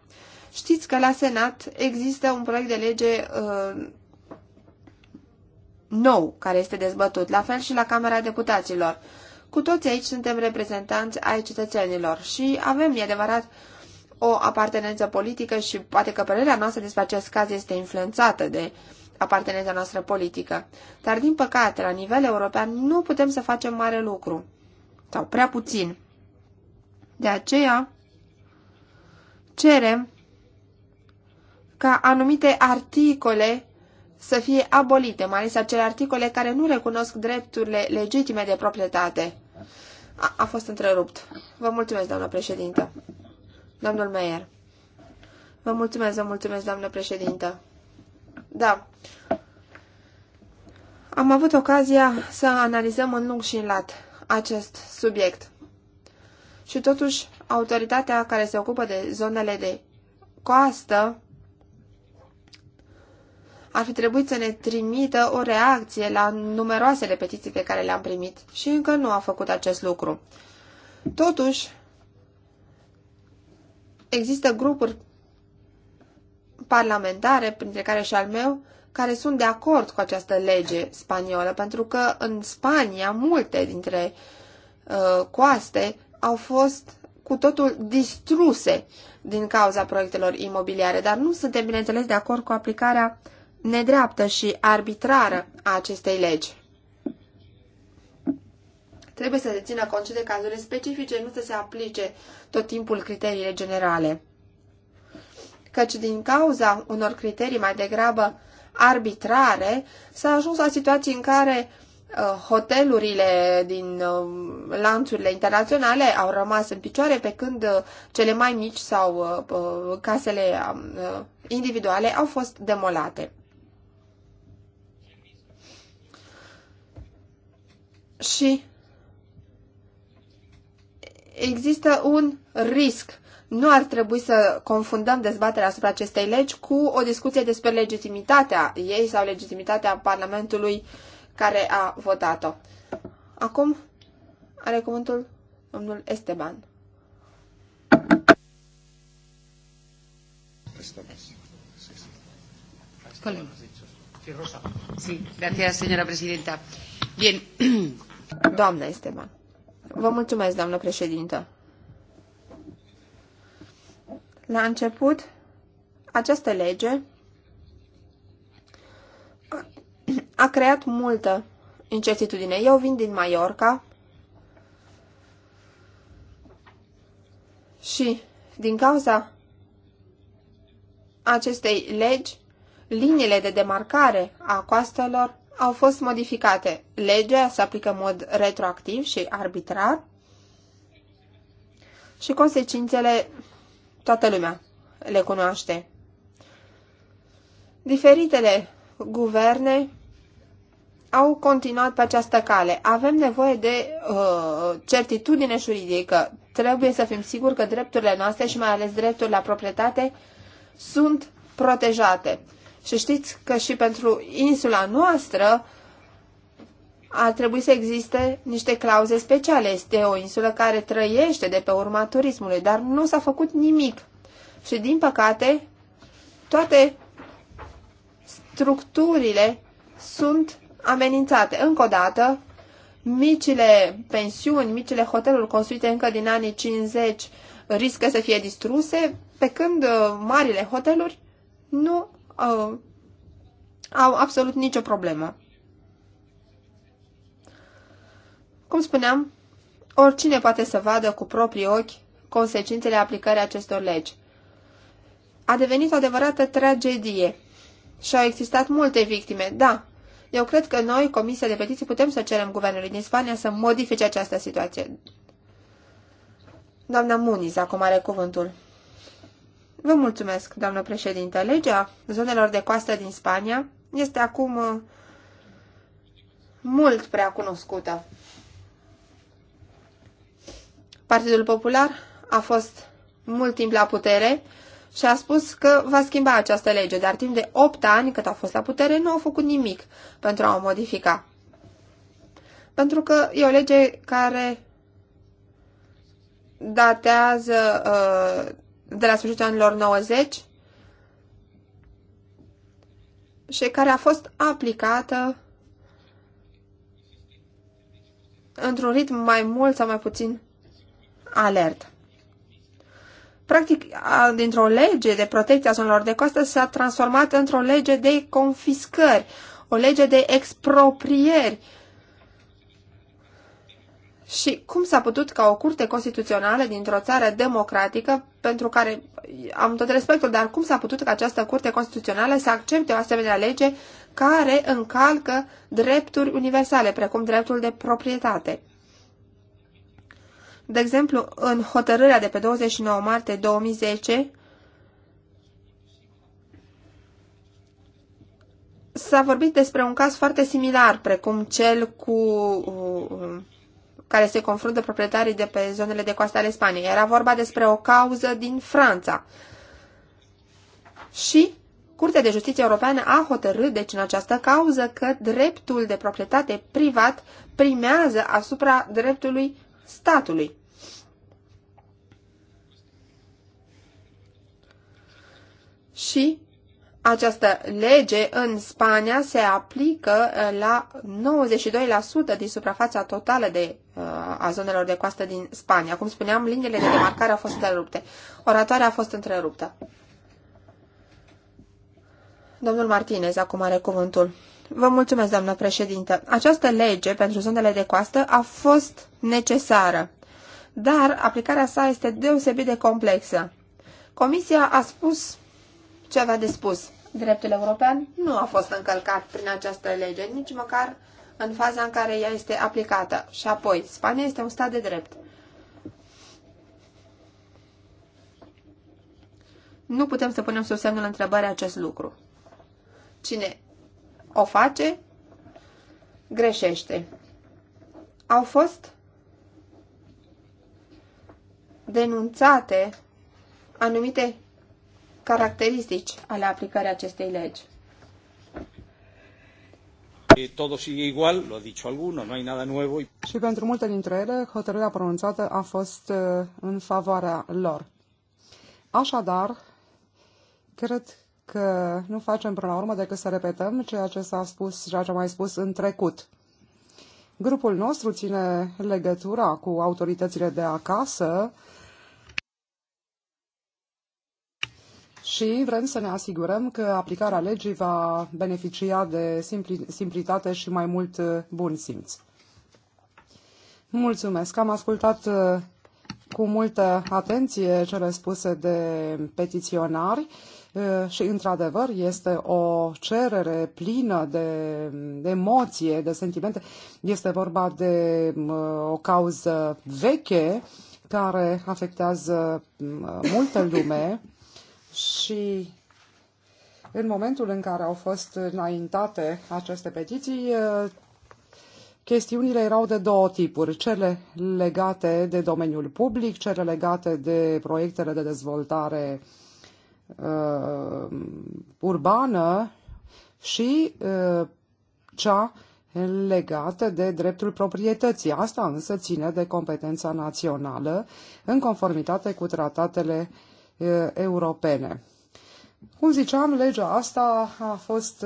Știți că la Senat există un proiect de lege uh, nou care este dezbătut, la fel și la Camera Deputaților. Cu toți aici suntem reprezentanți ai cetățenilor și avem, e adevărat, o apartenență politică și poate că părerea noastră despre acest caz este influențată de apartenența noastră politică. Dar, din păcate, la nivel european nu putem să facem mare lucru. Sau prea puțin. De aceea, cerem ca anumite articole să fie abolite, mai ales acele articole care nu recunosc drepturile legitime de proprietate. A, a fost întrerupt. Vă mulțumesc, doamnă președintă. Domnul Meier. Vă mulțumesc, vă mulțumesc, doamnă președintă. Da. Am avut ocazia să analizăm în lung și în lat acest subiect. Și totuși, autoritatea care se ocupă de zonele de coastă ar fi trebuit să ne trimită o reacție la numeroasele petiții pe care le-am primit și încă nu a făcut acest lucru. Totuși, există grupuri parlamentare, printre care și al meu, care sunt de acord cu această lege spaniolă, pentru că în Spania multe dintre uh, coaste au fost cu totul distruse din cauza proiectelor imobiliare, dar nu suntem, bineînțeles, de acord cu aplicarea uh, nedreaptă și arbitrară a acestei legi. Trebuie să se țină cont de cazuri specifice, nu să se aplice tot timpul criteriile generale. Căci din cauza unor criterii mai degrabă arbitrare, s-a ajuns la situații în care uh, hotelurile din uh, lanțurile internaționale au rămas în picioare, pe când uh, cele mai mici sau casele um, individuale au fost demolate. și există un risc. Nu ar trebui să confundăm dezbaterea asupra acestei legi cu o discuție despre legitimitatea ei sau legitimitatea Parlamentului care a votat-o. Acum are cuvântul domnul Esteban. Esteban. Sí, Rosa. Sí, gracias, señora presidenta. Bien. Doamna Esteban. Vă mulțumesc, doamnă președintă. La început, această lege a creat multă incertitudine. Eu vin din Mallorca și din cauza acestei legi liniile de demarcare a coastelor au fost modificate. Legea se aplică în mod retroactiv și arbitrar și consecințele toată lumea le cunoaște. Diferitele guverne au continuat pe această cale. Avem nevoie de uh, certitudine juridică. Trebuie să fim siguri că drepturile noastre și mai ales dreptul la proprietate sunt protejate. Și știți că și pentru insula noastră ar trebui să existe niște clauze speciale. Este o insulă care trăiește de pe urma turismului, dar nu s-a făcut nimic. Și din păcate, toate structurile sunt amenințate. Încă o dată, micile pensiuni, micile hoteluri construite încă din anii 50 riscă să fie distruse, pe când uh, marile hoteluri nu uh, au absolut nicio problemă. Cum spuneam, oricine poate să vadă cu proprii ochi consecințele aplicării acestor legi. A devenit o adevărată tragedie și au existat multe victime, da. Eu cred că noi, Comisia de Petiții, putem să cerem guvernului din Spania să modifice această situație. Doamna Muniz acum are cuvântul. Vă mulțumesc, doamnă președinte. Legea zonelor de coastă din Spania este acum uh, mult prea cunoscută. Partidul Popular a fost mult timp la putere și a spus că va schimba această lege, dar timp de 8 ani cât a fost la putere nu au făcut nimic pentru a o modifica. Pentru că e o lege care datează uh, de la sfârșitul anilor 90 și care a fost aplicată într-un ritm mai mult sau mai puțin alert. Practic, dintr-o lege de protecție a zonelor de coastă s-a transformat într-o lege de confiscări, o lege de exproprieri, și cum s-a putut ca o curte constituțională dintr-o țară democratică, pentru care am tot respectul, dar cum s-a putut ca această curte constituțională să accepte o asemenea lege care încalcă drepturi universale, precum dreptul de proprietate? De exemplu, în hotărârea de pe 29 martie 2010, s-a vorbit despre un caz foarte similar, precum cel cu uh, care se confruntă proprietarii de pe zonele de coastă ale Spaniei. Era vorba despre o cauză din Franța. Și Curtea de Justiție Europeană a hotărât, deci, în această cauză că dreptul de proprietate privat primează asupra dreptului statului. Și această lege în Spania se aplică uh, la 92% din suprafața totală de, uh, a zonelor de coastă din Spania. Cum spuneam, liniile de demarcare au fost întrerupte. Oratoarea a fost întreruptă. Domnul Martinez acum are cuvântul. Vă mulțumesc, doamnă președintă. Această lege pentru zonele de coastă a fost necesară, dar aplicarea sa este deosebit de complexă. Comisia a spus ce avea de spus dreptul european nu a fost încălcat prin această lege, nici măcar în faza în care ea este aplicată. Și apoi, Spania este un stat de drept. Nu putem să punem sub semnul întrebării acest lucru. Cine o face, greșește. Au fost denunțate anumite caracteristici ale aplicării acestei legi. Eh, todo sigue igual, lo ha dicho alguno, no hay nada nuevo. Și pentru multe dintre ele, hotărârea pronunțată a fost eh, în favoarea lor. Așadar, cred că nu facem până la urmă decât să repetăm ceea ce s-a spus, ceea ce am mai spus în trecut. Grupul nostru ține legătura cu autoritățile de acasă, și vrem să ne asigurăm că aplicarea legii va beneficia de simpli, simplitate și mai mult uh, bun simț. Mulțumesc! Am ascultat uh, cu multă atenție cele spuse de petiționari uh, și, într-adevăr, este o cerere plină de, de emoție, de sentimente. Este vorba de o cauză veche care afectează multă lume și în momentul în care au fost înaintate aceste petiții, eh, chestiunile erau de două tipuri, cele legate de domeniul public, cele legate de proiectele de dezvoltare uh, urbană și uh, cea legată de dreptul proprietății. Asta însă ține de competența națională în conformitate cu tratatele uh, europene. Cum ziceam, legea asta a fost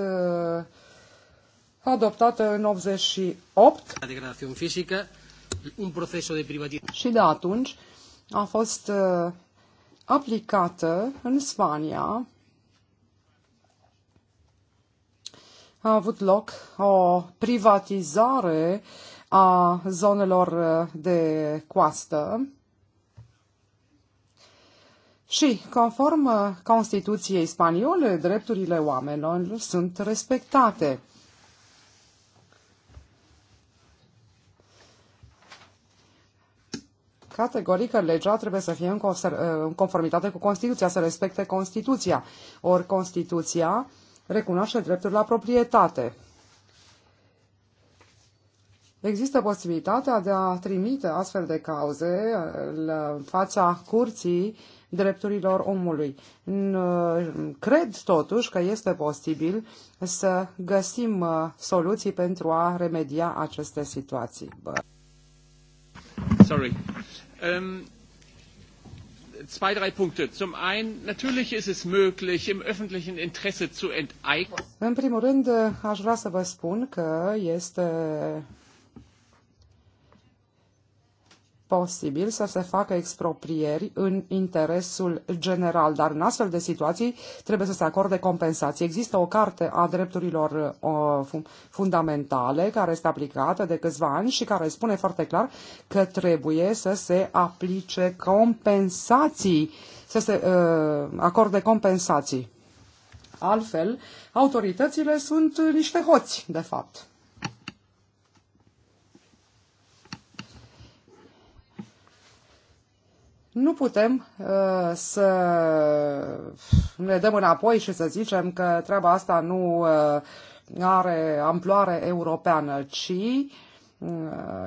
adoptată în 88. La degradație fizică, un proces de privatizare. Și de atunci a fost aplicată în Spania. A avut loc o privatizare a zonelor de coastă și, conform uh, Constituției spaniole, drepturile oamenilor sunt respectate. Categoric, legea trebuie să fie uh, în conformitate cu Constituția, să respecte Constituția. Ori Constituția recunoaște dreptul la proprietate. Există posibilitatea de a trimite astfel de cauze în uh, fața curții drepturilor omului. Uh, cred totuși că este posibil să găsim uh, soluții pentru a remedia aceste situații. Sorry. Um zwei, drei Punkte. Zum einen, natürlich ist es möglich, im öffentlichen Interesse zu enteignen. În primul rând, aș vrea să vă spun că este posibil să se facă exproprieri în interesul general, dar în astfel de situații trebuie să se acorde compensații. Există o carte a drepturilor uh, fundamentale care este aplicată de câțiva ani și care spune foarte clar că trebuie să se aplice compensații, să se uh, acorde compensații. Altfel, autoritățile sunt niște hoți, de fapt. nu putem uh, să ne dăm înapoi și să zicem că treaba asta nu uh, are amploare europeană, ci uh,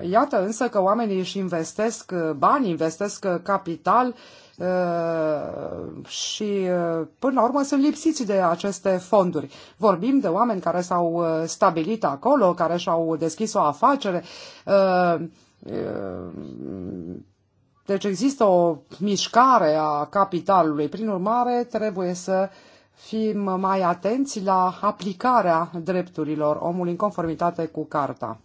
Iată însă că oamenii își investesc uh, bani, investesc uh, capital uh, și până la urmă sunt lipsiți de aceste fonduri. Vorbim de oameni care s-au stabilit acolo, care și-au deschis o afacere deci există o mișcare a capitalului, prin urmare trebuie să fim mai atenți la aplicarea drepturilor omului în conformitate cu Carta.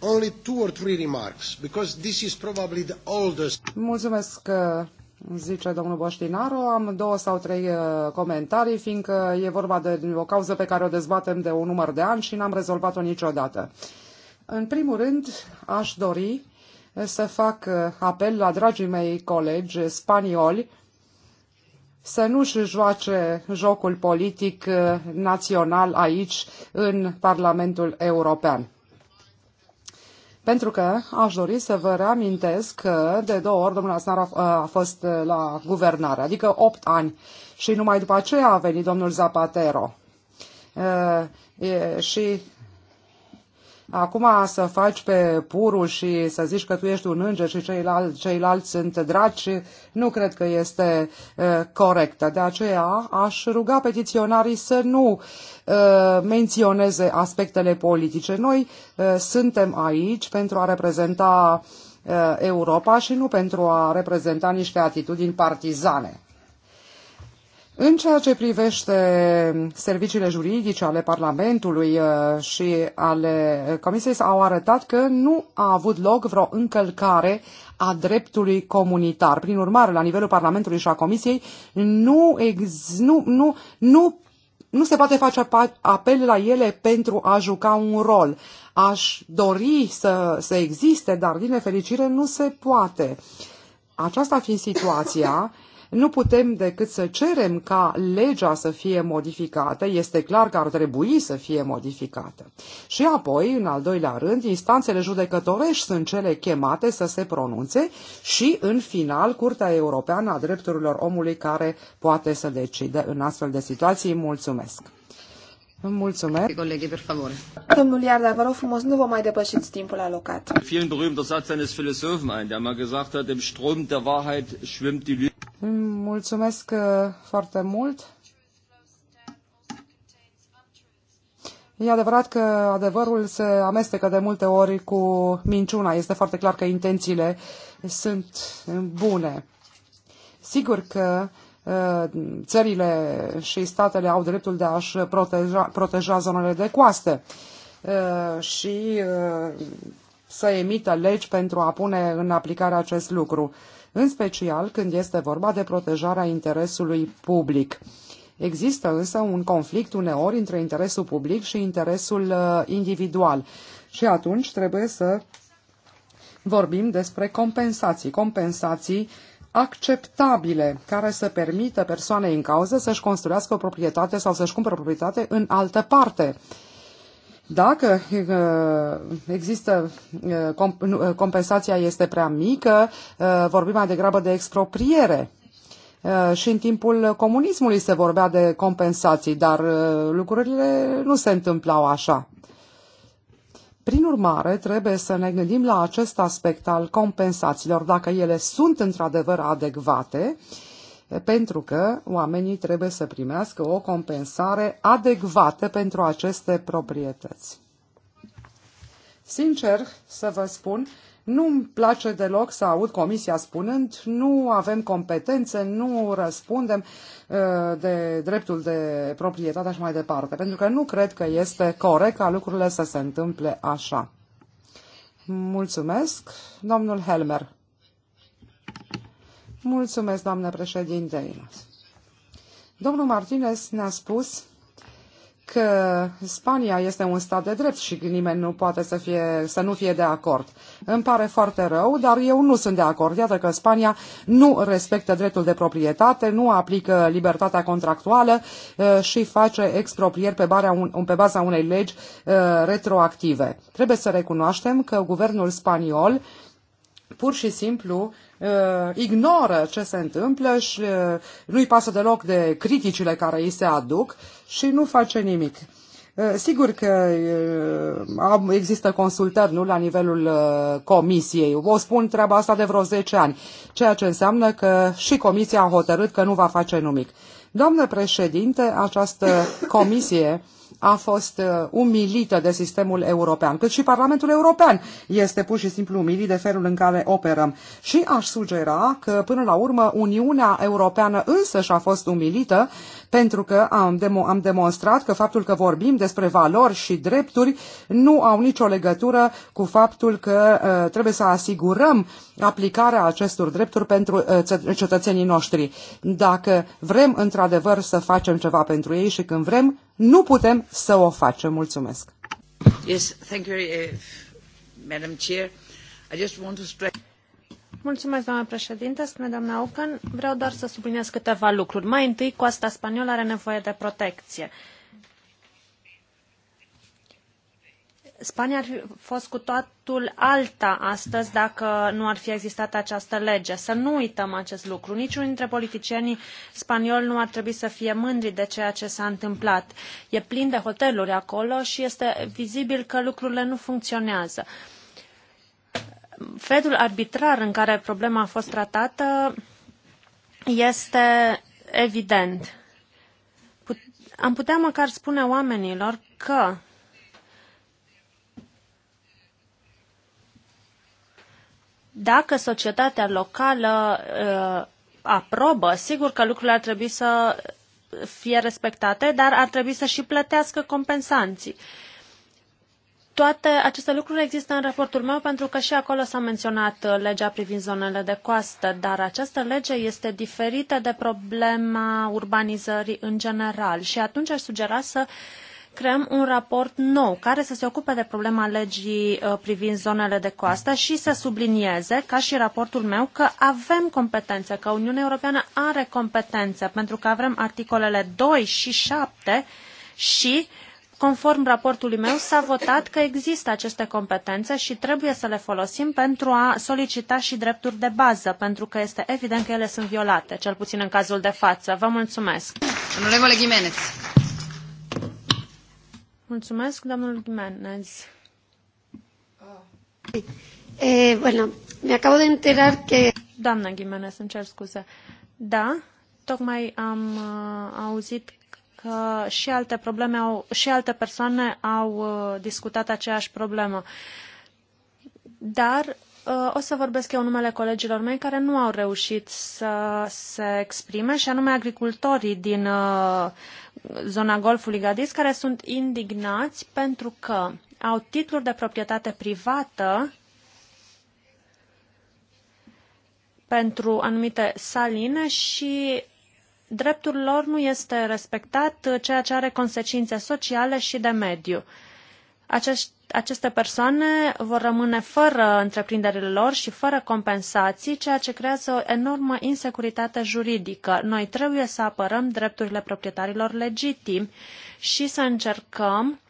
Only two or three remarks, because this is probably the oldest. Mulțumesc, uh, zice domnul Boștinaru. Am două sau trei uh, comentarii, fiindcă e vorba de o cauză pe care o dezbatem de un număr de ani și n-am rezolvat-o niciodată. În primul rând, aș dori să fac uh, apel la dragii mei colegi spanioli să nu-și joace jocul politic uh, național aici, în Parlamentul European. Pentru că aș dori să vă reamintesc că de două ori domnul Aznar a, fost uh, la guvernare, adică opt ani, și numai după aceea a venit domnul Zapatero. E, și Acum să faci pe purul și să zici că tu ești un înger și ceilalți, ceilalți sunt draci, nu cred că este uh, corectă. De aceea aș ruga petiționarii să nu uh, menționeze aspectele politice. Noi uh, suntem aici pentru a reprezenta uh, Europa și nu pentru a reprezenta niște atitudini partizane. În ceea ce privește serviciile juridice ale Parlamentului uh, și ale Comisiei, au arătat că nu a avut loc vreo încălcare a dreptului comunitar. Prin urmare, la nivelul Parlamentului și a Comisiei, nu, ex, nu, nu, nu, nu se poate face apel la ele pentru a juca un rol. Aș dori să, să existe, dar din nefericire nu se poate. Aceasta fiind situația, nu putem decât să cerem ca legea să fie modificată, este clar că ar trebui să fie modificată. Și apoi, în al doilea rând, instanțele judecătorești sunt cele chemate să se pronunțe și, în final, Curtea Europeană a Drepturilor Omului care poate să decide în astfel de situații. Mulțumesc! Mulțumesc. Colegi, per favore. Domnul Iardar, vă rog frumos, nu vă mai depășiți timpul alocat. Vielen berühmter Satz eines Philosophen ein, der mal gesagt hat, im Strom der Wahrheit schwimmt die Lüge. Mulțumesc uh, foarte mult. E adevărat că adevărul se amestecă de multe ori cu minciuna. Este foarte clar că intențiile sunt bune. Sigur că uh, Uh, țările și statele au dreptul de a-și proteja, proteja zonele de coastă uh, și uh, să emită legi pentru a pune în aplicare acest lucru, în special când este vorba de protejarea interesului public. Există însă un conflict uneori între interesul public și interesul individual și atunci trebuie să vorbim despre compensații. Compensații uh, acceptabile care să permită persoanei în cauză să-și construiască o proprietate sau să-și cumpere o proprietate în altă parte. Dacă uh, există uh, uh, compensația este prea mică, vorbim mai degrabă de expropriere. Și în timpul comunismului se vorbea de compensații, dar lucrurile nu se întâmplau așa. Prin urmare, trebuie să ne gândim la acest aspect al compensațiilor, dacă ele sunt într-adevăr adecvate, pentru că oamenii trebuie să primească o compensare adecvată pentru aceste proprietăți. Sincer să vă spun nu-mi place deloc să aud comisia spunând nu avem competențe, nu răspundem uh, de dreptul de proprietate și mai departe, pentru că nu cred că este corect ca lucrurile să se întâmple așa. Mulțumesc, domnul Helmer. Mulțumesc, doamnă președinte. Domnul Martinez ne-a spus că Spania este un stat de drept și nimeni nu poate să, fie, să nu fie de acord. Îmi pare foarte rău, dar eu nu sunt de acord. Iată că Spania nu respectă dreptul de proprietate, nu aplică libertatea contractuală și face exproprieri pe, un, pe baza unei legi retroactive. Trebuie să recunoaștem că guvernul spaniol uh, pur și simplu uh, ignoră ce se întâmplă și uh, nu-i pasă deloc de criticile care îi se aduc și nu face nimic. Uh, sigur că uh, există consultări nu la nivelul uh, comisiei. O spun treaba asta de vreo 10 ani, ceea ce înseamnă că și comisia a hotărât că nu va face nimic. Doamnă președinte, această comisie a fost uh, umilită de sistemul european, cât și Parlamentul European este pur și simplu umilit de felul în care operăm. Și aș sugera că, până la urmă, Uniunea Europeană însă și-a fost umilită pentru că am, demo- am demonstrat că faptul că vorbim despre valori și drepturi nu au nicio legătură cu faptul că uh, trebuie să asigurăm aplicarea acestor drepturi pentru uh, cetățenii noștri. Dacă vrem într-adevăr să facem ceva pentru ei și când vrem, nu putem să o facem. Mulțumesc! Yes, thank you, uh, Madam Chair. I just want to stress... Mulțumesc, doamna președinte. Spune doamna Ocan, vreau doar să subliniez câteva lucruri. Mai întâi, coasta spaniolă are nevoie de protecție. Spania ar fi fost cu totul alta astăzi dacă nu ar fi existat această lege. Să nu uităm acest lucru. Niciunul dintre politicienii spanioli nu ar trebui să fie mândri de ceea ce s-a întâmplat. E plin de hoteluri acolo și este vizibil că lucrurile nu funcționează. Uh, felul arbitrar în care problema a fost tratată este evident. Put am putea măcar spune oamenilor că dacă societatea locală uh, aprobă, sigur că lucrurile ar trebui să fie respectate, dar ar trebui să și plătească compensanții. Uh, toate aceste lucruri există în raportul meu pentru că și acolo s-a menționat uh, legea privind zonele de coastă, dar această lege este diferită de problema urbanizării în general și atunci aș sugera să creăm un raport nou care să se ocupe de problema legii uh, privind zonele de coastă și să sublinieze, ca și raportul meu, că avem competențe, că Uniunea Europeană are competențe, pentru că avem articolele 2 și 7 și conform raportului meu, s-a votat că există aceste competențe și trebuie să le folosim pentru a solicita și drepturi de bază, pentru că este evident că ele sunt violate, cel puțin în cazul de față. Vă mulțumesc. Onorevole Ghimenez. Mulțumesc, domnul Jimenez. Eh, bueno, me acabo de enterar que... Doamna Jimenez, îmi cer scuze. Da, tocmai am uh, auzit că și alte, probleme au, și alte persoane au uh, discutat aceeași problemă. Dar uh, o să vorbesc eu numele colegilor mei care nu au reușit să se exprime, și anume agricultorii din uh, zona Golfului Gadis, care sunt indignați pentru că au titluri de proprietate privată pentru anumite saline și dreptul lor nu este respectat, ceea ce are consecințe sociale și de mediu. Acești, aceste persoane vor rămâne fără întreprinderile lor și fără compensații, ceea ce creează o enormă insecuritate juridică. Noi trebuie să apărăm drepturile proprietarilor legitimi și să încercăm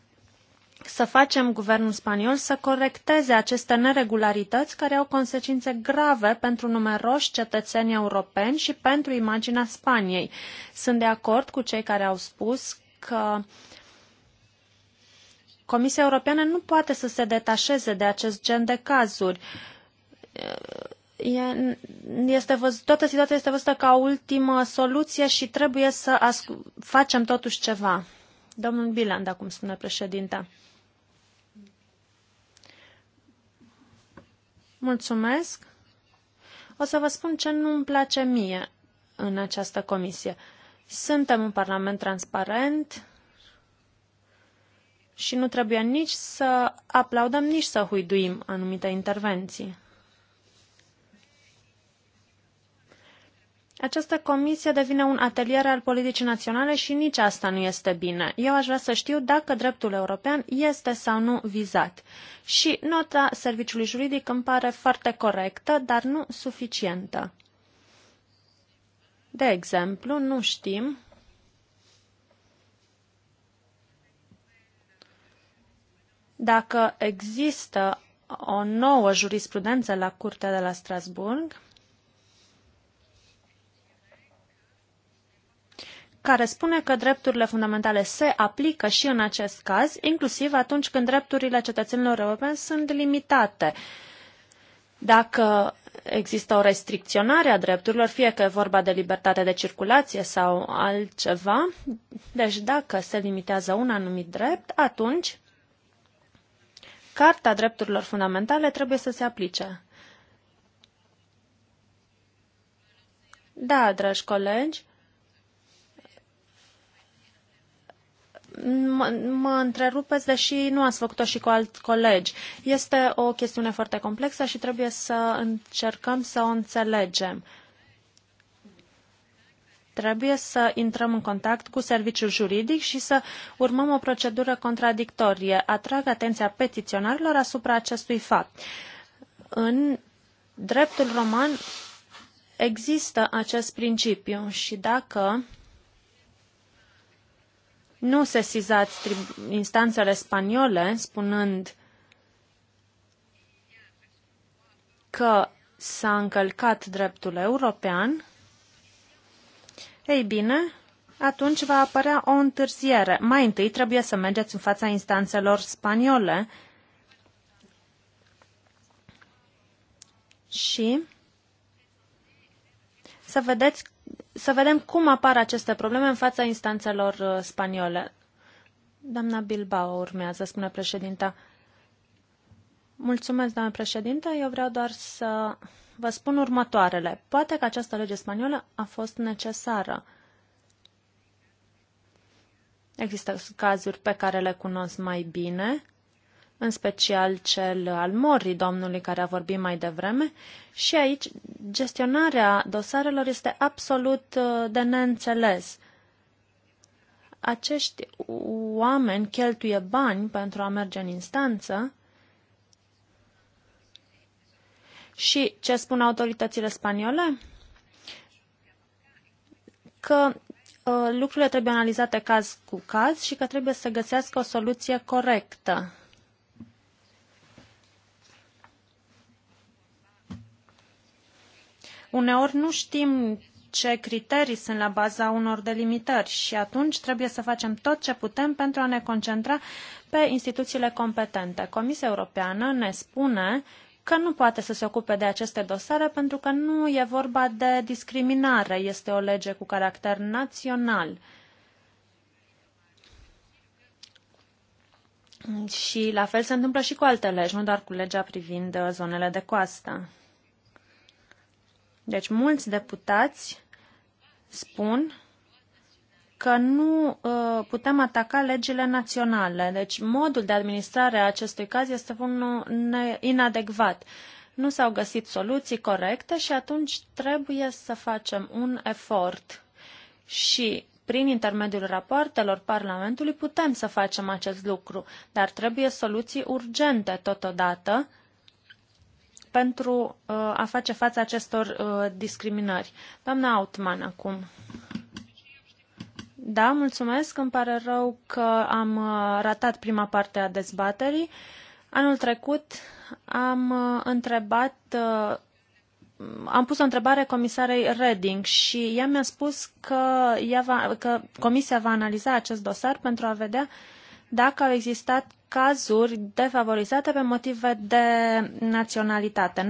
să facem guvernul spaniol să corecteze aceste neregularități care au consecințe grave pentru numeroși cetățeni europeni și pentru imaginea Spaniei. Sunt de acord cu cei care au spus că Comisia Europeană nu poate să se detașeze de acest gen de cazuri. Este văzut, toată situația este văzută ca ultimă soluție și trebuie să facem totuși ceva. Domnul Biland, acum spune președinte. Mulțumesc. O să vă spun ce nu mi place mie în această comisie. Suntem un parlament transparent și nu trebuie nici să aplaudăm, nici să huiduim anumite intervenții. această comisie devine un atelier al politicii naționale și nici asta nu este bine. Eu aș vrea să știu dacă dreptul european este sau nu vizat. Și nota serviciului juridic îmi pare foarte corectă, dar nu suficientă. De exemplu, nu știm dacă există o nouă jurisprudență la Curtea de la Strasburg care spune că drepturile fundamentale se aplică și în acest caz, inclusiv atunci când drepturile cetățenilor europeni sunt limitate. Dacă există o restricționare a drepturilor, fie că e vorba de libertate de circulație sau altceva, deci dacă se limitează un anumit drept, atunci Carta Drepturilor Fundamentale trebuie să se aplice. Da, dragi colegi, mă întrerupeți, deși nu ați făcut-o și cu alți colegi. Este o chestiune foarte complexă și trebuie să încercăm să o înțelegem. Trebuie să intrăm în contact cu serviciul juridic și să urmăm o procedură contradictorie. Atrag atenția petiționarilor asupra acestui fapt. În dreptul roman există acest principiu și dacă nu sesizați instanțele spaniole spunând că s-a încălcat dreptul european, ei bine, atunci va apărea o întârziere. Mai întâi trebuie să mergeți în fața instanțelor spaniole și să vedeți să vedem cum apar aceste probleme în fața instanțelor uh, spaniole. Doamna Bilbao urmează, spune președinta. Mulțumesc, doamnă președinte. Eu vreau doar să vă spun următoarele. Poate că această lege spaniolă a fost necesară. Există cazuri pe care le cunosc mai bine în special cel al morii domnului care a vorbit mai devreme, și aici gestionarea dosarelor este absolut uh, de neînțeles. Acești oameni cheltuie bani pentru a merge în instanță și ce spun autoritățile spaniole? Că uh, lucrurile trebuie analizate caz cu caz și că trebuie să găsească o soluție corectă. Uneori nu știm ce criterii sunt la baza unor delimitări și atunci trebuie să facem tot ce putem pentru a ne concentra pe instituțiile competente. Comisia Europeană ne spune că nu poate să se ocupe de aceste dosare pentru că nu e vorba de discriminare, este o lege cu caracter național. Și la fel se întâmplă și cu alte legi, nu doar cu legea privind zonele de coastă. Deci mulți deputați spun că nu uh, putem ataca legile naționale. Deci modul de administrare a acestui caz este unul inadecvat. Nu s-au găsit soluții corecte și atunci trebuie să facem un efort. Și prin intermediul rapoartelor Parlamentului putem să facem acest lucru, dar trebuie soluții urgente totodată pentru uh, a face față acestor uh, discriminări. Doamna Autman, acum. Da, mulțumesc. Îmi pare rău că am uh, ratat prima parte a dezbaterii. Anul trecut am întrebat am pus o întrebare comisarei Reding și ea mi-a spus că, ea va, că comisia va analiza acest dosar pentru a vedea uh, dacă au existat cazuri defavorizate pe motive de naționalitate.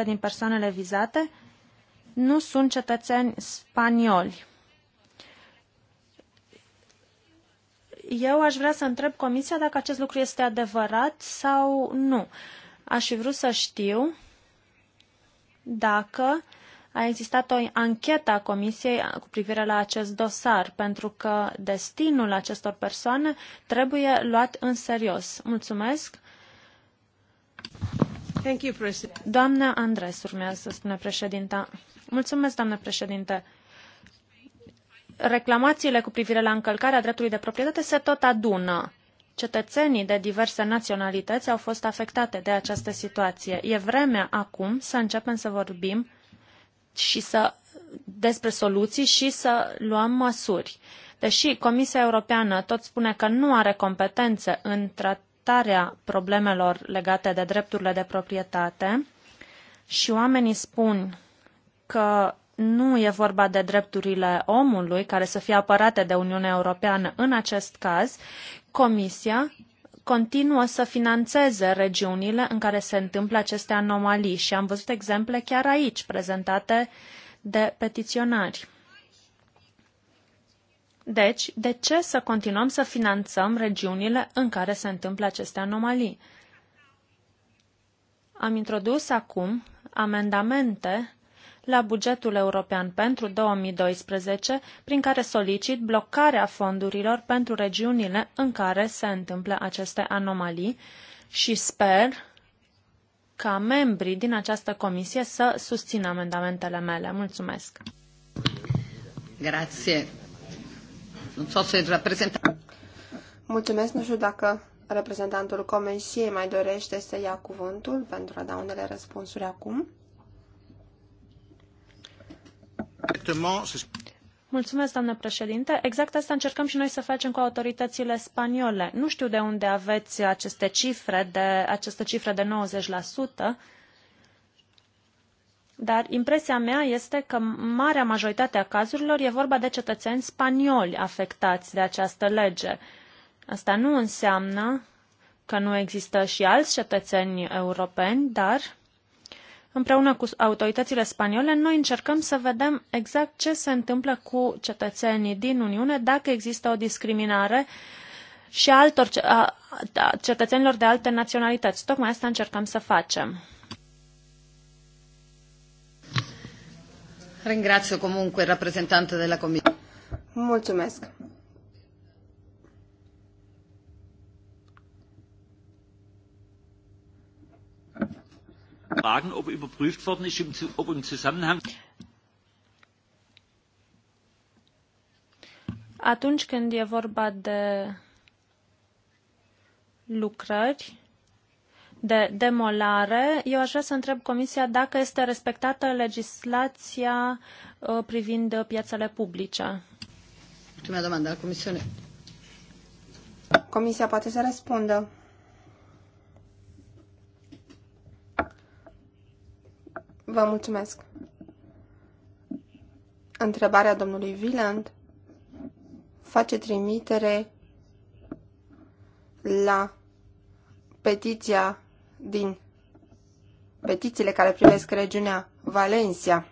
90% din persoanele vizate nu sunt cetățeni spanioli. Eu aș vrea să întreb Comisia dacă acest lucru este adevărat sau nu. Aș fi vrut să știu dacă a existat o anchetă a Comisiei cu privire la acest dosar, pentru că destinul acestor persoane trebuie luat în serios. Mulțumesc! Thank you, Doamna Andres urmează, spune președinta. Mulțumesc, doamnă președinte reclamațiile cu privire la încălcarea dreptului de proprietate se tot adună. Cetățenii de diverse naționalități au fost afectate de această situație. E vremea acum să începem să vorbim și să despre soluții și să luăm măsuri. Deși Comisia Europeană tot spune că nu are competențe în tratarea problemelor legate de drepturile de proprietate și oamenii spun că nu e vorba de drepturile omului care să fie apărate de Uniunea Europeană în acest caz, Comisia continuă să financeze regiunile în care se întâmplă aceste anomalii și am văzut exemple chiar aici prezentate de petiționari. Deci, de ce să continuăm să finanțăm regiunile în care se întâmplă aceste anomalii? Am introdus acum amendamente la bugetul european pentru 2012, prin care solicit blocarea fondurilor pentru regiunile în care se întâmplă aceste anomalii și sper ca membrii din această comisie să susțină amendamentele mele. Mulțumesc! Grazie. Mulțumesc, nu știu dacă reprezentantul comisiei mai dorește să ia cuvântul pentru a da unele răspunsuri acum. Mulțumesc, doamnă președinte. Exact asta încercăm și noi să facem cu autoritățile spaniole. Nu știu de unde aveți aceste cifre de, aceste cifre de 90%, dar impresia mea este că marea majoritate a cazurilor e vorba de cetățeni spanioli afectați de această lege. Asta nu înseamnă că nu există și alți cetățeni europeni, dar Împreună cu autoritățile spaniole, noi încercăm să vedem exact ce se întâmplă cu cetățenii din Uniune, dacă există o discriminare și a altor a, a, cetățenilor de alte naționalități. Tocmai asta încercăm să facem. Ringrazio comunque il rappresentante della Commissione. Mulțumesc. fragen, ob überprüft worden ist, ob im Zusammenhang. Atunci când e vorba de lucrări, de demolare, eu aș vrea să întreb Comisia dacă este respectată legislația uh, privind piațele publice. Ultima domandă la Comisiune. Comisia poate să răspundă. Vă mulțumesc. Întrebarea domnului Wieland face trimitere la petiția din petițiile care privesc regiunea Valencia.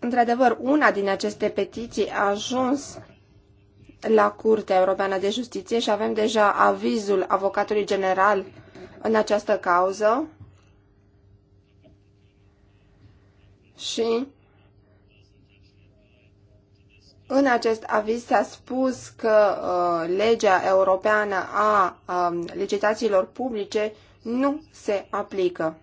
Într-adevăr, una din aceste petiții a ajuns la Curtea Europeană de Justiție și avem deja avizul avocatului general în această cauză și în acest aviz s-a spus că uh, legea europeană a uh, licitațiilor publice nu se aplică.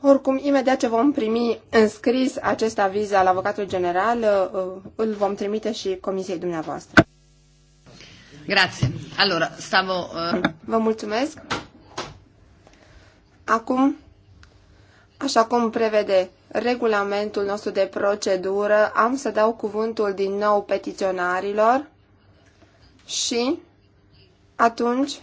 Oricum, imediat ce vom primi înscris acest aviz al avocatului general, uh, îl vom trimite și comisiei dumneavoastră. Grazie. Allora, stavo... Uh... Vă mulțumesc. Acum Așa cum prevede regulamentul nostru de procedură, am să dau cuvântul din nou petiționarilor și atunci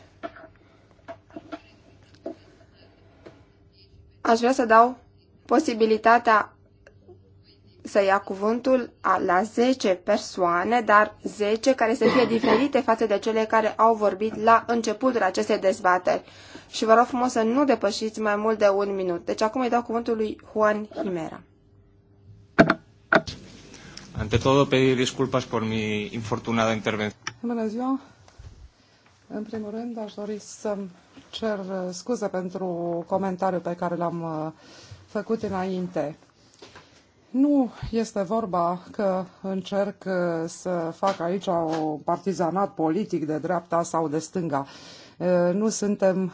aș vrea să dau posibilitatea să ia cuvântul la 10 persoane, dar 10 care să fie diferite față de cele care au vorbit la începutul acestei dezbateri și vă rog frumos să nu depășiți mai mult de un minut. Deci acum îi dau cuvântul lui Juan Jimera. Ante todo, pedir disculpas por mi infortunada intervenție. Bună ziua! În primul rând, aș dori să cer uh, scuze pentru comentariul pe care l-am uh, făcut înainte. Nu este vorba că încerc uh, să fac aici un partizanat politic de dreapta sau de stânga. Nu suntem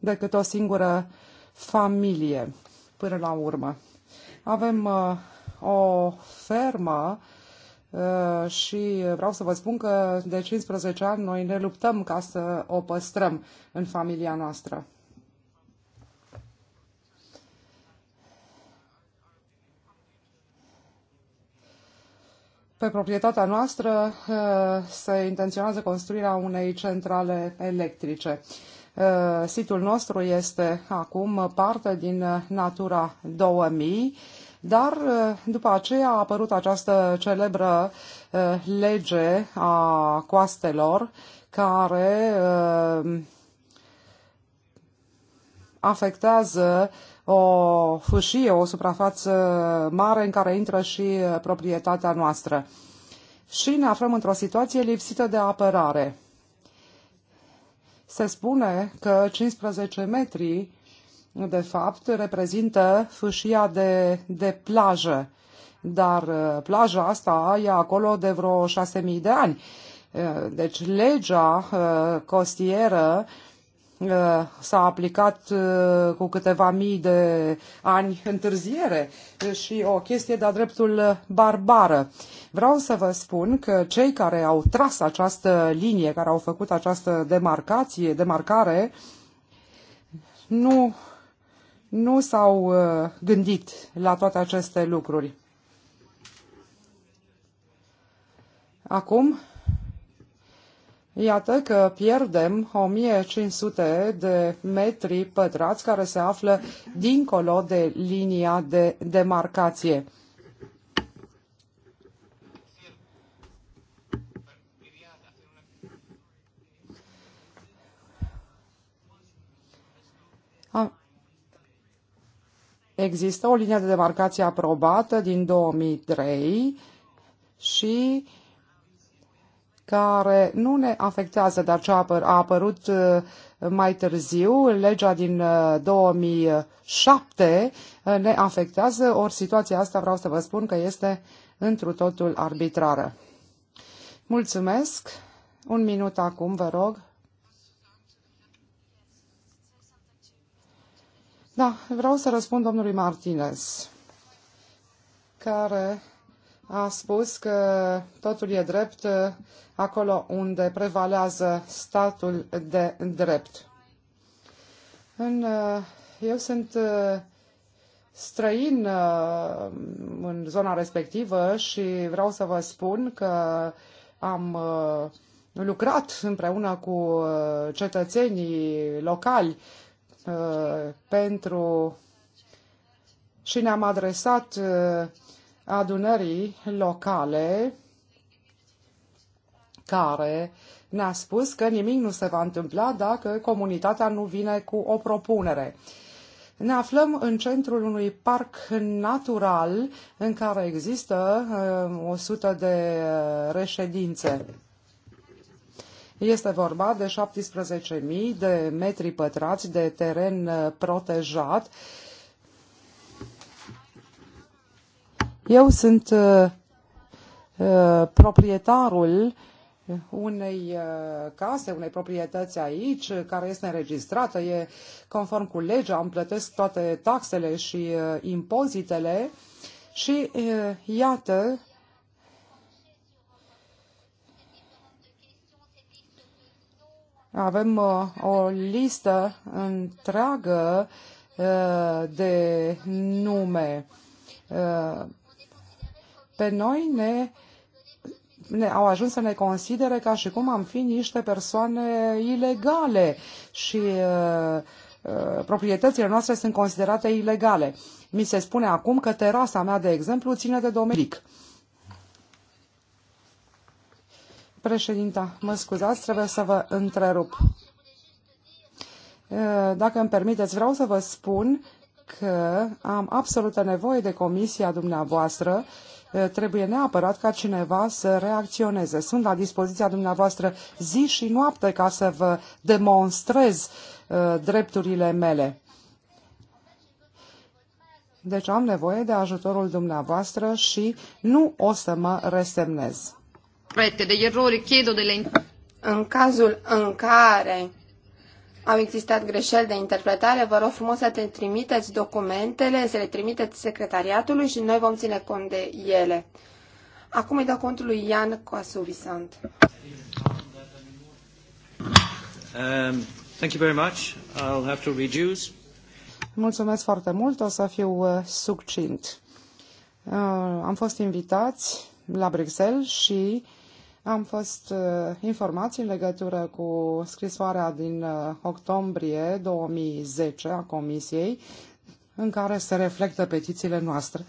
decât o singură familie până la urmă. Avem uh, o fermă uh, și vreau să vă spun că de 15 ani noi ne luptăm ca să o păstrăm în familia noastră. Pe proprietatea noastră uh, se intenționează construirea unei centrale electrice. Uh, situl nostru este acum parte din Natura 2000, dar uh, după aceea a apărut această celebră uh, lege a coastelor care afectează o fâșie, o suprafață mare în care intră și proprietatea noastră. Și ne aflăm într-o situație lipsită de apărare se spune că 15 metri, de fapt, reprezintă fâșia de, de plajă. Dar uh, plaja asta e acolo de vreo 6.000 de ani. Uh, deci legea uh, costieră Uh, s-a aplicat uh, cu câteva mii de ani întârziere uh, și o chestie de-a dreptul barbară. Vreau să vă spun că cei care au tras această linie, care au făcut această demarcație, demarcare, nu, nu s-au gândit la toate aceste lucruri. Acum Iată că pierdem 1500 de metri pătrați care se află dincolo de linia de demarcație. Există o linie de demarcație aprobată din 2003 și care nu ne afectează, dar ce a apărut uh, mai târziu, legea din 2007 uh, uh, ne afectează, ori situația asta vreau să vă spun că este întru totul arbitrară. Mulțumesc. Un minut acum, vă rog. Da, vreau să răspund domnului Martinez, care a spus că totul e drept acolo unde prevalează statul de drept. În, uh, eu sunt uh, străin uh, în zona respectivă și vreau să vă spun că am lucrat împreună cu cetățenii locali pentru și ne-am adresat adunării locale care ne-a spus că nimic nu se va întâmpla dacă comunitatea nu vine cu o propunere. Ne aflăm în centrul unui parc natural în care există uh, 100 de uh, reședințe. Este vorba de 17.000 de metri pătrați de teren uh, protejat uh, Eu sunt uh, uh proprietarul unei uh, case, unei proprietăți aici, uh, care este înregistrată, e conform cu legea, îmi plătesc toate taxele și impozitele și iată avem o listă întreagă de nume pe noi ne, ne au ajuns să ne considere ca și cum am fi niște persoane ilegale și uh, uh, proprietățile noastre sunt considerate ilegale. Mi se spune acum că terasa mea, de exemplu, ține de domenic. Președinta, mă scuzați, trebuie să vă întrerup. Uh, dacă îmi permiteți, vreau să vă spun că am absolută nevoie de comisia dumneavoastră Eh, trebuie neapărat ca cineva să reacționeze. Sunt la dispoziția dumneavoastră zi și noapte ca să vă demonstrez eh, drepturile mele. Deci am nevoie de ajutorul dumneavoastră și nu o să mă resemnez. În cazul în care au existat greșeli de interpretare, vă rog frumos să te trimiteți documentele, să le trimiteți secretariatului și noi vom ține cont de ele. Acum îi dau contul lui Ian Coasuvisant. Um, thank you very much. I'll have to reduce. Mulțumesc foarte mult, o să fiu uh, succint. Uh, am fost invitați la Bruxelles și am fost uh, informați în legătură cu scrisoarea din uh, octombrie 2010 a Comisiei, în care se reflectă petițiile noastre.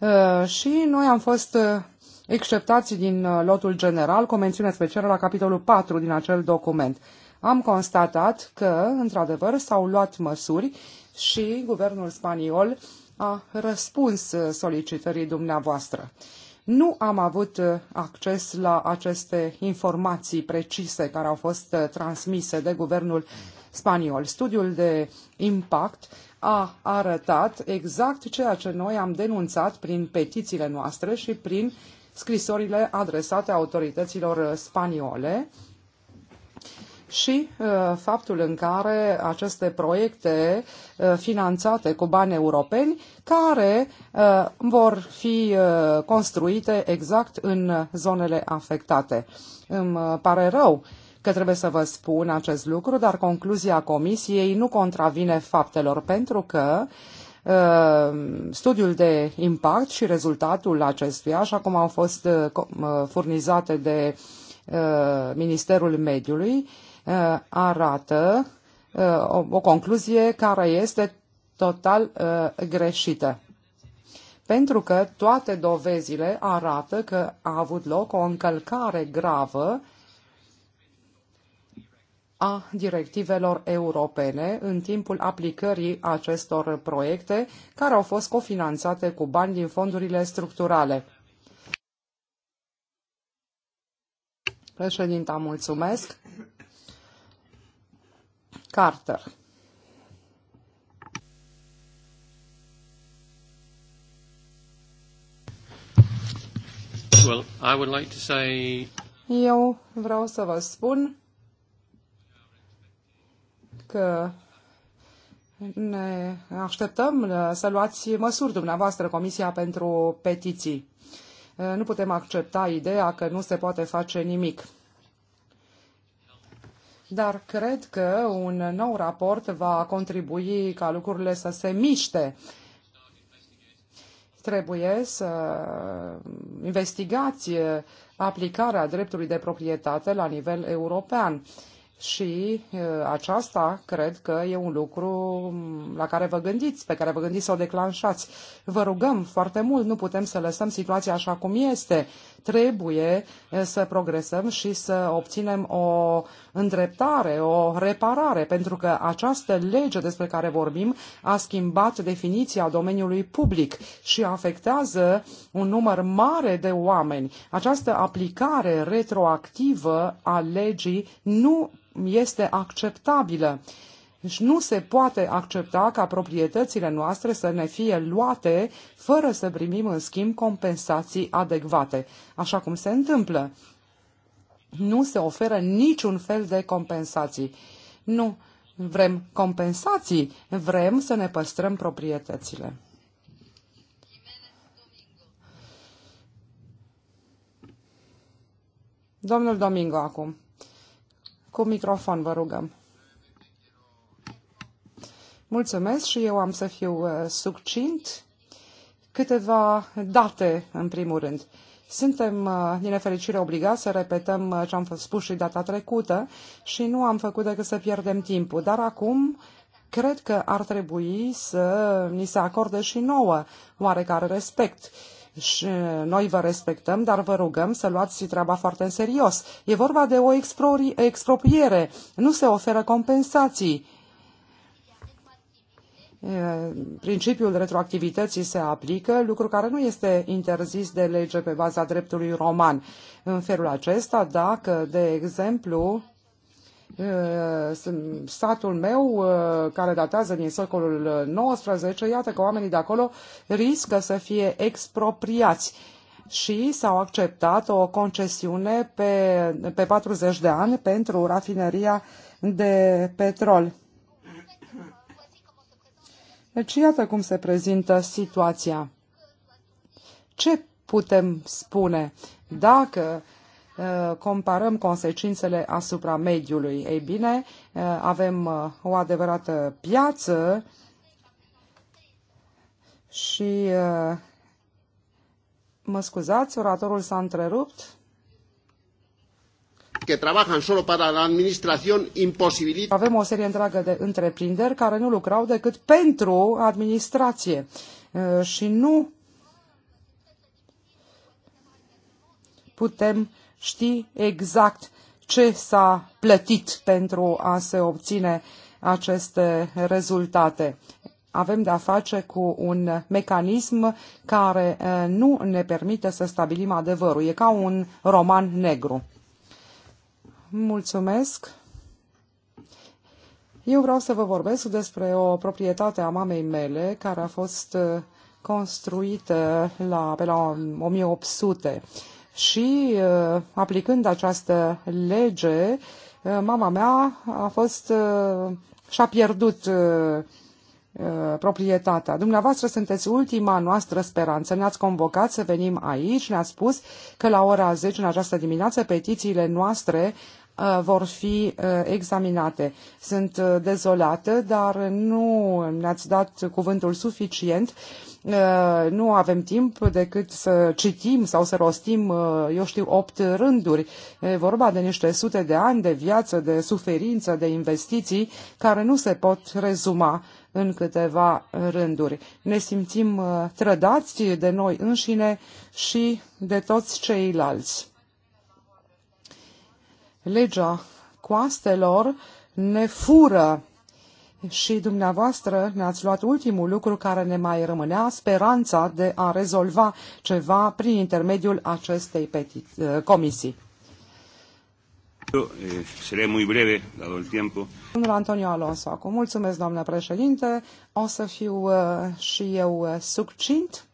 Uh, și noi am fost uh, exceptați din uh, lotul general cu mențiune specială la capitolul 4 din acel document. Am constatat că, într-adevăr, s-au luat măsuri și guvernul spaniol uh, a răspuns uh, solicitării dumneavoastră. Nu am avut uh, acces la aceste informații precise care au fost uh, transmise de guvernul spaniol. Studiul de impact a arătat exact ceea ce noi am denunțat prin petițiile noastre și prin scrisorile adresate autorităților spaniole, și uh, faptul în care aceste proiecte uh, finanțate cu bani europeni, care uh, vor fi construite exact în zonele afectate. Îmi pare rău că trebuie să vă spun acest lucru, dar concluzia comisiei nu contravine faptelor, pentru că studiul de impact și rezultatul acestuia, așa cum au fost furnizate de Ministerul Mediului, Uh, arată uh, o, o concluzie care este total uh, greșită pentru că toate dovezile arată că a avut loc o încălcare gravă a directivelor europene în timpul aplicării acestor proiecte care au fost cofinanțate cu bani din fondurile structurale. Președinta, mulțumesc. Carter. Well, I would like to say... Eu vreau să vă spun că ne așteptăm să luați măsuri dumneavoastră, Comisia pentru Petiții. Nu putem accepta ideea că nu se poate face nimic dar cred că un nou raport va contribui ca lucrurile să se miște. Trebuie să investigați aplicarea dreptului de proprietate la nivel european. Și aceasta cred că e un lucru la care vă gândiți, pe care vă gândiți să o declanșați. Vă rugăm foarte mult, nu putem să lăsăm situația așa cum este. Trebuie să progresăm și să obținem o îndreptare, o reparare, pentru că această lege despre care vorbim a schimbat definiția domeniului public și afectează un număr mare de oameni. Această aplicare retroactivă a legii nu este acceptabilă. Deci nu se poate accepta ca proprietățile noastre să ne fie luate fără să primim în schimb compensații adecvate, așa cum se întâmplă nu se oferă niciun fel de compensații. Nu vrem compensații, vrem să ne păstrăm proprietățile. Domnul Domingo acum. Cu microfon, vă rugăm. Mulțumesc și eu am să fiu uh, succint. Câteva date, în primul rând. Uh, suntem, uh, din nefericire, obligați să repetăm uh, ce am spus și data trecută și nu am făcut decât să pierdem timpul. Dar acum cred că ar trebui să ni se acorde și nouă oarecare respect. Și uh, noi vă respectăm, dar vă rugăm să luați treaba foarte în serios. E vorba de o expropriere, nu se oferă compensații principiul retroactivității se aplică, lucru care nu este interzis de lege pe baza dreptului roman. În felul acesta, dacă, de exemplu, statul meu, care datează din secolul XIX, iată că oamenii de acolo riscă să fie expropriați și s-au acceptat o concesiune pe, pe 40 de ani pentru rafineria de petrol. Deci iată cum se prezintă situația. Ce putem spune dacă uh, comparăm consecințele asupra mediului? Ei bine, uh, avem uh, o adevărată piață și mă scuzați, oratorul s-a întrerupt que trabajan solo para la administración imposibilita. Avem o serie întreagă de întreprinderi care nu lucrau decât pentru administrație și nu putem ști exact ce s-a plătit pentru a se obține aceste rezultate. Avem de-a face cu un mecanism care nu ne permite să stabilim adevărul. E ca un roman negru. Mulțumesc! Eu vreau să vă vorbesc despre o proprietate a mamei mele care a fost uh, construită la, pe la 1800 și uh, aplicând această lege, uh, mama mea a fost și-a pierdut proprietatea. Dumneavoastră sunteți ultima noastră speranță. Ne-ați convocat să venim aici, ne-ați spus că la ora 10 în această dimineață petițiile noastre vor fi examinate. Sunt dezolată, dar nu ne-ați dat cuvântul suficient. Nu avem timp decât să citim sau să rostim, eu știu, opt rânduri. E vorba de niște sute de ani de viață, de suferință, de investiții care nu se pot rezuma în câteva rânduri. Ne simțim trădați de noi înșine și de toți ceilalți legea coastelor ne fură și dumneavoastră ne-ați luat ultimul lucru care ne mai rămânea, speranța de a rezolva ceva prin intermediul acestei petit, eh, comisii. Eh, Domnul Antonio Alonso, acum mulțumesc, doamnă președinte. O să fiu eh, și eu succint.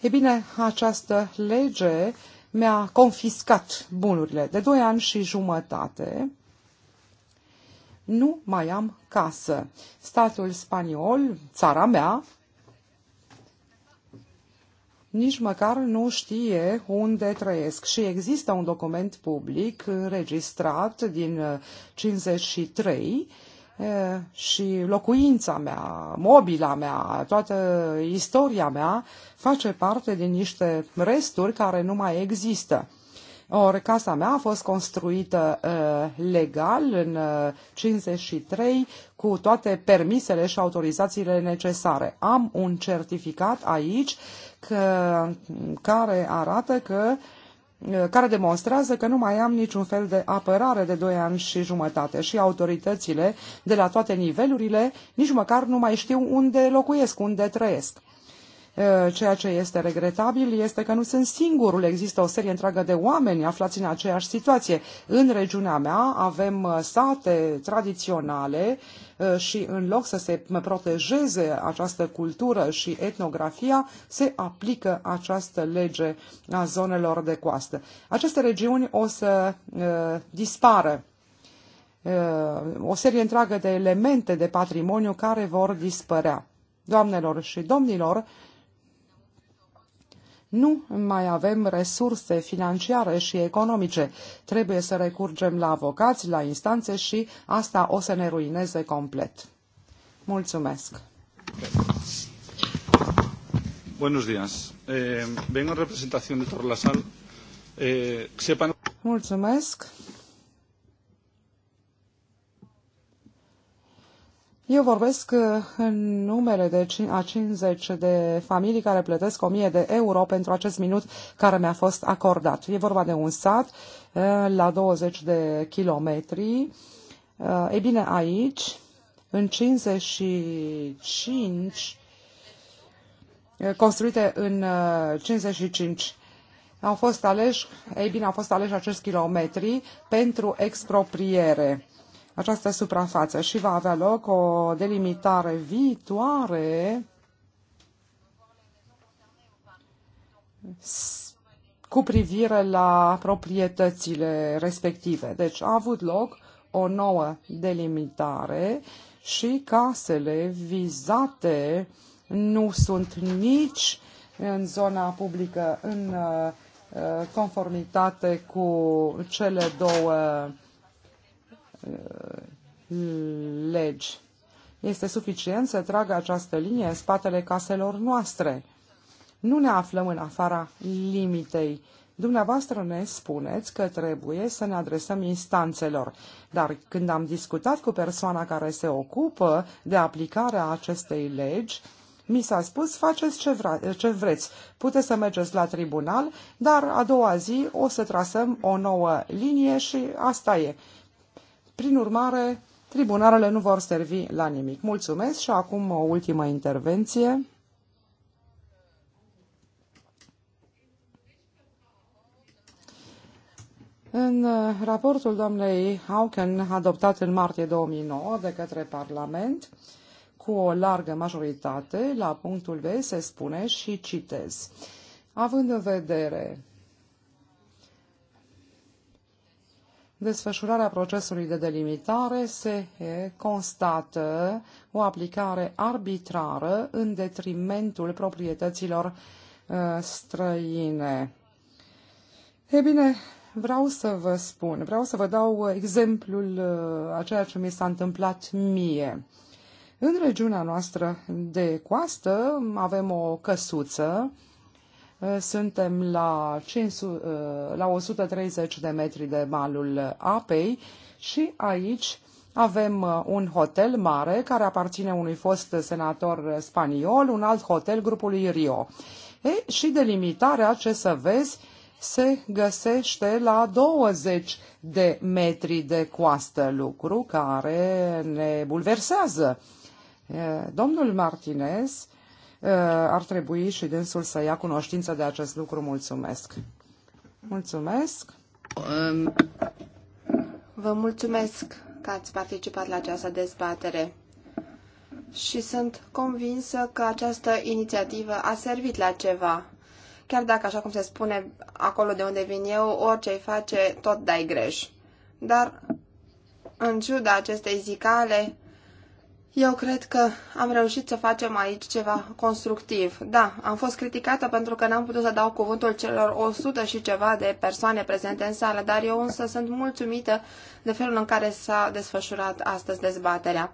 E bine, această lege uh, mi-a confiscat bunurile. De doi ani și jumătate nu mai am casă. Statul spaniol, țara mea, nici măcar nu știe unde trăiesc. Și există un document public înregistrat din 53 uh, și locuința mea, mobila mea, toată istoria mea face parte din niște resturi care nu mai există. Ori casa mea a fost construită uh, legal în uh, 53 cu toate permisele și autorizațiile necesare. Am un certificat aici că, care arată că uh, Uh, care demonstrează că nu mai am niciun fel de apărare de doi ani și jumătate și autoritățile de la toate nivelurile nici măcar nu mai știu unde locuiesc, unde trăiesc. Eh, ceea ce este regretabil este că nu sunt singurul, există o serie întreagă de oameni aflați în aceeași situație. În regiunea mea avem eh, sate tradiționale eh, și în loc să se protejeze această cultură și etnografia, se aplică această lege a zonelor de coastă. Aceste regiuni o să dispară o serie întreagă de elemente de patrimoniu care vor dispărea. Doamnelor și domnilor, nu mai avem resurse financiare și economice. Trebuie să recurgem la avocați, la instanțe și asta o să ne ruineze complet. Mulțumesc! Buenos días. Eh, vengo en representación de Torlasal. Eh, sepan... Mulțumesc! Eu vorbesc uh, în numele de a 50 de familii care plătesc 1000 de euro pentru acest minut care mi-a fost acordat. E vorba de un sat uh, la 20 de kilometri. Uh, e bine, aici, în 55, construite în 55, au fost aleși, ei bine, au fost aleși acești kilometri pentru expropriere această suprafață și va avea loc o delimitare viitoare cu privire la proprietățile respective. Deci a avut loc o nouă delimitare și casele vizate nu sunt nici în zona publică în uh, conformitate cu cele două Uh, legi. Este suficient să tragă această linie în spatele caselor noastre. Nu ne aflăm în afara limitei. Dumneavoastră ne spuneți că trebuie să ne adresăm instanțelor, dar când am discutat cu persoana care se ocupă de aplicarea acestei legi, mi s-a spus, faceți ce, vre ce vreți, puteți să mergeți la tribunal, dar a doua zi o să trasăm o nouă linie și asta e. Prin urmare, tribunalele nu vor servi la nimic. Mulțumesc și acum o ultimă intervenție. În uh, raportul doamnei Hauken, adoptat în martie 2009 de către Parlament, cu o largă majoritate, la punctul B se spune și citez. Având în vedere desfășurarea procesului de delimitare se constată o aplicare arbitrară în detrimentul proprietăților străine. E bine, vreau să vă spun, vreau să vă dau exemplul a ceea ce mi s-a întâmplat mie. În regiunea noastră de coastă avem o căsuță suntem la, 500, la 130 de metri de malul apei și aici avem uh, un hotel mare care aparține unui fost senator spaniol, un alt hotel grupului Rio. E, și delimitarea, ce să vezi, se găsește la 20 de metri de coastă, lucru care ne bulversează. Domnul Martinez Uh, ar trebui și dânsul să ia cunoștință de acest lucru. Mulțumesc! Mulțumesc! Um, Vă mulțumesc că ați participat la această dezbatere și sunt convinsă că această inițiativă a servit la ceva. Chiar dacă, așa cum se spune acolo de unde vin eu, orice îi face, tot dai greș. Dar, în ciuda acestei zicale, eu cred că am reușit să facem aici ceva constructiv. Da, am fost criticată pentru că n-am putut să dau cuvântul celor 100 și ceva de persoane prezente în sală, dar eu însă sunt mulțumită de felul în care s-a desfășurat astăzi dezbaterea.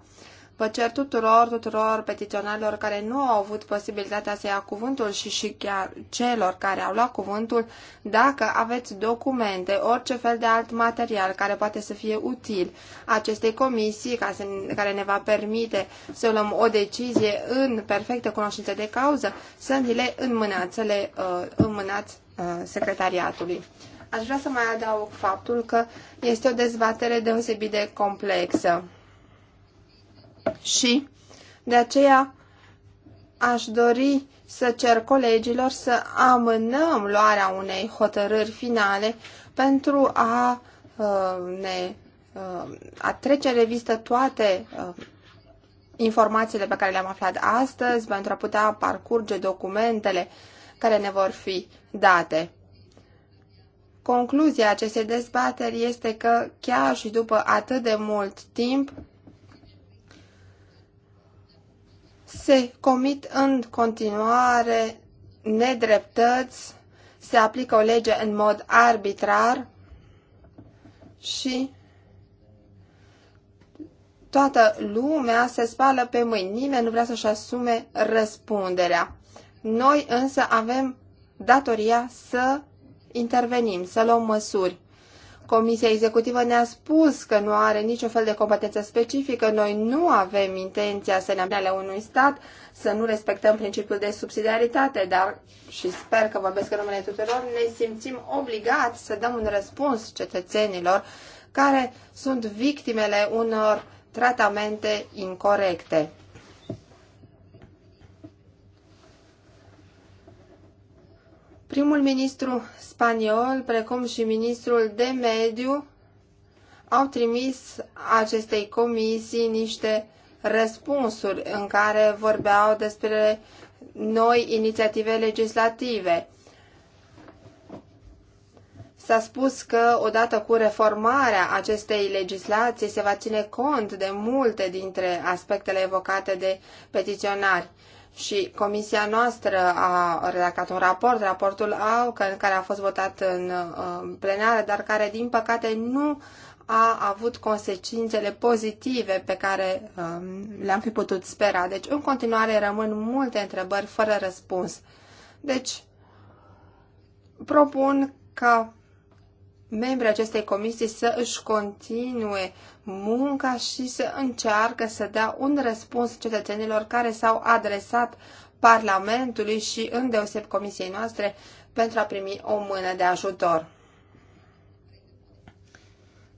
Vă cer tuturor, tuturor petiționarilor care nu au avut posibilitatea să ia cuvântul și, și chiar celor care au luat cuvântul, dacă aveți documente, orice fel de alt material care poate să fie util acestei comisii, ca să, care ne va permite să luăm o decizie în perfectă cunoștință de cauză, să ni le înmânați, să le uh, înmânați uh, secretariatului. Aș vrea să mai adaug faptul că este o dezbatere deosebit de complexă. Și de aceea aș dori să cer colegilor să amânăm luarea unei hotărâri finale pentru a uh, ne uh, a trece revistă toate uh, informațiile pe care le-am aflat astăzi pentru a putea parcurge documentele care ne vor fi date. Concluzia acestei dezbateri este că chiar și după atât de mult timp se comit în continuare nedreptăți, se aplică o lege în mod arbitrar și toată lumea se spală pe mâini, nimeni nu vrea să-și asume răspunderea. Noi însă avem datoria să intervenim, să luăm măsuri. Comisia Executivă ne-a spus că nu are niciun fel de competență specifică, noi nu avem intenția să ne ale unui stat, să nu respectăm principiul de subsidiaritate, dar, și sper că vorbesc în numele tuturor, ne simțim obligați să dăm un răspuns cetățenilor care sunt victimele unor tratamente incorrecte. Primul ministru spaniol, precum și ministrul de mediu, au trimis acestei comisii niște răspunsuri în care vorbeau despre noi inițiative legislative. S-a spus că odată cu reformarea acestei legislații se va ține cont de multe dintre aspectele evocate de petiționari și comisia noastră a redactat un raport, raportul AU, care a fost votat în plenară, dar care, din păcate, nu a avut consecințele pozitive pe care um, le-am fi putut spera. Deci, în continuare, rămân multe întrebări fără răspuns. Deci, propun ca membrii acestei comisii să își continue munca și să încearcă să dea un răspuns cetățenilor care s-au adresat Parlamentului și îndeoseb comisiei noastre pentru a primi o mână de ajutor.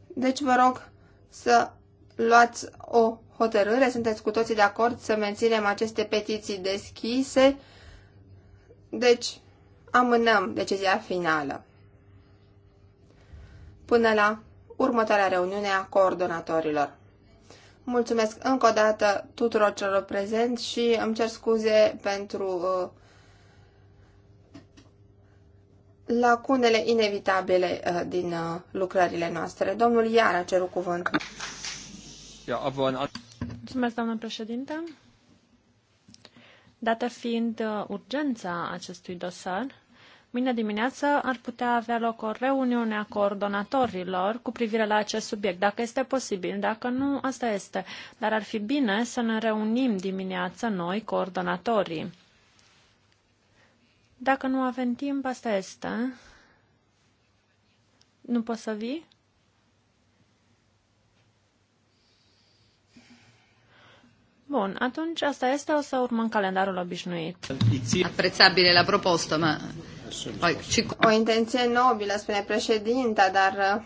Deci vă rog să luați o hotărâre, sunteți cu toții de acord să menținem aceste petiții deschise, deci amânăm decizia finală până la următoarea reuniune a coordonatorilor. Mulțumesc încă o dată tuturor celor prezenți și îmi cer scuze pentru uh, lacunele inevitabile uh, din uh, lucrările noastre. Domnul Iar a cerut cuvântul. Mulțumesc, doamnă președinte. Dată fiind urgența acestui dosar, Mâine dimineață ar putea avea loc o reuniune a coordonatorilor cu privire la acest subiect, dacă este posibil, dacă nu, asta este. Dar ar fi bine să ne reunim dimineața noi, coordonatorii. Dacă nu avem timp, asta este. Nu poți să vii? Bun, atunci asta este, o să urmăm calendarul obișnuit. Apprezzabile la proposta, ma o intenție nobilă, spune președinta, dar uh,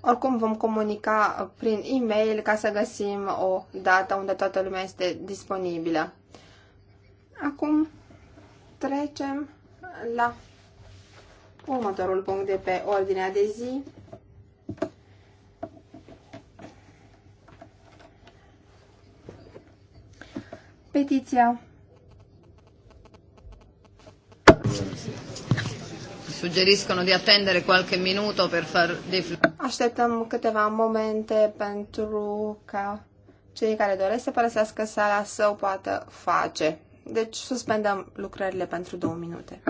oricum vom comunica prin e-mail ca să găsim o dată unde toată lumea este disponibilă. Acum trecem la următorul punct de pe ordinea de zi. Petiția sugeriscono di attendere qualche minuto per far defluire. Așteptăm câteva momente pentru ca cei care doresc să părăsească sala să o poată face. Deci suspendăm lucrările pentru două minute.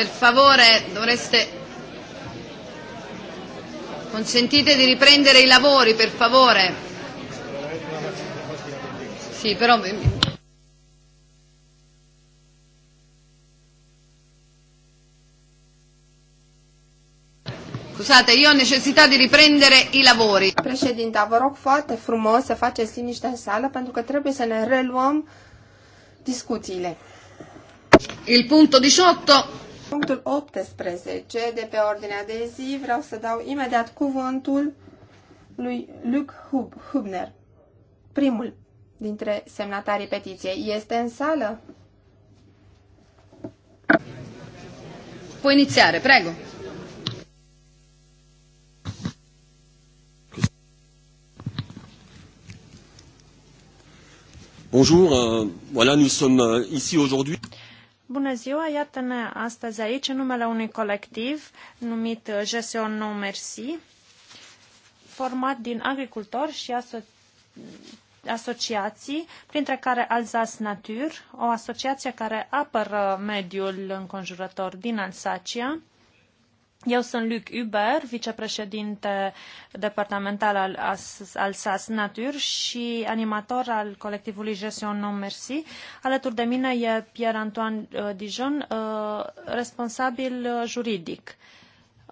Per favore, dovreste... Consentite di riprendere i lavori, per favore. Sì, però Scusate, io ho necessità di riprendere i lavori. Președinta, vă rog foarte frumos să faceți liniște în sală pentru că trebuie să ne reluăm discuțiile. Il punto 18 Punctul 18 de pe ordinea de zi vreau să dau imediat cuvântul lui Luc Hub, Hubner, primul dintre semnatarii petiției. Este în sală? Puoi inițiare, prego. Bonjour, euh, voilà, nous sommes euh, ici aujourd'hui. Bună ziua, iată-ne astăzi aici în numele unui colectiv numit uh, GSO No Merci, format din agricultori și aso- asociații, printre care Alsace Nature, o asociație care apără mediul înconjurător din Alsacia, eu sunt Luc Uber, vicepreședinte departamental al, al SAS Natur și animator al colectivului Gestion Non Merci. Alături de mine e Pierre-Antoine uh, Dijon, uh, responsabil uh, juridic.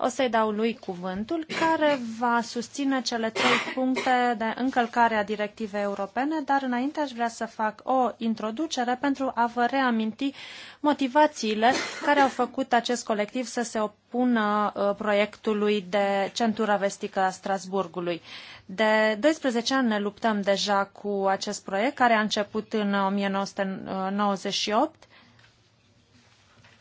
O să-i dau lui cuvântul, care va susține cele trei puncte de încălcare a directivei europene, dar înainte aș vrea să fac o introducere pentru a vă reaminti motivațiile care au făcut acest colectiv să se opună uh, proiectului de centură vestică a Strasburgului. De 12 ani ne luptăm deja cu acest proiect, care a început în 1998 uh,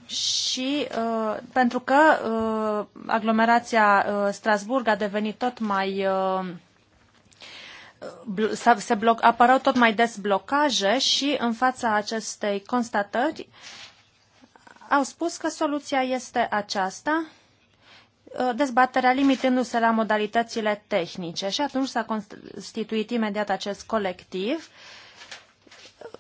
și uh, pentru că uh, aglomerația uh, Strasburg a devenit tot mai uh, se bloc, apărau tot mai des blocaje și în fața acestei constatări au spus că soluția este aceasta, uh, dezbaterea limitându-se la modalitățile tehnice. Și atunci s-a constituit imediat acest colectiv uh,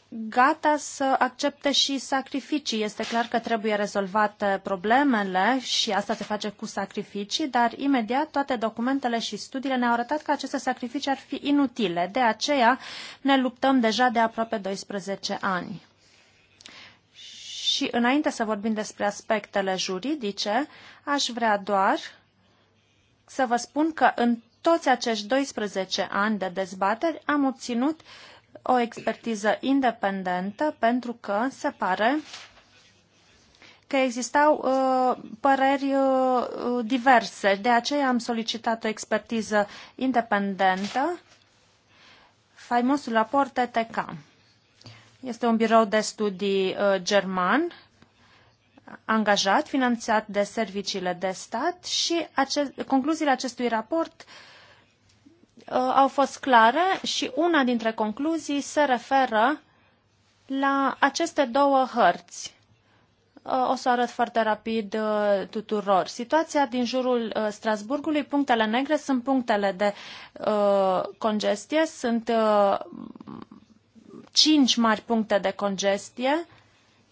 gata să accepte și sacrificii. Este clar că trebuie rezolvate problemele și asta se face cu sacrificii, dar imediat toate documentele și studiile ne-au arătat că aceste sacrificii ar fi inutile. De aceea ne luptăm deja de aproape 12 ani. Și înainte să vorbim despre aspectele juridice, aș vrea doar să vă spun că în toți acești 12 ani de dezbateri am obținut uh, o expertiză independentă pentru că se pare că existau uh, păreri uh, diverse. De aceea am solicitat o expertiză independentă, faimosul raport ETK. Este un birou de studii uh, german angajat, finanțat de serviciile de stat și acest, concluziile acestui raport uh, uh, au fost clare și una dintre concluzii se referă la aceste două hărți. Uh, o să arăt foarte rapid uh, tuturor. Situația din jurul uh, Strasburgului, punctele negre sunt punctele de uh, congestie, sunt uh, cinci mari puncte de congestie,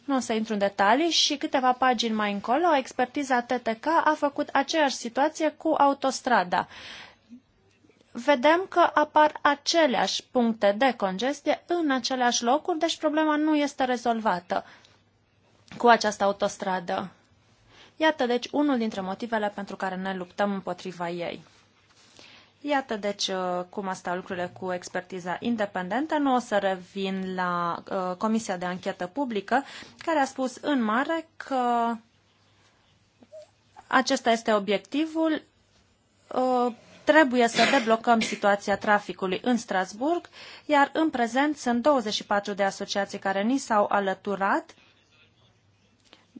nu o să intru în detalii, și câteva pagini mai încolo, expertiza TTK a făcut aceeași situație cu autostrada. Uh, vedem că apar aceleași puncte de congestie în aceleași locuri, deci problema nu este rezolvată cu această autostradă. Iată, deci, unul dintre motivele pentru care ne luptăm împotriva ei. Iată, deci, uh, cum asta lucrurile cu expertiza independentă. Nu o să revin la uh, Comisia de Anchetă Publică, care a spus în mare că acesta este obiectivul. Uh, Trebuie să deblocăm situația traficului în Strasburg, iar în prezent sunt 24 de asociații care ni s-au alăturat,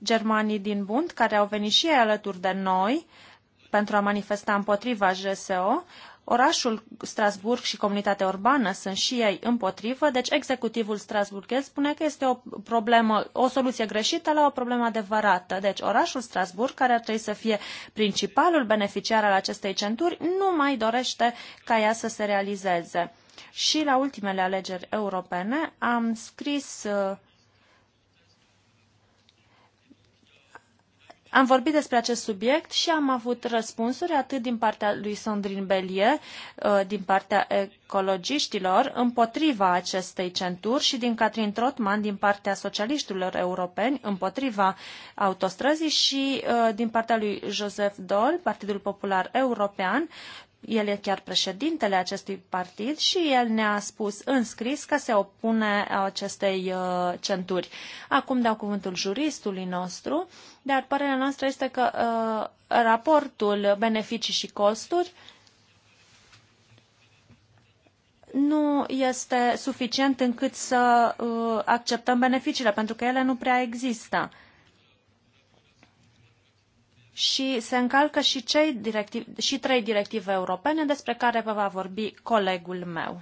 germanii din Bund, care au venit și ei alături de noi pentru a manifesta împotriva GSO, Orașul Strasburg și comunitatea urbană sunt și ei împotrivă, deci executivul strasburghez spune că este o problemă, o soluție greșită la o problemă adevărată. Deci orașul Strasburg, care ar trebui să fie principalul beneficiar al acestei centuri, nu mai dorește ca ea să se realizeze. Și la ultimele alegeri europene am scris uh, Am vorbit despre acest subiect și am avut răspunsuri atât din partea lui Sandrin Belie, uh, din partea ecologiștilor, împotriva acestei centuri și din Catherine Trotman, din partea socialiștilor europeni, împotriva autostrăzii și uh, din partea lui Joseph Dole, Partidul Popular European, el e chiar președintele acestui partid și el ne-a spus în scris că se opune acestei uh, centuri. Acum dau cuvântul juristului nostru dar părerea noastră este că uh, raportul beneficii și costuri nu este suficient încât să uh, acceptăm beneficiile, pentru că ele nu prea există. Și se încalcă și, cei directiv, și trei directive europene despre care vă va vorbi colegul meu.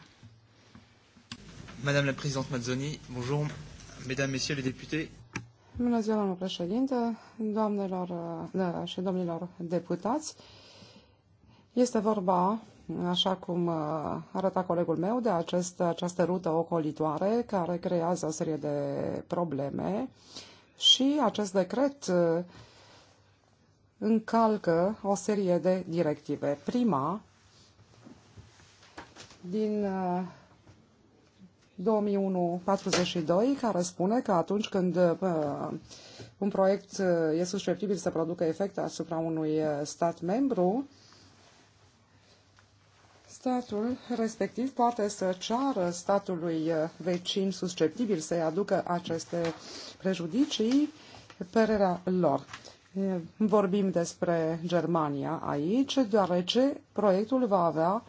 Madame la Présidente Mazzoni, bonjour, Mesdames, Messieurs les députés. Bună ziua, domnul președinte, doamnelor da, și domnilor deputați. Este vorba, așa cum uh, arăta colegul meu, de acest, această rută ocolitoare care creează o serie de probleme și acest decret uh, încalcă o serie de directive. Prima din uh, 2001-42, care spune că atunci când un proiect uh, e susceptibil să producă efecte asupra unui uh, stat membru, statul respectiv poate să ceară statului uh, vecin susceptibil să-i aducă aceste prejudicii părerea lor. Vorbim despre Germania aici, deoarece proiectul va avea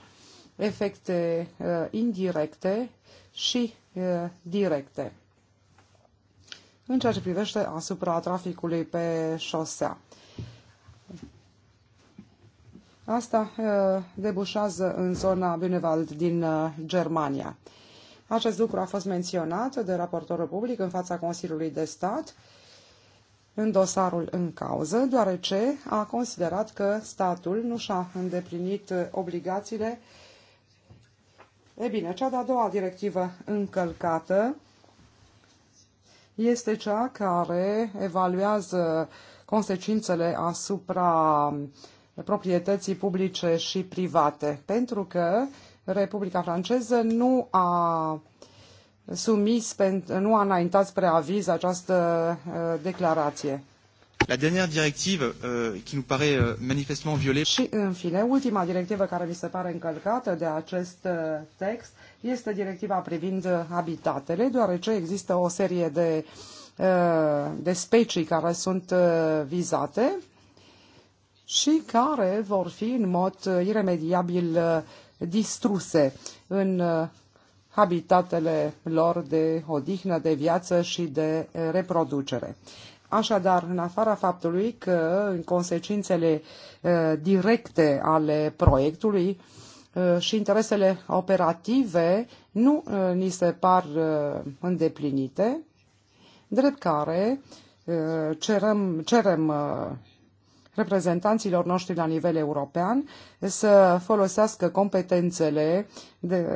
efecte indirecte și directe în ceea ce privește asupra traficului pe șosea. Asta debușează în zona Bunewald din Germania. Acest lucru a fost menționat de raportorul public în fața Consiliului de Stat în dosarul în cauză, deoarece a considerat că statul nu și-a îndeplinit obligațiile uh, E bine, cea de-a doua directivă încălcată este cea care evaluează consecințele asupra proprietății publice și private, pentru că Republica Franceză nu a sumis, nu a înaintat spre aviz această uh, declarație. La dernière directive euh, qui nous paraît euh, manifestement violée. Și în fine, ultima directivă care mi se pare încălcată de acest uh, text este directiva privind uh, habitatele, deoarece există o serie de, uh, de specii care sunt vizate și care vor fi în mod iremediabil distruse în habitatele lor de odihnă, de viață și de reproducere. Așadar, în afara faptului că în consecințele uh, directe ale proiectului uh, și interesele operative nu uh, ni se par îndeplinite, drept care cerem, cerem reprezentanților noștri la nivel european să folosească competențele de,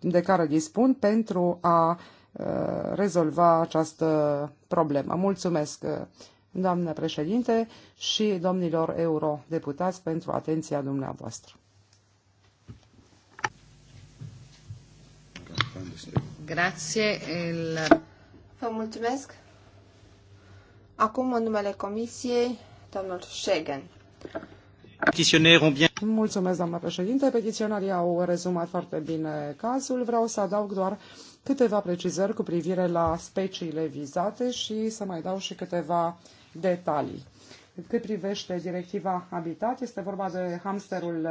de care dispun pentru a Uh, rezolva această problemă. Mulțumesc, uh, doamnă președinte și domnilor eurodeputați, pentru atenția dumneavoastră. Grazie. Vă mulțumesc. Acum, în numele Comisiei, domnul Schegen. Mulțumesc, doamna președinte. Petiționarii au rezumat foarte bine cazul. Vreau să adaug doar câteva precizări cu privire la speciile vizate și să mai dau și câteva detalii. Cât privește directiva Habitat, este vorba de hamsterul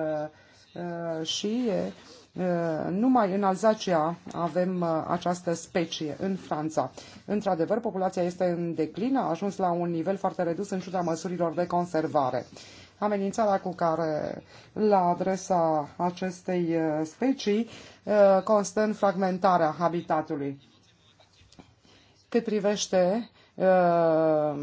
uh, și uh, numai în Alzacia avem uh, această specie, în Franța. Într-adevăr, populația este în declin, a ajuns la un nivel foarte redus în ciuda măsurilor de conservare. Uh, Amenințarea cu care la adresa acestei uh, specii uh, constă în fragmentarea habitatului. Cât privește uh,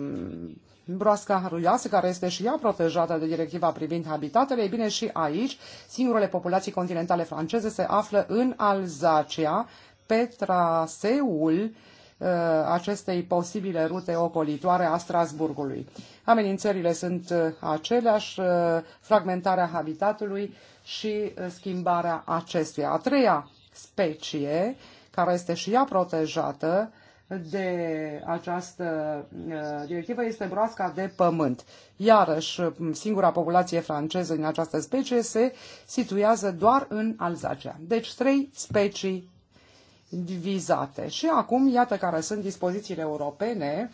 broasca haruioasă, care este și ea protejată de directiva privind habitatele, e bine și aici, singurele populații continentale franceze se află în Alzacia, pe traseul uh, Uh, acestei posibile rute ocolitoare a Strasburgului. Amenințările sunt uh, aceleași, uh, fragmentarea habitatului și schimbarea acestuia. A treia specie, care este și ea protejată de această directivă, este broasca de pământ. Iarăși, singura populație franceză din această specie se situează doar în Alzacea. Deci trei specii vizate. Și acum, iată care sunt dispozițiile europene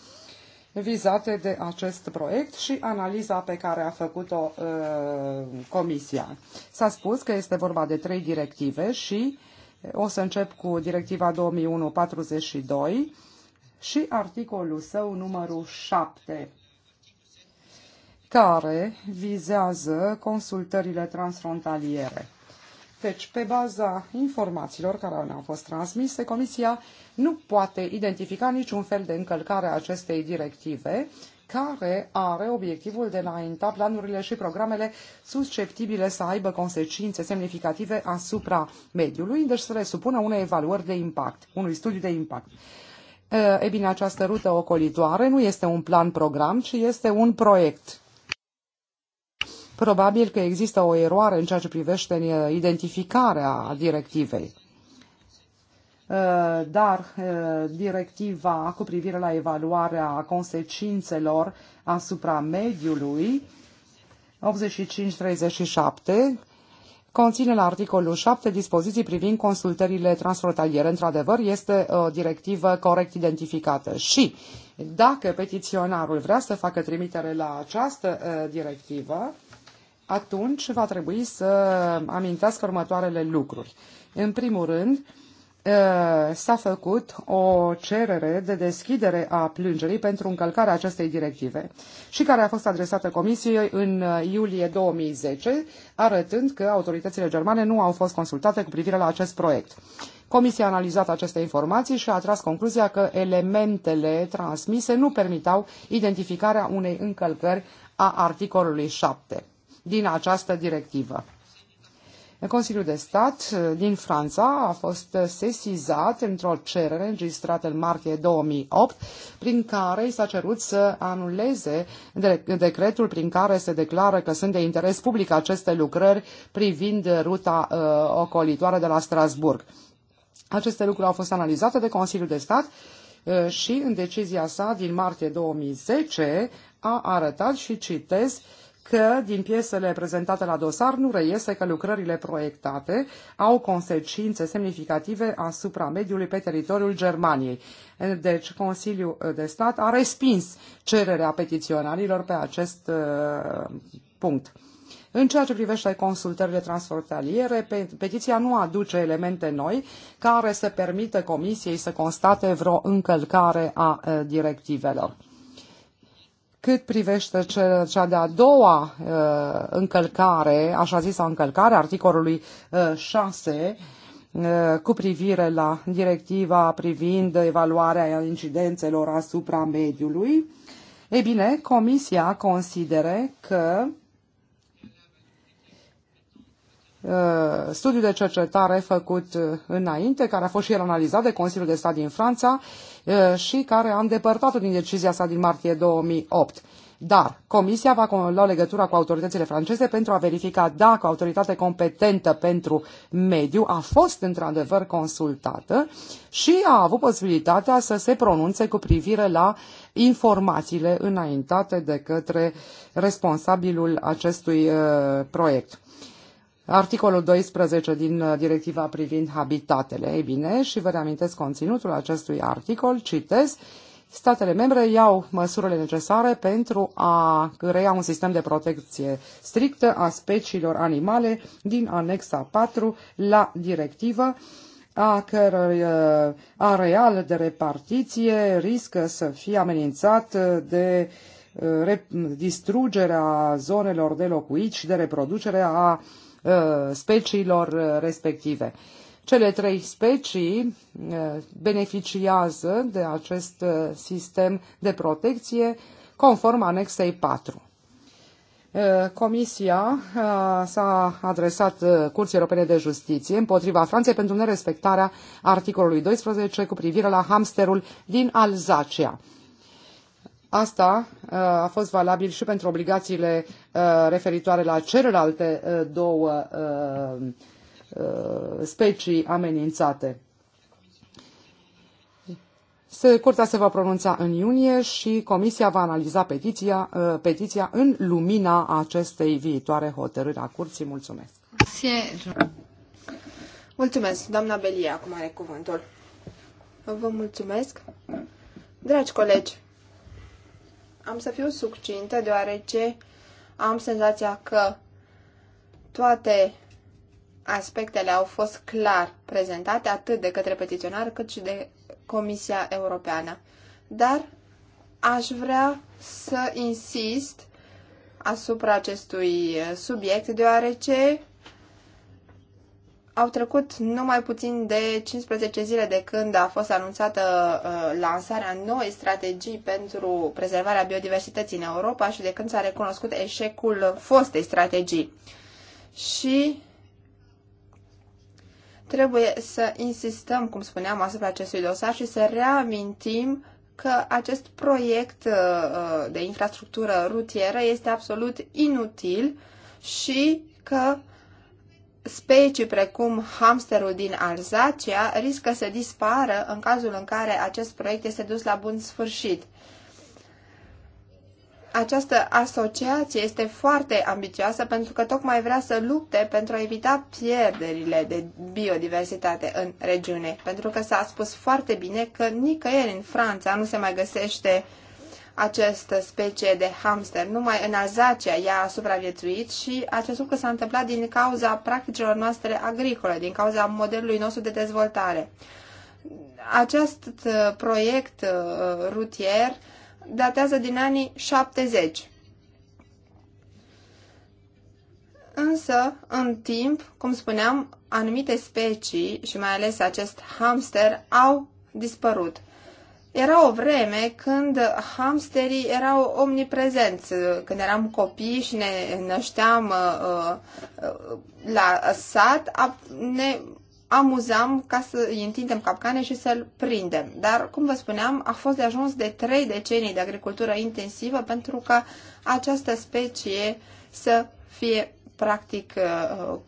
vizate de acest proiect și analiza pe care a făcut-o uh, Comisia. S-a spus că este vorba de trei directive și uh, o să încep cu directiva 2001-42 și articolul său numărul 7 care vizează consultările transfrontaliere. Deci, pe baza informațiilor care ne-au fost transmise, Comisia nu poate identifica niciun fel de încălcare a acestei directive, care are obiectivul de a inta planurile și programele susceptibile să aibă consecințe semnificative asupra mediului, deci să le supună unei evaluări de impact, unui studiu de impact. E bine, această rută ocolitoare nu este un plan program, ci este un proiect Probabil că există o eroare în ceea ce privește uh, identificarea directivei. Uh, dar uh, directiva cu privire la evaluarea consecințelor asupra mediului 85 85-37 conține la articolul 7 dispoziții privind consultările transfrontaliere. Într-adevăr, este o directivă corect identificată și dacă petiționarul vrea să facă trimitere la această directivă, atunci va trebui să amintească următoarele lucruri. În primul rând, s-a făcut o cerere de deschidere a plângerii pentru încălcarea acestei directive și care a fost adresată Comisiei în iulie 2010, arătând că autoritățile germane nu au fost consultate cu privire la acest proiect. Comisia a analizat aceste informații și a tras concluzia că elementele transmise nu permitau identificarea unei încălcări a articolului 7 din această directivă. Consiliul de Stat uh, din Franța a fost sesizat într-o cerere înregistrată în martie 2008, prin care i s-a cerut să anuleze decretul prin care se declară că sunt de interes public aceste lucrări privind ruta uh, ocolitoare de la Strasburg. Aceste lucruri au fost analizate de Consiliul de Stat uh, și în decizia sa din martie 2010 a arătat și citesc uh, că din piesele prezentate la dosar nu reiese că lucrările proiectate au consecințe semnificative asupra mediului pe teritoriul Germaniei. Deci Consiliul de Stat a respins cererea petiționarilor pe acest uh, punct. În ceea ce privește consultările transfrontaliere, petiția nu aduce elemente noi care să permită Comisiei să constate vreo încălcare a uh, directivelor. Cât privește cea de-a doua uh, încălcare, așa zisă încălcare, articolului 6, uh, uh, cu privire la directiva privind evaluarea incidențelor asupra mediului, e bine, Comisia consideră că Uh, studiu de cercetare făcut uh, înainte, care a fost și el analizat de Consiliul de Stat din Franța uh, și care a îndepărtat-o din decizia sa din martie 2008. Dar Comisia va lua legătura cu autoritățile franceze pentru a verifica dacă autoritatea competentă pentru mediu a fost într-adevăr consultată și a avut posibilitatea să se pronunțe cu privire la informațiile înaintate de către responsabilul acestui uh, proiect articolul 12 din uh, directiva privind habitatele. Ei bine, și vă reamintesc conținutul acestui articol, citez, statele membre iau măsurile necesare pentru a crea un sistem de protecție strictă a speciilor animale din anexa 4 la directivă a cărui uh, areal de repartiție riscă să fie amenințat de uh, distrugerea zonelor de locuit și de reproducere a uh, Uh, speciilor uh, respective. Cele trei specii uh, beneficiază de acest sistem de protecție conform anexei 4. Comisia s-a adresat Curții Europene de Justiție împotriva Franței pentru nerespectarea articolului 12 cu privire la hamsterul din Alzacia. Asta uh, a fost valabil și pentru obligațiile uh, referitoare la celelalte uh, două specii amenințate. curtea se va pronunța în iunie și comisia va analiza petiția, petiția în lumina acestei viitoare hotărâri a curții. Mulțumesc! Mulțumesc! Doamna Belie acum are cuvântul. Vă mulțumesc! Dragi colegi, am să fiu succintă deoarece am senzația că toate aspectele au fost clar prezentate atât de către petiționar cât și de Comisia Europeană. Dar aș vrea să insist asupra acestui subiect deoarece au trecut numai puțin de 15 zile de când a fost anunțată uh, lansarea noi strategii pentru prezervarea biodiversității în Europa și de când s-a recunoscut eșecul fostei strategii. Și trebuie să insistăm, cum spuneam, asupra acestui dosar și să reamintim că acest proiect uh, de infrastructură rutieră este absolut inutil și că specii precum hamsterul din Alzacia riscă să dispară în cazul în care acest proiect este dus la bun sfârșit. Această asociație este foarte ambicioasă pentru că tocmai vrea să lupte pentru a evita pierderile de biodiversitate în regiune, pentru că s-a spus foarte bine că nicăieri în Franța nu se mai găsește uh, această specie de hamster. Numai în Alzacea ea a supraviețuit și acest lucru s-a întâmplat din cauza practicilor noastre agricole, din cauza modelului nostru de dezvoltare. Acest uh, proiect uh, rutier datează din anii 70. Însă, în timp, cum spuneam, anumite specii și mai ales acest hamster au dispărut. Era o vreme când hamsterii erau omniprezenți, când eram copii și ne nășteam uh, uh la sat, ne amuzam ca să îi întindem capcane și să-l prindem. Dar, cum vă spuneam, a fost de ajuns de trei decenii de agricultură intensivă pentru ca această specie să fie practic uh,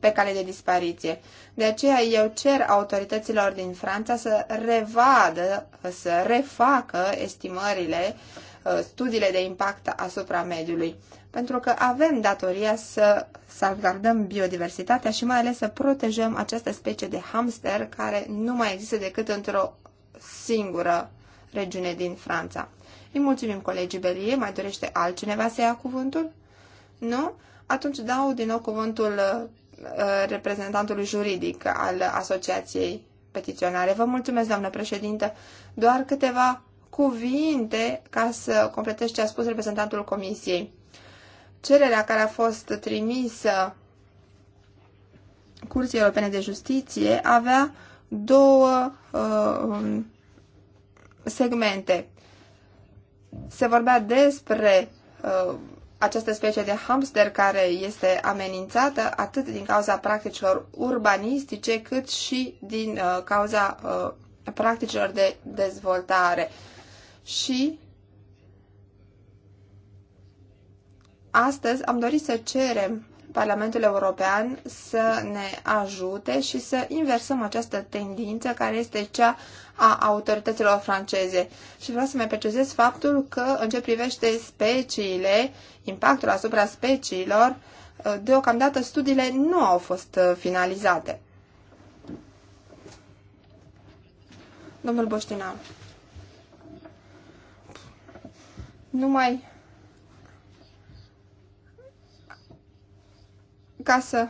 pe cale de dispariție. De aceea eu cer autorităților din Franța să revadă, să refacă estimările, uh, studiile de impact asupra mediului. Pentru că avem datoria să salvgardăm biodiversitatea și mai ales să protejăm această specie de hamster care nu mai există decât într-o singură regiune din Franța. Îi mulțumim colegii Belie. Mai dorește altcineva să ia cuvântul? Nu? atunci dau din nou cuvântul uh, uh, reprezentantului juridic al Asociației Petiționare. Vă mulțumesc, doamnă președintă. Doar câteva cuvinte ca să completez ce a spus reprezentantul Comisiei. Cererea care a fost trimisă Curții Europene de Justiție avea două uh, um, segmente. Se vorbea despre uh, această specie de hamster care este amenințată atât din cauza practicilor urbanistice cât și din uh, cauza uh, practicilor de dezvoltare. Și astăzi am dorit să cerem Parlamentul European să ne ajute și să inversăm această tendință care este cea uh, a autorităților franceze. Și vreau să mai precizez faptul că în ce privește speciile, impactul asupra speciilor, uh, deocamdată studiile nu au fost uh, finalizate. Domnul Boștinar. Numai ca să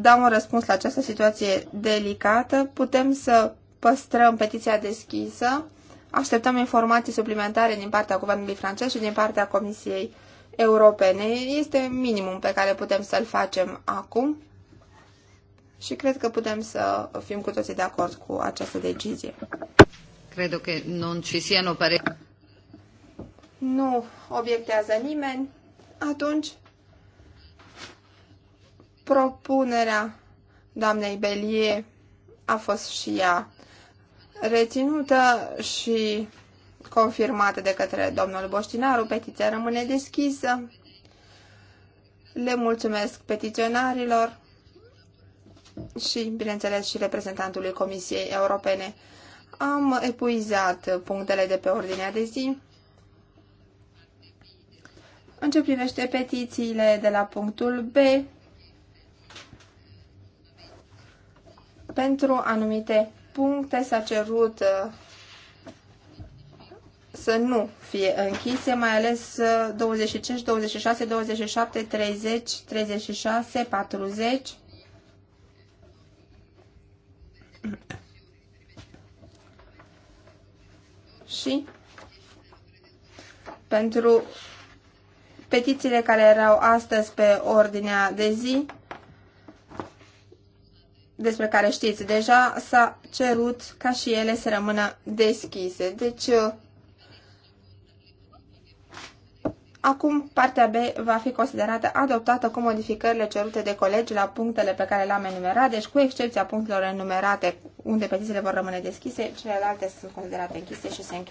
da un răspuns la această situație delicată. Putem să păstrăm petiția deschisă, așteptăm informații suplimentare din partea guvernului francez și din partea Comisiei Europene. Este minimum pe care putem să-l facem acum și cred că putem să fim cu toții de acord cu această decizie. Cred că nu ci siano pare... Nu obiectează nimeni. Atunci Propunerea doamnei Belie a fost și ea reținută și confirmată de către domnul Boștinaru. Petiția rămâne deschisă. Le mulțumesc petiționarilor și, bineînțeles, și reprezentantului Comisiei Europene. Am epuizat punctele de pe ordinea de zi. În ce privește petițiile de la punctul B, Pentru anumite puncte s-a cerut uh, să nu fie închise, mai ales 25, 26, 27, 30, 36, 40. Și pentru petițiile care erau astăzi pe ordinea de zi, despre care știți deja, s-a cerut ca și ele să rămână deschise. Deci, uh, acum partea B va fi considerată adoptată cu modificările cerute de colegi la punctele pe care le-am enumerat, deci cu excepția punctelor enumerate unde petițiile vor rămâne deschise, celelalte sunt considerate închise și se închid.